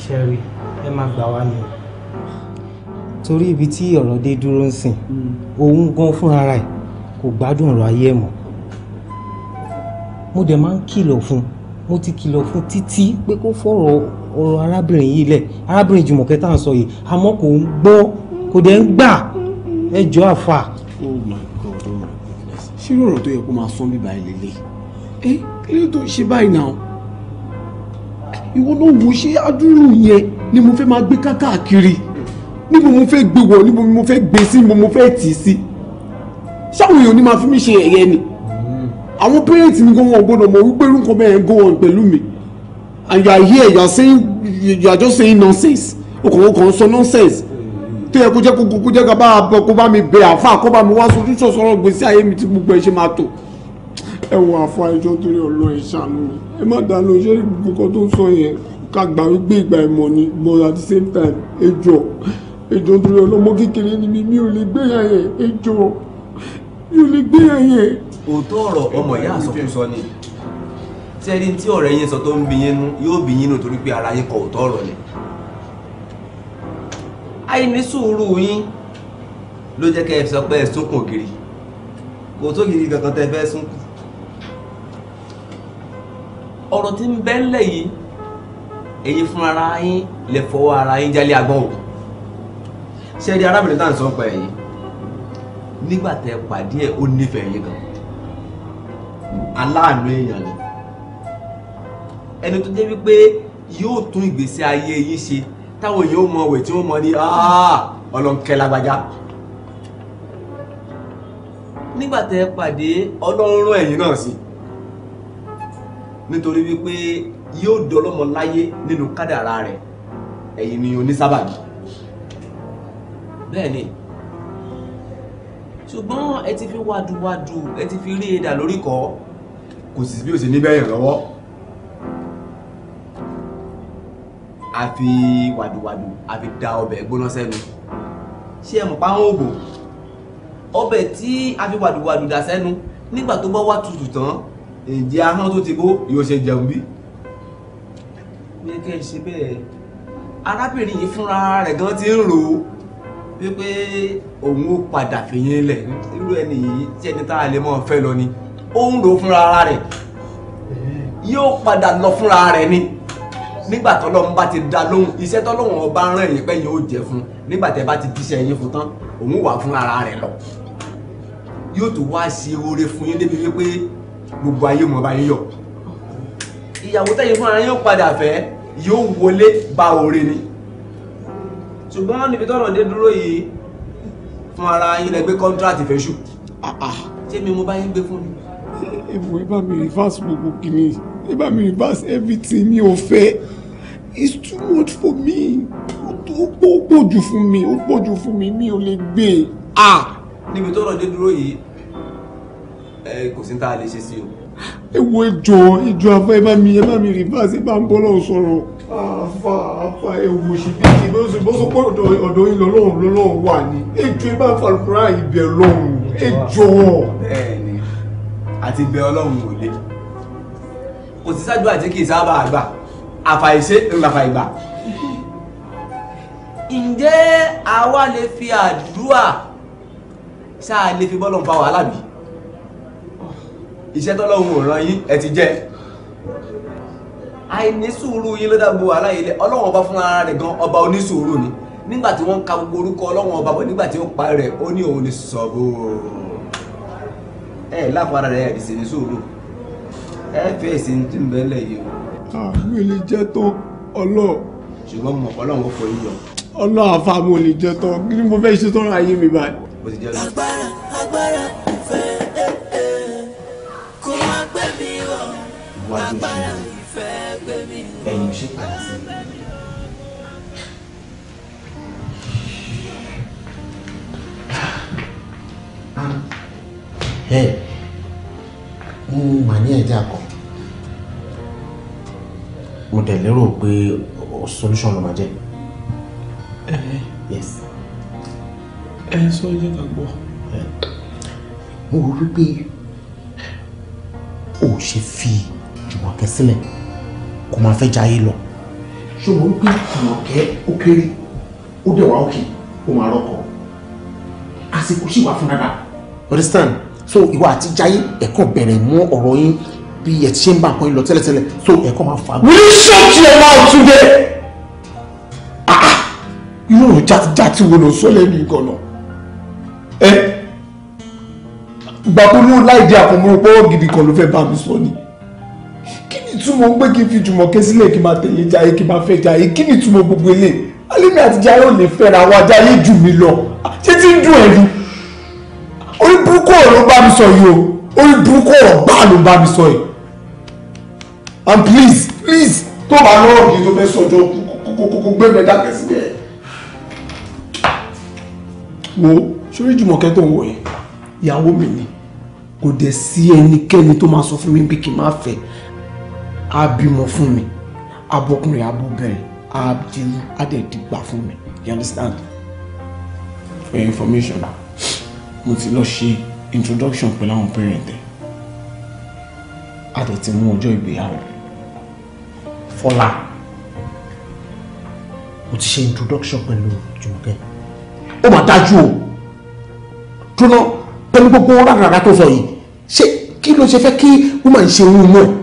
Speaker 3: ṣẹ́rí ẹ máa gbà wá ni torí ibi tí ọ̀rọ̀ dé dúró ń sìn hmm. òun gan fúnra rẹ̀ kò gbádùn ọ̀rọ̀ ayé ẹ̀ mọ́ mo dẹ̀ máa ń kìlọ̀ fún un mo ti kìlọ̀ fún títí pé kó fọ̀rọ̀ ọ̀rọ̀ arábìnrin yìí lẹ̀ arábìnrin jùmọ̀kẹ́ tá à ń sọ yìí àmọ́ kò ń gbọ́ kò dẹ̀ ń gbà ẹjọ́ àfà. oh my god oh my goodness ṣé ọ̀rọ̀ tó yẹ kó máa sọ bíbá ẹ lélẹ̀ ẹ kí ló tó ṣe báyìí náà ìwọ náà wò ṣé adúrú yẹn ni mo fẹ́ máa gbé káàkiri níbo mo fẹ́ gbé wọ̀ níbo mo fẹ́ gbé sí níbo mo fẹ́ tì í sí ṣáwọn èèyàn ni máa fi mí ṣe ẹ̀yẹ ni àwọn parents mi gan wọn gbọ́dọ̀ mọ̀ wípé irú nǹkan bẹ́ẹ̀ go on pẹ̀lú mi and you are here you are saying you are just saying nonsense okòwò kan sọ nonsense tó yẹ kó jẹ́ kó jẹ́
Speaker 6: kó bá mi bẹ àfa kó bá mi wá sojú sọ̀sọ̀rọ̀ gbèsè ayé mi tí gbogbo ẹ̀ ṣe máa tó ẹ wo àfa ẹjọ́ torí ọ̀lọ́ ẹ̀ ṣàánú mi ẹ má dá lóun ṣé gbogbo tó ń sọ yẹn ká gbà wípé ìgbà ìmọ̀ ni but at the same time ẹjọ́ ẹjọ́ torí ọlọ́mọ kékeré ni mi mi
Speaker 5: ò lè gbé yẹn ẹjọ́ mi ò lè gbé yẹn
Speaker 3: òótọ́ ọ̀rọ̀ ọmọ ìyá àsọkúsọ ni tẹ́rí tí ọ̀rẹ́ yín sọ tó ń bí yín nú yóò bí yín nù torí pé ara yín kọ òótọ́ ọ̀rọ̀ ni àìní sùúrù yín ló jẹ́ kẹ́ ẹ sọ pé ẹ sunkún ògiri kò tó gidi kankan tẹ́ fẹ́ sunkún ọ̀rọ̀ tí ń bẹ ńlẹ̀ yìí èyí fún ara yín lè fọwọ́ ara yín jálé agbọ́n o ṣé ẹ di arábìnrin tá à ń sọ pé yìí
Speaker 7: nígbà tẹ́ pàdé ẹ̀ ó nífẹ̀ẹ́ yín gan-an aláàánú èèyàn ni ẹni tó jẹ́ wípé yóò tún
Speaker 3: ìgbésí ayé yín ṣe táwọn èèyàn ó mọ òwe tí wọ́n mọ ní ọlọ́nkẹ́ lágbájá nígbà tẹ́ ẹ pàdé ọlọ́run ẹ̀yìn náà sí nítorí wípé yóò dọlọ́mọ láyé nínú kádàrá rẹ̀ ẹ̀yin ni onísábàbí bẹ́ẹ̀ ni ṣùgbọ́n ẹ ti fi wàdùwàdù ẹ ti fi rí edà lórí kọ́. kò sì bí o sì níbẹ̀ yàn lọ́wọ́ a fi wàdùwàdù a fi da ọbẹ̀ gbóná sẹ́nu ṣé ẹ mọ̀ pa àwọn ògbò ọbẹ̀ tí a fi wàdùwàdù dà sẹ́nu nígbà tó bá wà tutù tán ǹjẹ́ ahọ́n tó ti bó yóò ṣe jẹun bí. mi kẹ́ ẹ ṣe bẹ́ẹ̀ arábìnrin yìí fúnra rẹ̀ gan ti ń rò ó wípé òun ó padà fìyín lẹ̀ irú ẹni yìí tí ẹni tá a lè mọ̀ fẹ́ lọ ni ó ń lò fúnra ara rẹ̀ yóò padà lọ fúnra rẹ̀ ni nígbà tọ́lọ́run bá ti dá lóhùn iṣẹ́ tọ́lọ́run ọba rán yín pé yóò jẹ́ fún nígbà tẹ́ bá ti díṣẹ́ yín fún tán òun wà fún ara rẹ̀ lọ yóò tún wá ṣe oore fún yín débi wípé gbogbo ayé mọ̀ bá yín yọ̀ ìyàwó tẹ̀yìn fúnra yín yóò padà fẹ́ yóò wọlé ba oore ni ṣùgbọ́n níbi tọ́rọ̀ dé dúró yìí fún ara yín lẹ gbé kọ́ńtíráàtì fẹ́ṣù tí ah, mi ah. mo bá yín gbé fún mi.
Speaker 5: èbò ẹ bá mi reverse gbogbo kìíní ẹ bá mi reverse everything mi ò fẹ́ it's too much for me ó pọ̀ jù fún mi ó pọ̀ jù fún mi mi ò lè gbé
Speaker 3: e. níbi tọ́rọ̀ dé dúró yìí kò sí ní tá a lè ṣe sí o.
Speaker 5: ẹ wo ìjọ ìjọ afọ ẹ bá mi ẹ bá mi reverse ẹ bá ń bọ́ lọ́wọ́ sọ̀rọ̀
Speaker 3: àfa ah, àfa ewu ṣìbìtì bó sọ pé ọ̀dọ̀ yín lọ́lọ́run lọ́lọ́run wà ní ejò ẹ bá ń falùkúrá ìbẹ̀ lọ́hùn ejò wọn. bẹ́ẹ̀ni àti bẹ Ọlọ́run ò lé kò sí ṣáájú àti kì í sábà àgbà àfàìṣe ńlàfà ìgbà. ǹjẹ́ àwa lè fi àdúrà ṣáà lè fi bọ́lọ̀ ń fa wàhálà bí iṣẹ́ tọ́lọ́run ò rán yín ẹ ti jẹ́ ẹ. àìnísùúrù yín ló dá gbogbo wàhálà yìí lẹ ọlọ́run fúnra rẹ̀ gan ọba onísùúrù ni nígbà tí wọ́n ka gbogbo orúkọ ọlọ́run ọba bọ̀ nígbà tí ó parí rẹ̀ ó ní òun ní sọ̀bù ẹ láàfin ara rẹ̀ ẹ̀dì sí ní sùúrù ẹ fèsì ní o. àwọn
Speaker 6: èlé jẹ́ tán ọlọ́
Speaker 3: ṣùgbọ́n mo ọlọ́run ó fọ yíyọ.
Speaker 6: ọlọ́ àfàmù lè jẹ́ tán
Speaker 2: agbára agbára eh,
Speaker 1: eh. kó má gbẹ̀mí wọ̀ agbára. ẹ̀yìn ò ṣe padà sí mi.
Speaker 3: Ah, ẹ mo mà ní ẹ̀dá kan mo dẹ̀ lérò pé solution ló máa jẹ́. yes. ẹ sọ ẹ jẹ́ ká gbọ́. mo rò wípé o ò ṣe fi Jùmọ̀kẹ́ sílẹ̀ kò máa fẹ́ jayé lọ.
Speaker 7: ṣùgbọ́n wípé ìmọ̀kẹ́ ó kéré ó dẹ̀ wá òkè ó máa rọ́kọ̀
Speaker 3: àsìkò sì wà fún dáadáa. understand so ìwà àti jayé ẹ̀kọ́ bẹ̀rẹ̀ mú ọ̀rọ̀ yín bí ẹ̀ ti ṣe ń bá nǹkan yín lọ tẹ́lẹ̀tẹ́lẹ̀ so ẹ̀kọ́ máa fà á. will you shut your mouth today? Ah, ah. irú ọ̀rọ̀ játijáti wo ló sọ lẹ́nu ìgànnà ẹ gbàgbọ́ ní láì dé àkànmọ́ pọ́wọ́ gidi kan ló fẹ́ bá mi sọ ni kí ni túmọ̀ pé kí n fi Jùmọ̀kẹ́ sílẹ̀ kí n máa tẹ̀lé Jayé kí n máa fẹ́ Jayé kí ni túmọ̀ gbogbo eléyìí alẹ́mi àti Jayé ò lè fẹ́ra wa Jayé jù mí lọ ṣé tí ń dùn ẹ̀ ni orí burúkú ọ̀rọ̀ ló bá mi sọ yìí o orí burúkú ọ̀rọ̀ bá ló bá mi sọ yìí and please please tó bá lọ́rọ̀ kí n tó fẹ́ sọ̀jọ́ kókókókó gbé mi dákẹ́ síbẹ̀ wo sórí Jùmọ̀kẹ́ tó ń wọ̀ yẹn ìyàwó mi ni kò dẹ̀ sí ẹnikẹ́ni tó máa sọ fún mi pé kí n má fẹ́ á bímọ fún mi abọkùnrin abúbẹ̀rẹ̀ á jẹyí á dẹ̀ dìgbà fún mi you understand. for your information mo ti lọ ṣe introduction pẹ̀lú àwọn parent ẹ̀ á dẹ̀ ti mú ọjọ́ ìgbéyàwó fọlá mo ti ṣe introduction pẹ̀lú jùmọ̀kẹ́ ó mà dájú o dúró pẹ̀lú gbogbo rárá tó sọ yìí ṣé kí ló ṣe fẹ́ kí woman ṣe ohun náà.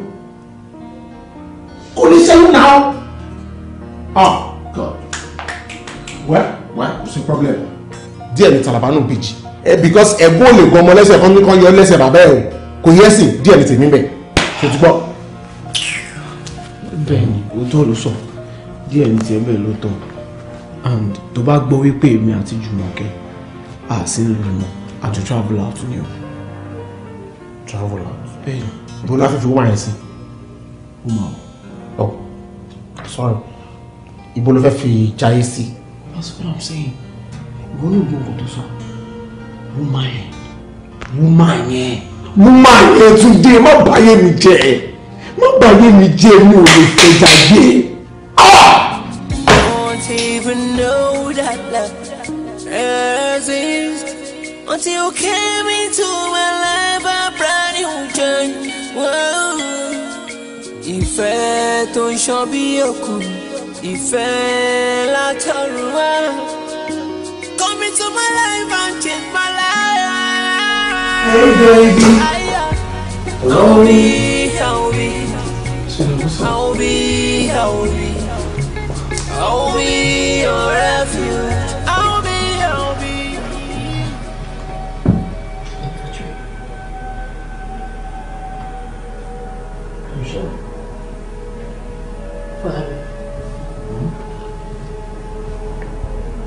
Speaker 3: díẹ̀ ní talabanu beach eh, because ẹ̀gbọ́n lè gan ọmọ lẹ́sẹ̀ kan ní kan yọ lẹ́sẹ̀ bàbá ẹ̀ o kò yẹ sí díẹ̀ ní tèmi bẹ̀ tó ti gbọ́.
Speaker 6: bẹ́ẹ̀ni òótọ́ ló sọ
Speaker 3: díẹ̀ ní tiẹ̀ bẹ́ẹ̀ ló tọ́ and tó bá gbọ́ wípé èmi àti Jùmọ̀kẹ́ à sí ń lọ mọ́ àti travel out ni o. travel out. bẹ́ẹ̀ni. bó la fi fi wá yẹn sí. ó mà ó. oh sorry ibo ló fẹ́ fi jayé sí. that's what i'm saying ìwọ ní ògbó nǹkan tó sọ wúmá yẹn wúmá yẹn wúmá yẹn tún dé má bàyé mi jẹ́ má bàyé mi jẹ́ mi ò lè fẹjà gbé. Ah!
Speaker 1: Until you came into my life, a brought new joy. Ife tó ń ṣan bí òkun, ìfẹ́ látọ̀run wá my life and change my life. Hey baby.
Speaker 5: I'll be,
Speaker 1: I'll be, I'll be, I'll be, I'll be your refuge.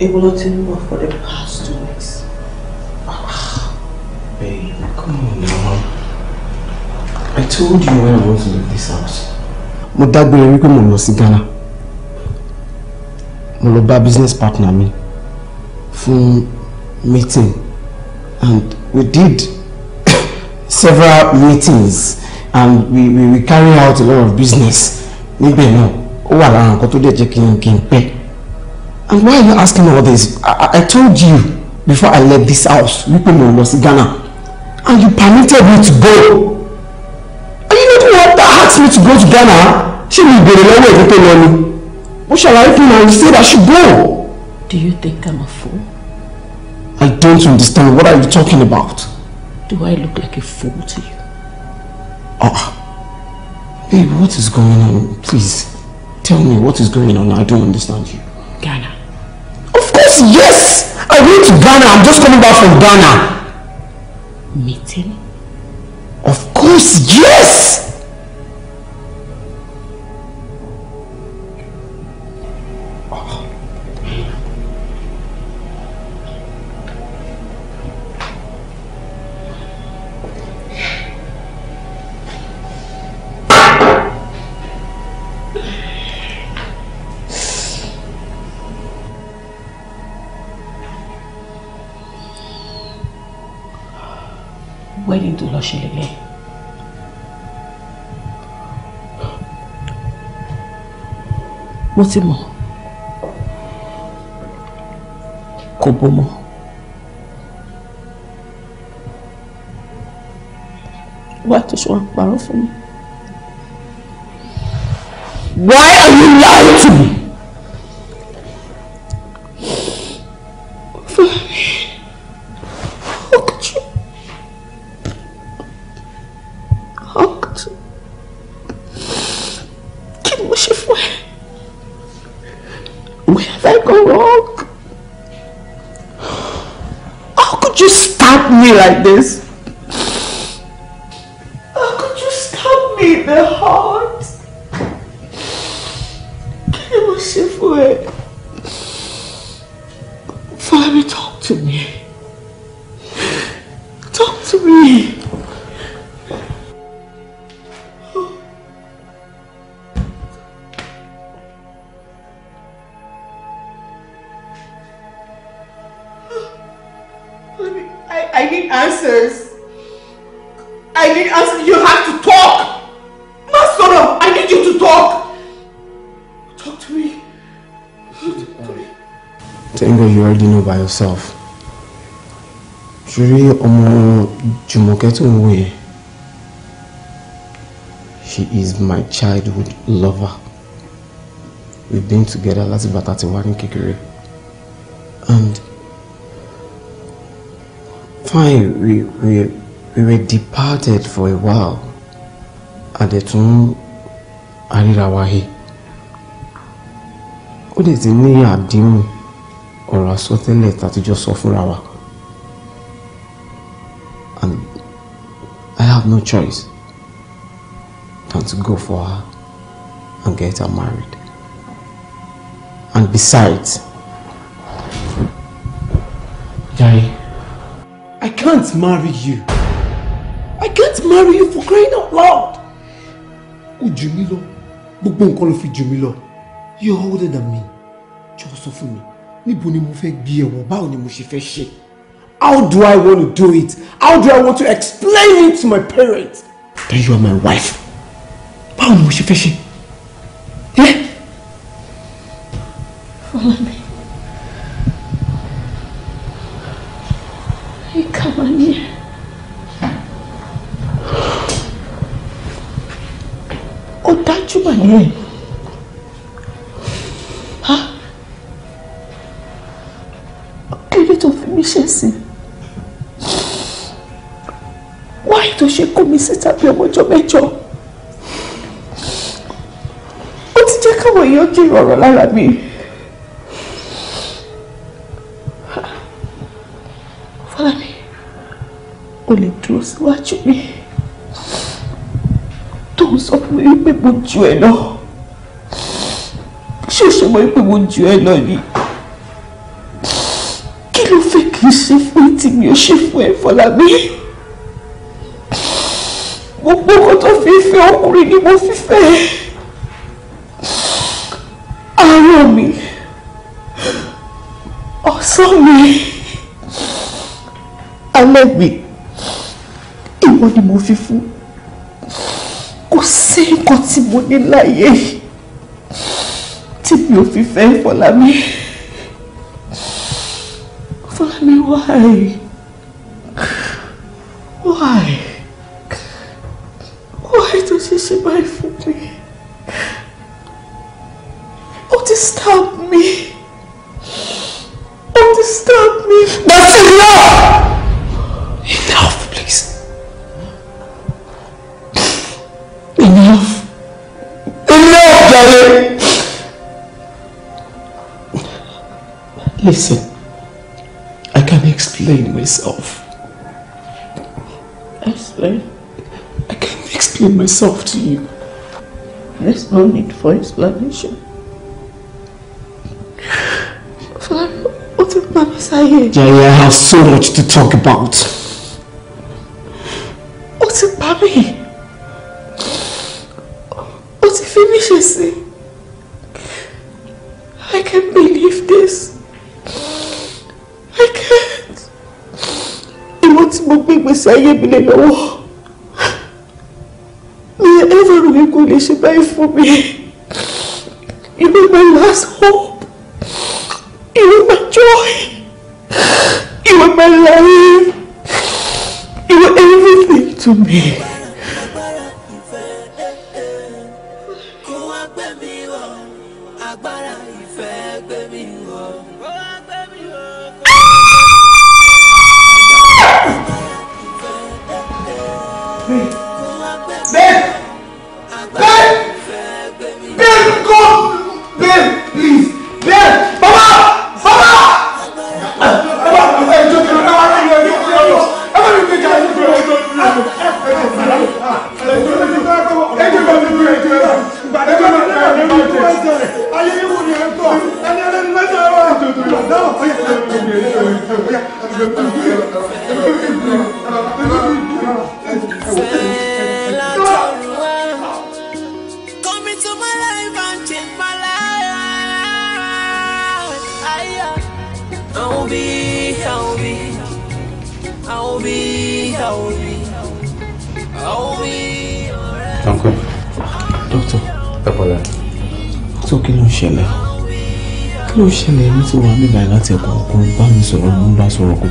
Speaker 5: been Ebolotinuwa for the past two weeks.
Speaker 4: Babe, come on now.
Speaker 3: I told you when I want to leave this house. My dad dágbére wípé mo lọ sí Ghana. Mo lọ bá business partner me. fún meeting and we did several meetings and we, we, we carry out a lot of business níbẹ̀ náà. Ó wà lára nǹkan tó dẹ̀ jẹ́ kí n And why are you asking all this? I, I told you before I left this house, wípé mo lọ sí Ghana. And you permitted me to go.
Speaker 5: And you know what that asked me to go to Ghana? Ṣé mi ìbèrè lọ́wọ́ èdè tó lọ ni? Mo ṣàlàyé fún mi and you said I should go. Do you think I'm a fool? I don't understand.
Speaker 3: What are you talking about?
Speaker 5: Do I look like a fool to you?
Speaker 3: Ah. Babe, what is going on? Please, tell me what is going on. I don't understand you.
Speaker 5: Ghana. Of course, yes. I went to Ghana. I'm just coming
Speaker 3: back from Ghana. Meeting? Of course, yes. lọ ṣe lélẹ̀. mo ti mọ̀ kò bómọ.
Speaker 2: wá
Speaker 5: Why are you lying to me? out kí where have I gone wrong how could you stab me like this.
Speaker 3: yourself ṣorí ọmọ jùmọ̀kẹ́ tó ń wò she is my childhood lover we've been together láti bàtà ti wá ní kékeré and fine we we we were departed for a while àdẹ̀tún àríra wáyé ó lè ti ní àdéhùn ọ̀rọ̀ àsọtẹ́lẹ̀ tàtijọ́ sọ fúnra wa and I have no choice than to go for her and get her married and besides Jai I can't marry you I can't marry you for crying out loud ó jù gbogbo nǹkan ló fi jù mí lọ you're older than me jọ sọ fún mi níbo ni mo fẹ́ gbé ẹ̀wọ̀n báwo ni mo ṣe fẹ́ ṣe how do I want to do it how do I want to explain it to my parents that you are my wife báwo ni mo ṣe fẹ́ ṣe.
Speaker 5: Follow me. come on here.
Speaker 3: Ó dájú mà ní ẹ̀.
Speaker 5: mi. Fọlámi, o lè dúró síwájú mi tó ń sọ me, mi wípé mo ju ẹ lọ. Ṣé o ṣe mọ̀ wípé mo ju ẹ lọ ni? Kí ló fẹ́ kí n ṣe fún tí mi ò ṣe fún ẹ, Fọlámi? Gbogbo nǹkan tó fi fẹ́ ọkùnrin ni mo fi fẹ́ fún mi alẹ́gbè ìwọ ni mo fi fún kò sí nǹkan tí mo ní láyé tí mi ò fi fẹ́ Fọlámi Fọlámi wáyé.
Speaker 3: Listen. I can explain
Speaker 5: myself. Explain? I can explain myself to you. There's no need for explanation. Father, what a man is here?
Speaker 4: Yeah, yeah, I have so much to
Speaker 2: talk about.
Speaker 5: sáyé mi lè lọ́wọ́ mi ẹ̀fọ́n mi kò lè ṣe báyìí fún mi you be my last hope you be my joy you be my life you be everything to me.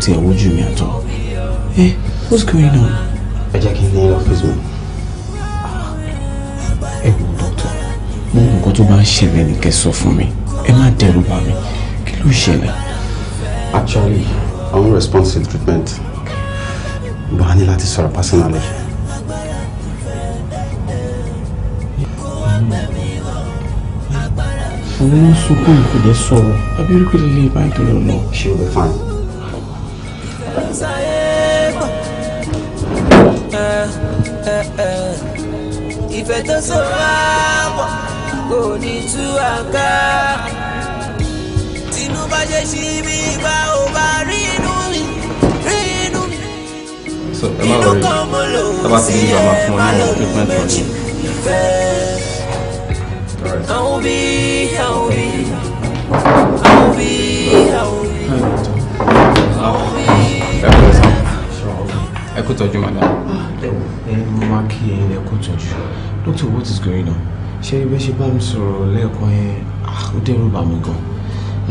Speaker 3: tiẹ̀ wojú mi àtọ́
Speaker 5: ẹ eh, what's going on.
Speaker 3: ẹ jẹ́ kí n ní ọ́fíìsì mi. ẹ wo dọ́tọ̀ mo mọ nǹkan tó bá ń ṣẹlẹ̀ ní kẹ́ sọ fún mi ẹ má dẹ́rù bà mí kí ló ṣẹlẹ̀. actually àwọn responsive treatment But I need to sort personally.
Speaker 1: òun ló ń sunkún
Speaker 3: ìkọ̀dẹ̀
Speaker 5: sọ̀rọ̀ abirikú lè lè báyìí tó lọ. she will be fine.
Speaker 1: ìfẹ́ tó sọ̀rọ̀ àpọ̀ kò ní tú àká. tinubu ṣe ṣí mi bá ò bá rí inú mi rí inú mi.
Speaker 2: so ẹ má wọrí tábà tí bí bàbá fún ọ ní
Speaker 1: treatment for you. àwọn bí àwọn bí àwọn bí àwọn
Speaker 3: bí àwọn bí. ẹ kú tọ́jú madam máa kí ẹ̀yin lẹ́kọ̀ọ́ tọ́jú doctor what is going on ṣé ibẹ̀ ṣe bá mi sọ̀rọ̀ lẹ́ẹ̀kan yẹn ah, ó dẹ́rù bà mí gan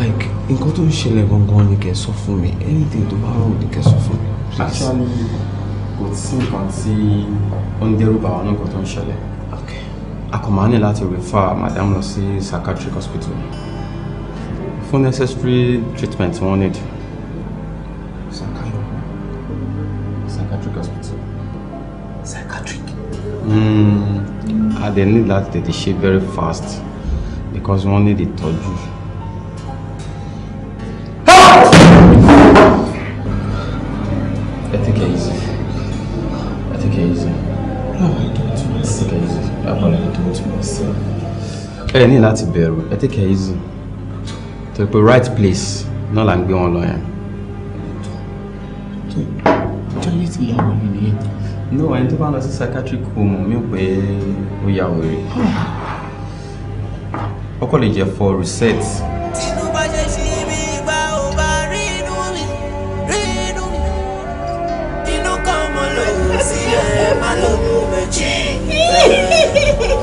Speaker 3: like nǹkan tó ń ṣẹlẹ̀ gangan ni kẹ́ sọ fún mi anything tó bá rò ní kẹ́ sọ fún mi. actually kò sí nǹkan tí ó ń dẹ́rù bà wá ní nǹkan tó ń ṣẹlẹ̀ akọ̀mọ́ ní láti refer madam lọ sí psychiatric hospital fún necessary treatment wọ́n need. They need that tètè ṣe very fast because we only ìtọ́jú. Take it easy. Take it easy. No, I don't to
Speaker 1: I'm not even doing to myself.
Speaker 3: I ní láti bẹ̀rù. Take it easy.
Speaker 7: To the right place. Náà là ń gbé wọn
Speaker 3: no ẹni tó bá lọ sí psychiatric home mi ò pé ó ya òwe for reset.
Speaker 1: tinú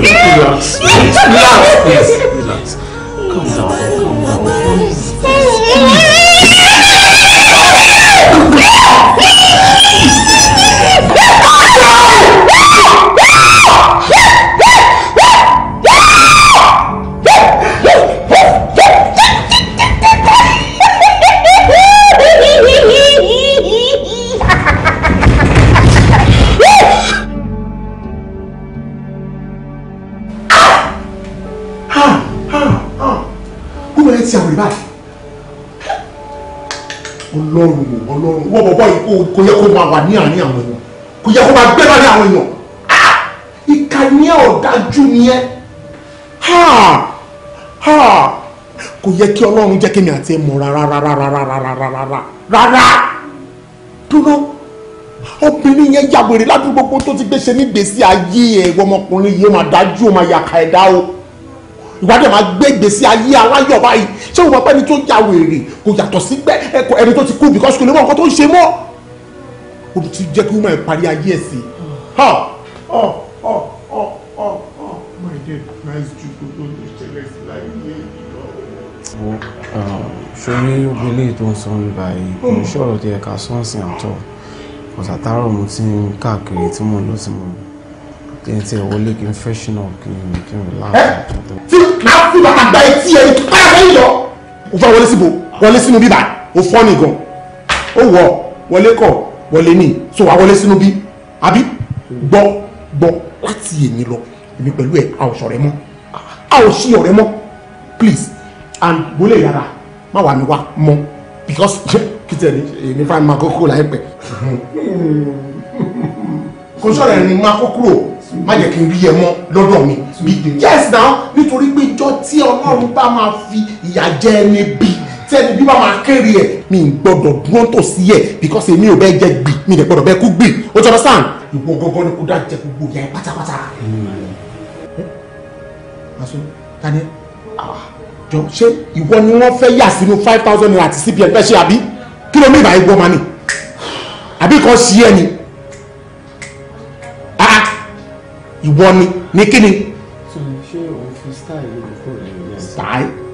Speaker 4: Relax, please.
Speaker 5: Relax,
Speaker 4: please.
Speaker 3: kò yẹ kó máa wà ní àárín àwọn èèyàn kò yẹ kó máa gbé láàrin àwọn èèyàn ah!
Speaker 7: ìka ní ọ̀dájú nìyẹn kò yẹ kí ọlọ́run jẹ́ kémi àti ẹ mọ̀ rárá dúró obìnrin yẹn yàgbèrè ládùúgbò gbogbo tó ti gbé ṣe nígbèsí ayé ẹ ọmọkùnrin yìí ó máa dájú ó máa yàkà ẹ̀dá o ìwádìí máa gbé ìgbésí ayé aláyọ̀ báyìí ṣé o mọ̀ pé ẹni tó ya wèrè kò yàtọ̀ sí pé ẹni tó ti kú because kò lè mọ nǹkan
Speaker 3: tó ń ṣe mọ́ kó tó jẹ́ kí woman parí ayé ẹ̀ sí.
Speaker 6: my dear nice ju gbogbo um, ní ìṣẹ̀lẹ̀ sí láyé ìlọ. ṣorí gbélé tó ń sọ nípa yìí kò ń ṣọ̀rọ̀ díẹ̀ ká sọ́ọ̀sì àtọ̀ ọ̀sàtàrọ̀ mo ti ń káàkiri tí mo lọ sí mo
Speaker 3: kí n tiẹ̀ wọlé kí n fẹ́ṣìn náà kí n kí n relax.
Speaker 5: tí màá fi bàtà gba etí
Speaker 3: ẹ káyà fẹ́ yọ. o fẹ́ wọlé síbo wọlé sínú bíbá o fọ́ nìgan o wọ wọlé kọ̀ wọlé ní so wà wọlé sínú bí àbí gbọ́ gbọ́ láti èmi lọ èmi pẹ̀lú ẹ̀ a ò ṣọ̀rẹ́ mọ́ a ò ṣí ọ̀rẹ́ mọ́ please and gbólé yàrá má wà mí wá mọ́ because kìtẹ̀ ni èmi fà máa kókó láìpẹ́ kò sọ̀rọ̀ ẹ̀rin máa kó kúrò má jẹ́ kí n rí ẹ mọ́ lọ́dọ̀ mi yes now nítorí pé ìjọ tí ọlọ́run bá máa fi ìyà jẹ ẹni bíi tẹ́ni bí wàá máa kéré ẹ̀ mi ń gbọ́dọ̀ dúró tó sí ẹ̀ because èmi ò bẹ́ẹ̀ jẹ́ gbì mi ò gbọ́dọ̀ bẹ́ẹ̀ kú gbì ó jọ sàn. ìwọ gọgọ ni kò dá jẹ gbogbo ìyá ẹ pátápátá. aṣọ tani ah, jọ ṣé ìwọ ni wọ́n fẹ́ yà sínú five thousand naira àti cbn fẹ́ ṣe àbí kí ló mú ìbá ìwọ máa nì àbí kan ṣí ẹ ni ah, ah. ìwọ ni ní kíni. ṣé
Speaker 6: òun fi style yìí kúrò nínú ẹ̀.
Speaker 3: style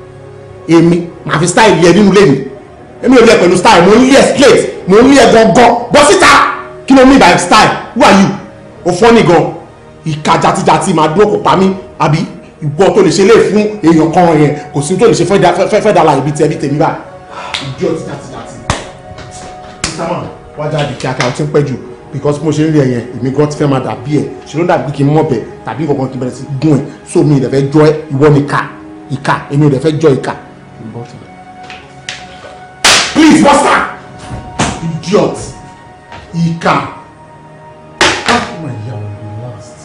Speaker 3: èmi màá fi style yẹ nínú lẹ́nu èmi ò lè pẹ̀lú style mo ń lé ẹ̀ straight mo ń lé ẹ̀ gangan bọ́ síta kí ló mean by style who are you o fọ́ ni gan ìka jatijati màá dúró kó pa mí àbí ìwọ tó lè ṣe lè fún èèyàn kan yẹn kò
Speaker 7: sí tó lè ṣe fẹ́ dala ibi tẹ̀bi tèmi bá
Speaker 3: ìjọ jatijati
Speaker 7: mr man wá jáde kíákíá ó ti ń pẹ́ jù because mo ṣe ń rí ẹ yẹn èmi gan ti fẹ́ máa dàbí ẹ̀ ṣe ló dàbí kí n mọ̀ bẹ̀ tàbí nǹkan kan kí n bẹ̀rẹ̀ sí gún ẹ̀ so mi ì dẹ̀ fẹ́ jọ ìwọ ni ìka ìka èmi ò dẹ̀
Speaker 3: fẹ́ jọ ìka Please, master! Idiot! Ìkà! Káfí máa yà wọ́n ló last.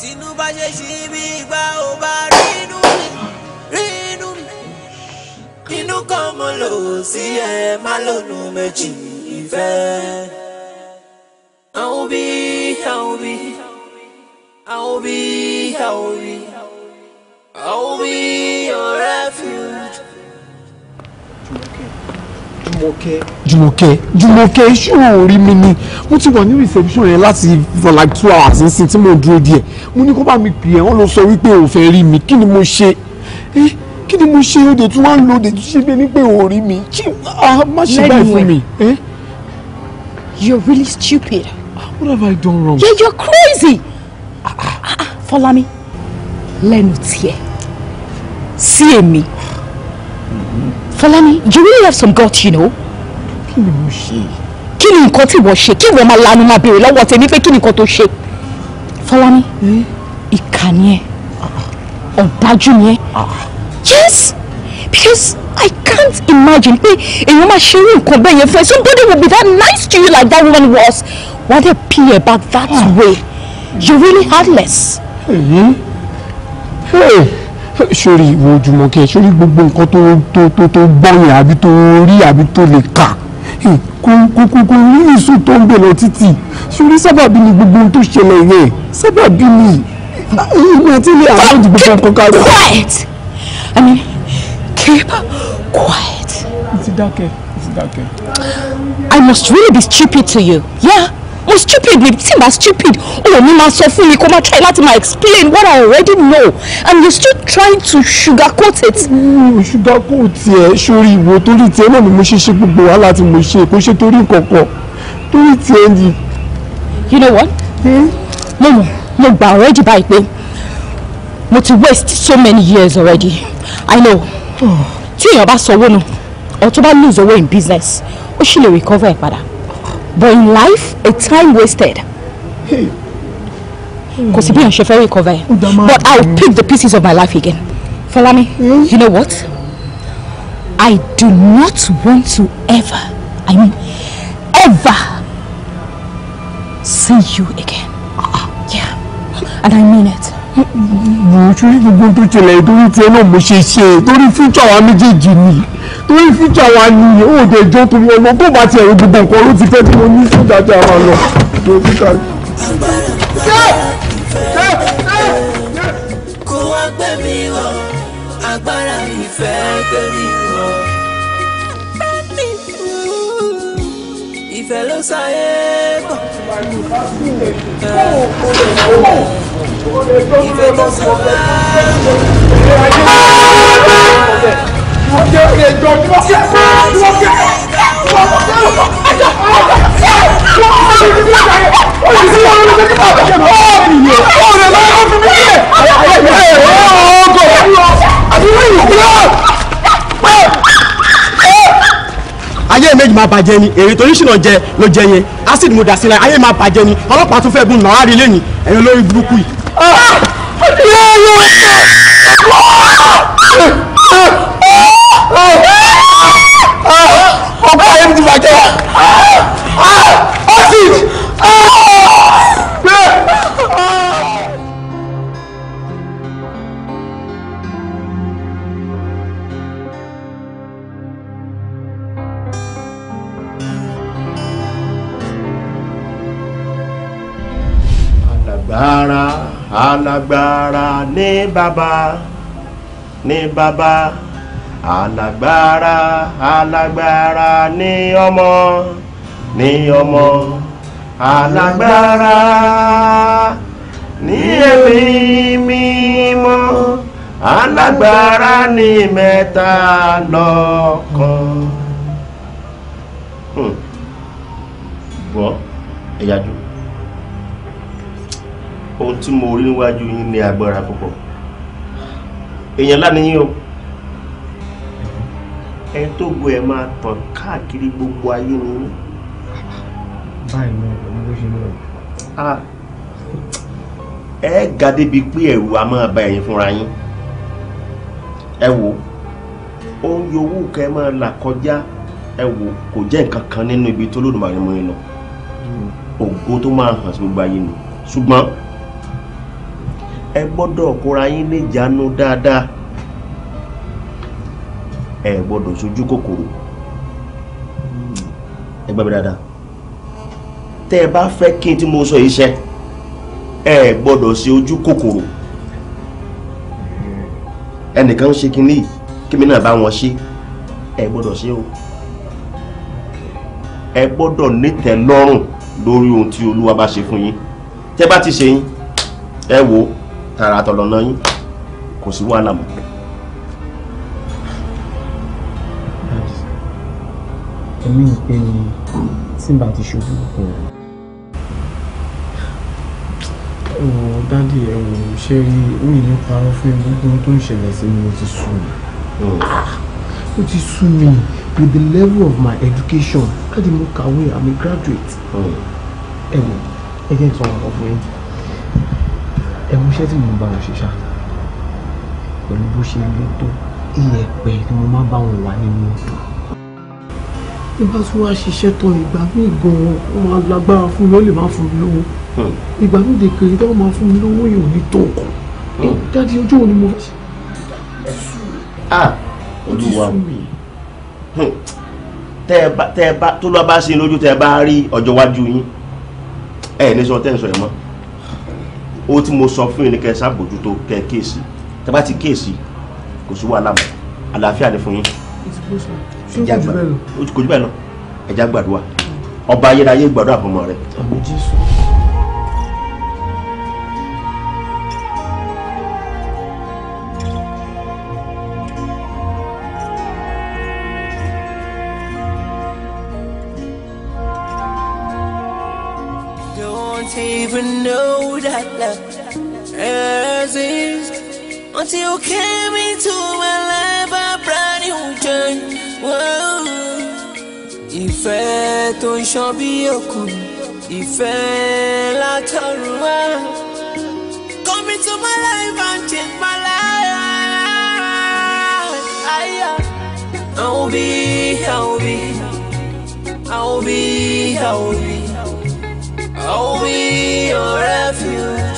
Speaker 1: Tinubu ṣe ṣe bí ìgbà ò bá rí inú mi, rí inú mi. Inú kan mo lò sí ẹ, má lónú méjì ìfẹ́. Àwọn bí, your refuge jùmọ̀kẹ́.
Speaker 5: jùmọ̀kẹ́ jùmọ̀kẹ́
Speaker 3: iṣu orí mi ni mo ti wà ní reception yẹn láti for like two hours nísìn tí mo dúró díẹ̀ mo ní kó bá mi pè é wọ́n lọ sọ wípé ò fẹ́ rí mi kí ni mo ṣe ẹ kí ni mo ṣe òde tí wọ́n ń lo tí ṣe bẹ́ẹ̀ ni pé ò rí mi kí má ṣe báyìí fún mi. you're really stupid. what have I done wrong. yeah you're crazy. Ah, ah, Fọlámi lẹ́nu tiẹ̀ sí èmi. Fọláni, you really have some guts, you know. Kí ni mo ṣe? Kí ni nǹkan tí ìwọ ṣe? Kí ìwọ máa lanu máa béèrè lọ́wọ́ tèmi pé kí ni nǹkan tó ṣe? Fọláni,
Speaker 5: ìkà ni ẹ. Ọ̀dájú ni ẹ. Ah. Yes,
Speaker 3: because I can't imagine pé èèyàn máa ṣe irú nǹkan bẹ́ẹ̀ yẹn fún Somebody would be that nice to you like that woman was. Why they peer about that ah. way? You really heartless. Hmm. Hey sórí ìwọ ojúmọ̀kẹ́ sórí gbogbo nǹkan tó tó tó tó gbọ́yìn àbí tó rí àbí tó lè kà kò kò
Speaker 5: kò kò ní ìṣù tó ń bè lọ títì sórí sábàbí ni gbogbo ohun tó ṣẹlẹ̀ yẹ sábàbí ni ìwé tí ilé àwọn òdìbò kan kọ́ kárọ̀. quiet I mean keep quiet. ó ti dákẹ́ ó ti dákẹ́. I must
Speaker 3: really be stupid to you yeah o stupid ni tí n bá stupid o ní máa sọ fún mi kó máa try láti máa explain what I already know and you still trying to sugarcoat it. Mm, sugarcoat ẹ sórí ìwo torí tiẹ̀ náà ni mo ṣe ṣe gbogbo wàhálà tí mo ṣe kó ṣe torí kankan torí tiẹ̀ ni. you know what. Eh? mo mọ mo gbà already báyìí pé mo ti waste so many years already I know oh. tí èèyàn bá sọ owó nù ọ̀ tó bá lose owó in business ó sì lè recover ẹ̀ padà but in life a time wasted.
Speaker 4: Because sí bí
Speaker 3: èèyàn ṣe recover but I'll pick the pieces of my life again. Falami mm? you know what I do not want to ever I mean ever see you again. Uh -uh. Yeah
Speaker 4: and I mean it ṣúrí gbogbo tó
Speaker 3: ṣẹlẹ̀ torí
Speaker 5: tiẹ̀ náà mo ṣe ṣe torí future wa méjèèjì ni torí future wa ni òde ìjọ torí ọlọ tó bá tiẹ̀ gbogbo nǹkan ló ti fẹ́ tí mo ní sójà tí lọ. kó wá
Speaker 1: Oh,
Speaker 7: God! ayé méjì máa bàjẹ́ ni èrè torí ṣìnà
Speaker 3: jẹ ló jẹ yẹn acid mo dà sí la ayé máa bàjẹ́ ni ọlọ́pàá tún fẹ́ gùn náà rí lẹ́nu ẹ̀yìn olórí burúkú yìí.
Speaker 1: ọgbà ayé mi ti bàjẹ́ acid.
Speaker 7: alágbára alágbára ní bàbá ní bàbá alágbára alágbára ní ọmọ ní ọmọ alágbára
Speaker 1: ní ẹ̀mí
Speaker 7: mímọ́
Speaker 1: alágbára
Speaker 7: ní mẹ́ta lọ́kan. Hmm. gbọ́ ẹ̀yà dùn ohun tí mo rí níwájú yín ní agbára púpọ̀ èèyàn lánàá o ẹ tó gbọ́ ẹ máa tàn káàkiri gbogbo ayé ni yín.
Speaker 6: báyìí ni ọ̀nà ló ṣe ń lọ.
Speaker 7: ẹ ga débi pé ẹ̀rù a máa ba ẹ̀yin fúnra yín ẹ wò ó ń yowó kẹ máa là kọjá ẹ wò kò jẹ́ nǹkan kan nínú ibi tó lódùmarè mú yín lọ mm. ògo tó máa hàn sí gbogbo ayé ni ṣùgbọ́n ẹ gbọ́dọ̀ kóra yín níjànú dáadáa ẹ gbọ́dọ̀ sojú kòkòrò ẹ gbọ́ mi dáadáa tẹ́ ẹ bá fẹ́ kí n tí mo sọ yìí ṣẹ ẹ gbọ́dọ̀ ṣe ojú kòkòrò ẹnìkan ń ṣe kinní yìí kíni náà bá wọn ṣe ẹ gbọ́dọ̀ ṣe o ẹ gbọ́dọ̀ nítẹ́lọ́rùn lórí ohun tí olúwa bá ṣe fún yín tẹ́ bá ti ṣe yín ẹ wò ó tààrà àtọ̀lọ̀ náà yín kò sí wàhálà mọ́.
Speaker 3: èmi ń pè ní tí bá ti ṣubú. ẹ̀wọ̀ dáàdì ẹ̀wọ̀ ṣé rí mi ní parọ́ fún gbogbo tó ń ṣẹlẹ̀ sí mi ó ti sú mi. Hmm. ó ti sú mi with the level of my education káàdì mo kàwé i'm a graduate. ẹ̀wọ̀ ẹ̀jẹ̀ ń sọ ọ̀rọ̀ fún yín ẹ̀mú iṣẹ́ tí mo bá wọn ṣe ṣá pẹ̀lú bó ṣe lé tó iyẹ̀pẹ̀ ni mo máa bá wọn wà nínú odò. nígbà tí wàá ṣiṣẹ́ tán ìgbà míì gan-an wọ́n máa lágbára fún mi ó lè má fún mi lówó ìgbà míì dè kiri táwọn máa fún mi lówó
Speaker 7: yìí hmm. ò ní tó nǹkan
Speaker 5: hmm. dájú ojú òun ni mo fẹ́
Speaker 7: ah, olúwa mi hmm. tó lọ́ bá ṣe lójú tẹ́ rí ọjọ́ iwájú yín ẹ̀ ní sọ tẹ́ ẹ̀ mọ́ owó tí mo sọ fún yín ni kẹ́ ẹ ṣàbójútó kẹ́ ẹ kíyèsí tẹ́ bá ti kíyèsí kò sí wàhálà mọ́ àlàáfíà ni fún yín. ẹja gbàdúrà ọba ayérayé gbàdúrà fún ọmọ rẹ. àmín Jésù.
Speaker 1: Until you came into my life, a brand new journey. Ìfẹ́ tó ń ṣan bí òkun, ìfẹ́ látọ̀run wá. Come into my life and change my life. I will be, I will be, I will be, I will be, I will be your refuge.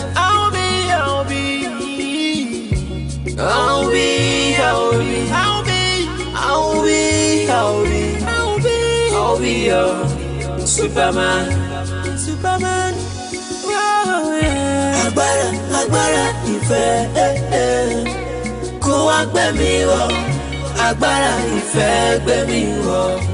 Speaker 1: I'll be, I'll be, I'll be, I'll be, I'll be, I'll be, I'll be your Superman, Superman. Agbára, Agbara, ìfẹ́, eh, eh. kó wá gbẹ̀mí wọ̀, Agbara ife, gbẹ̀mí wọ̀.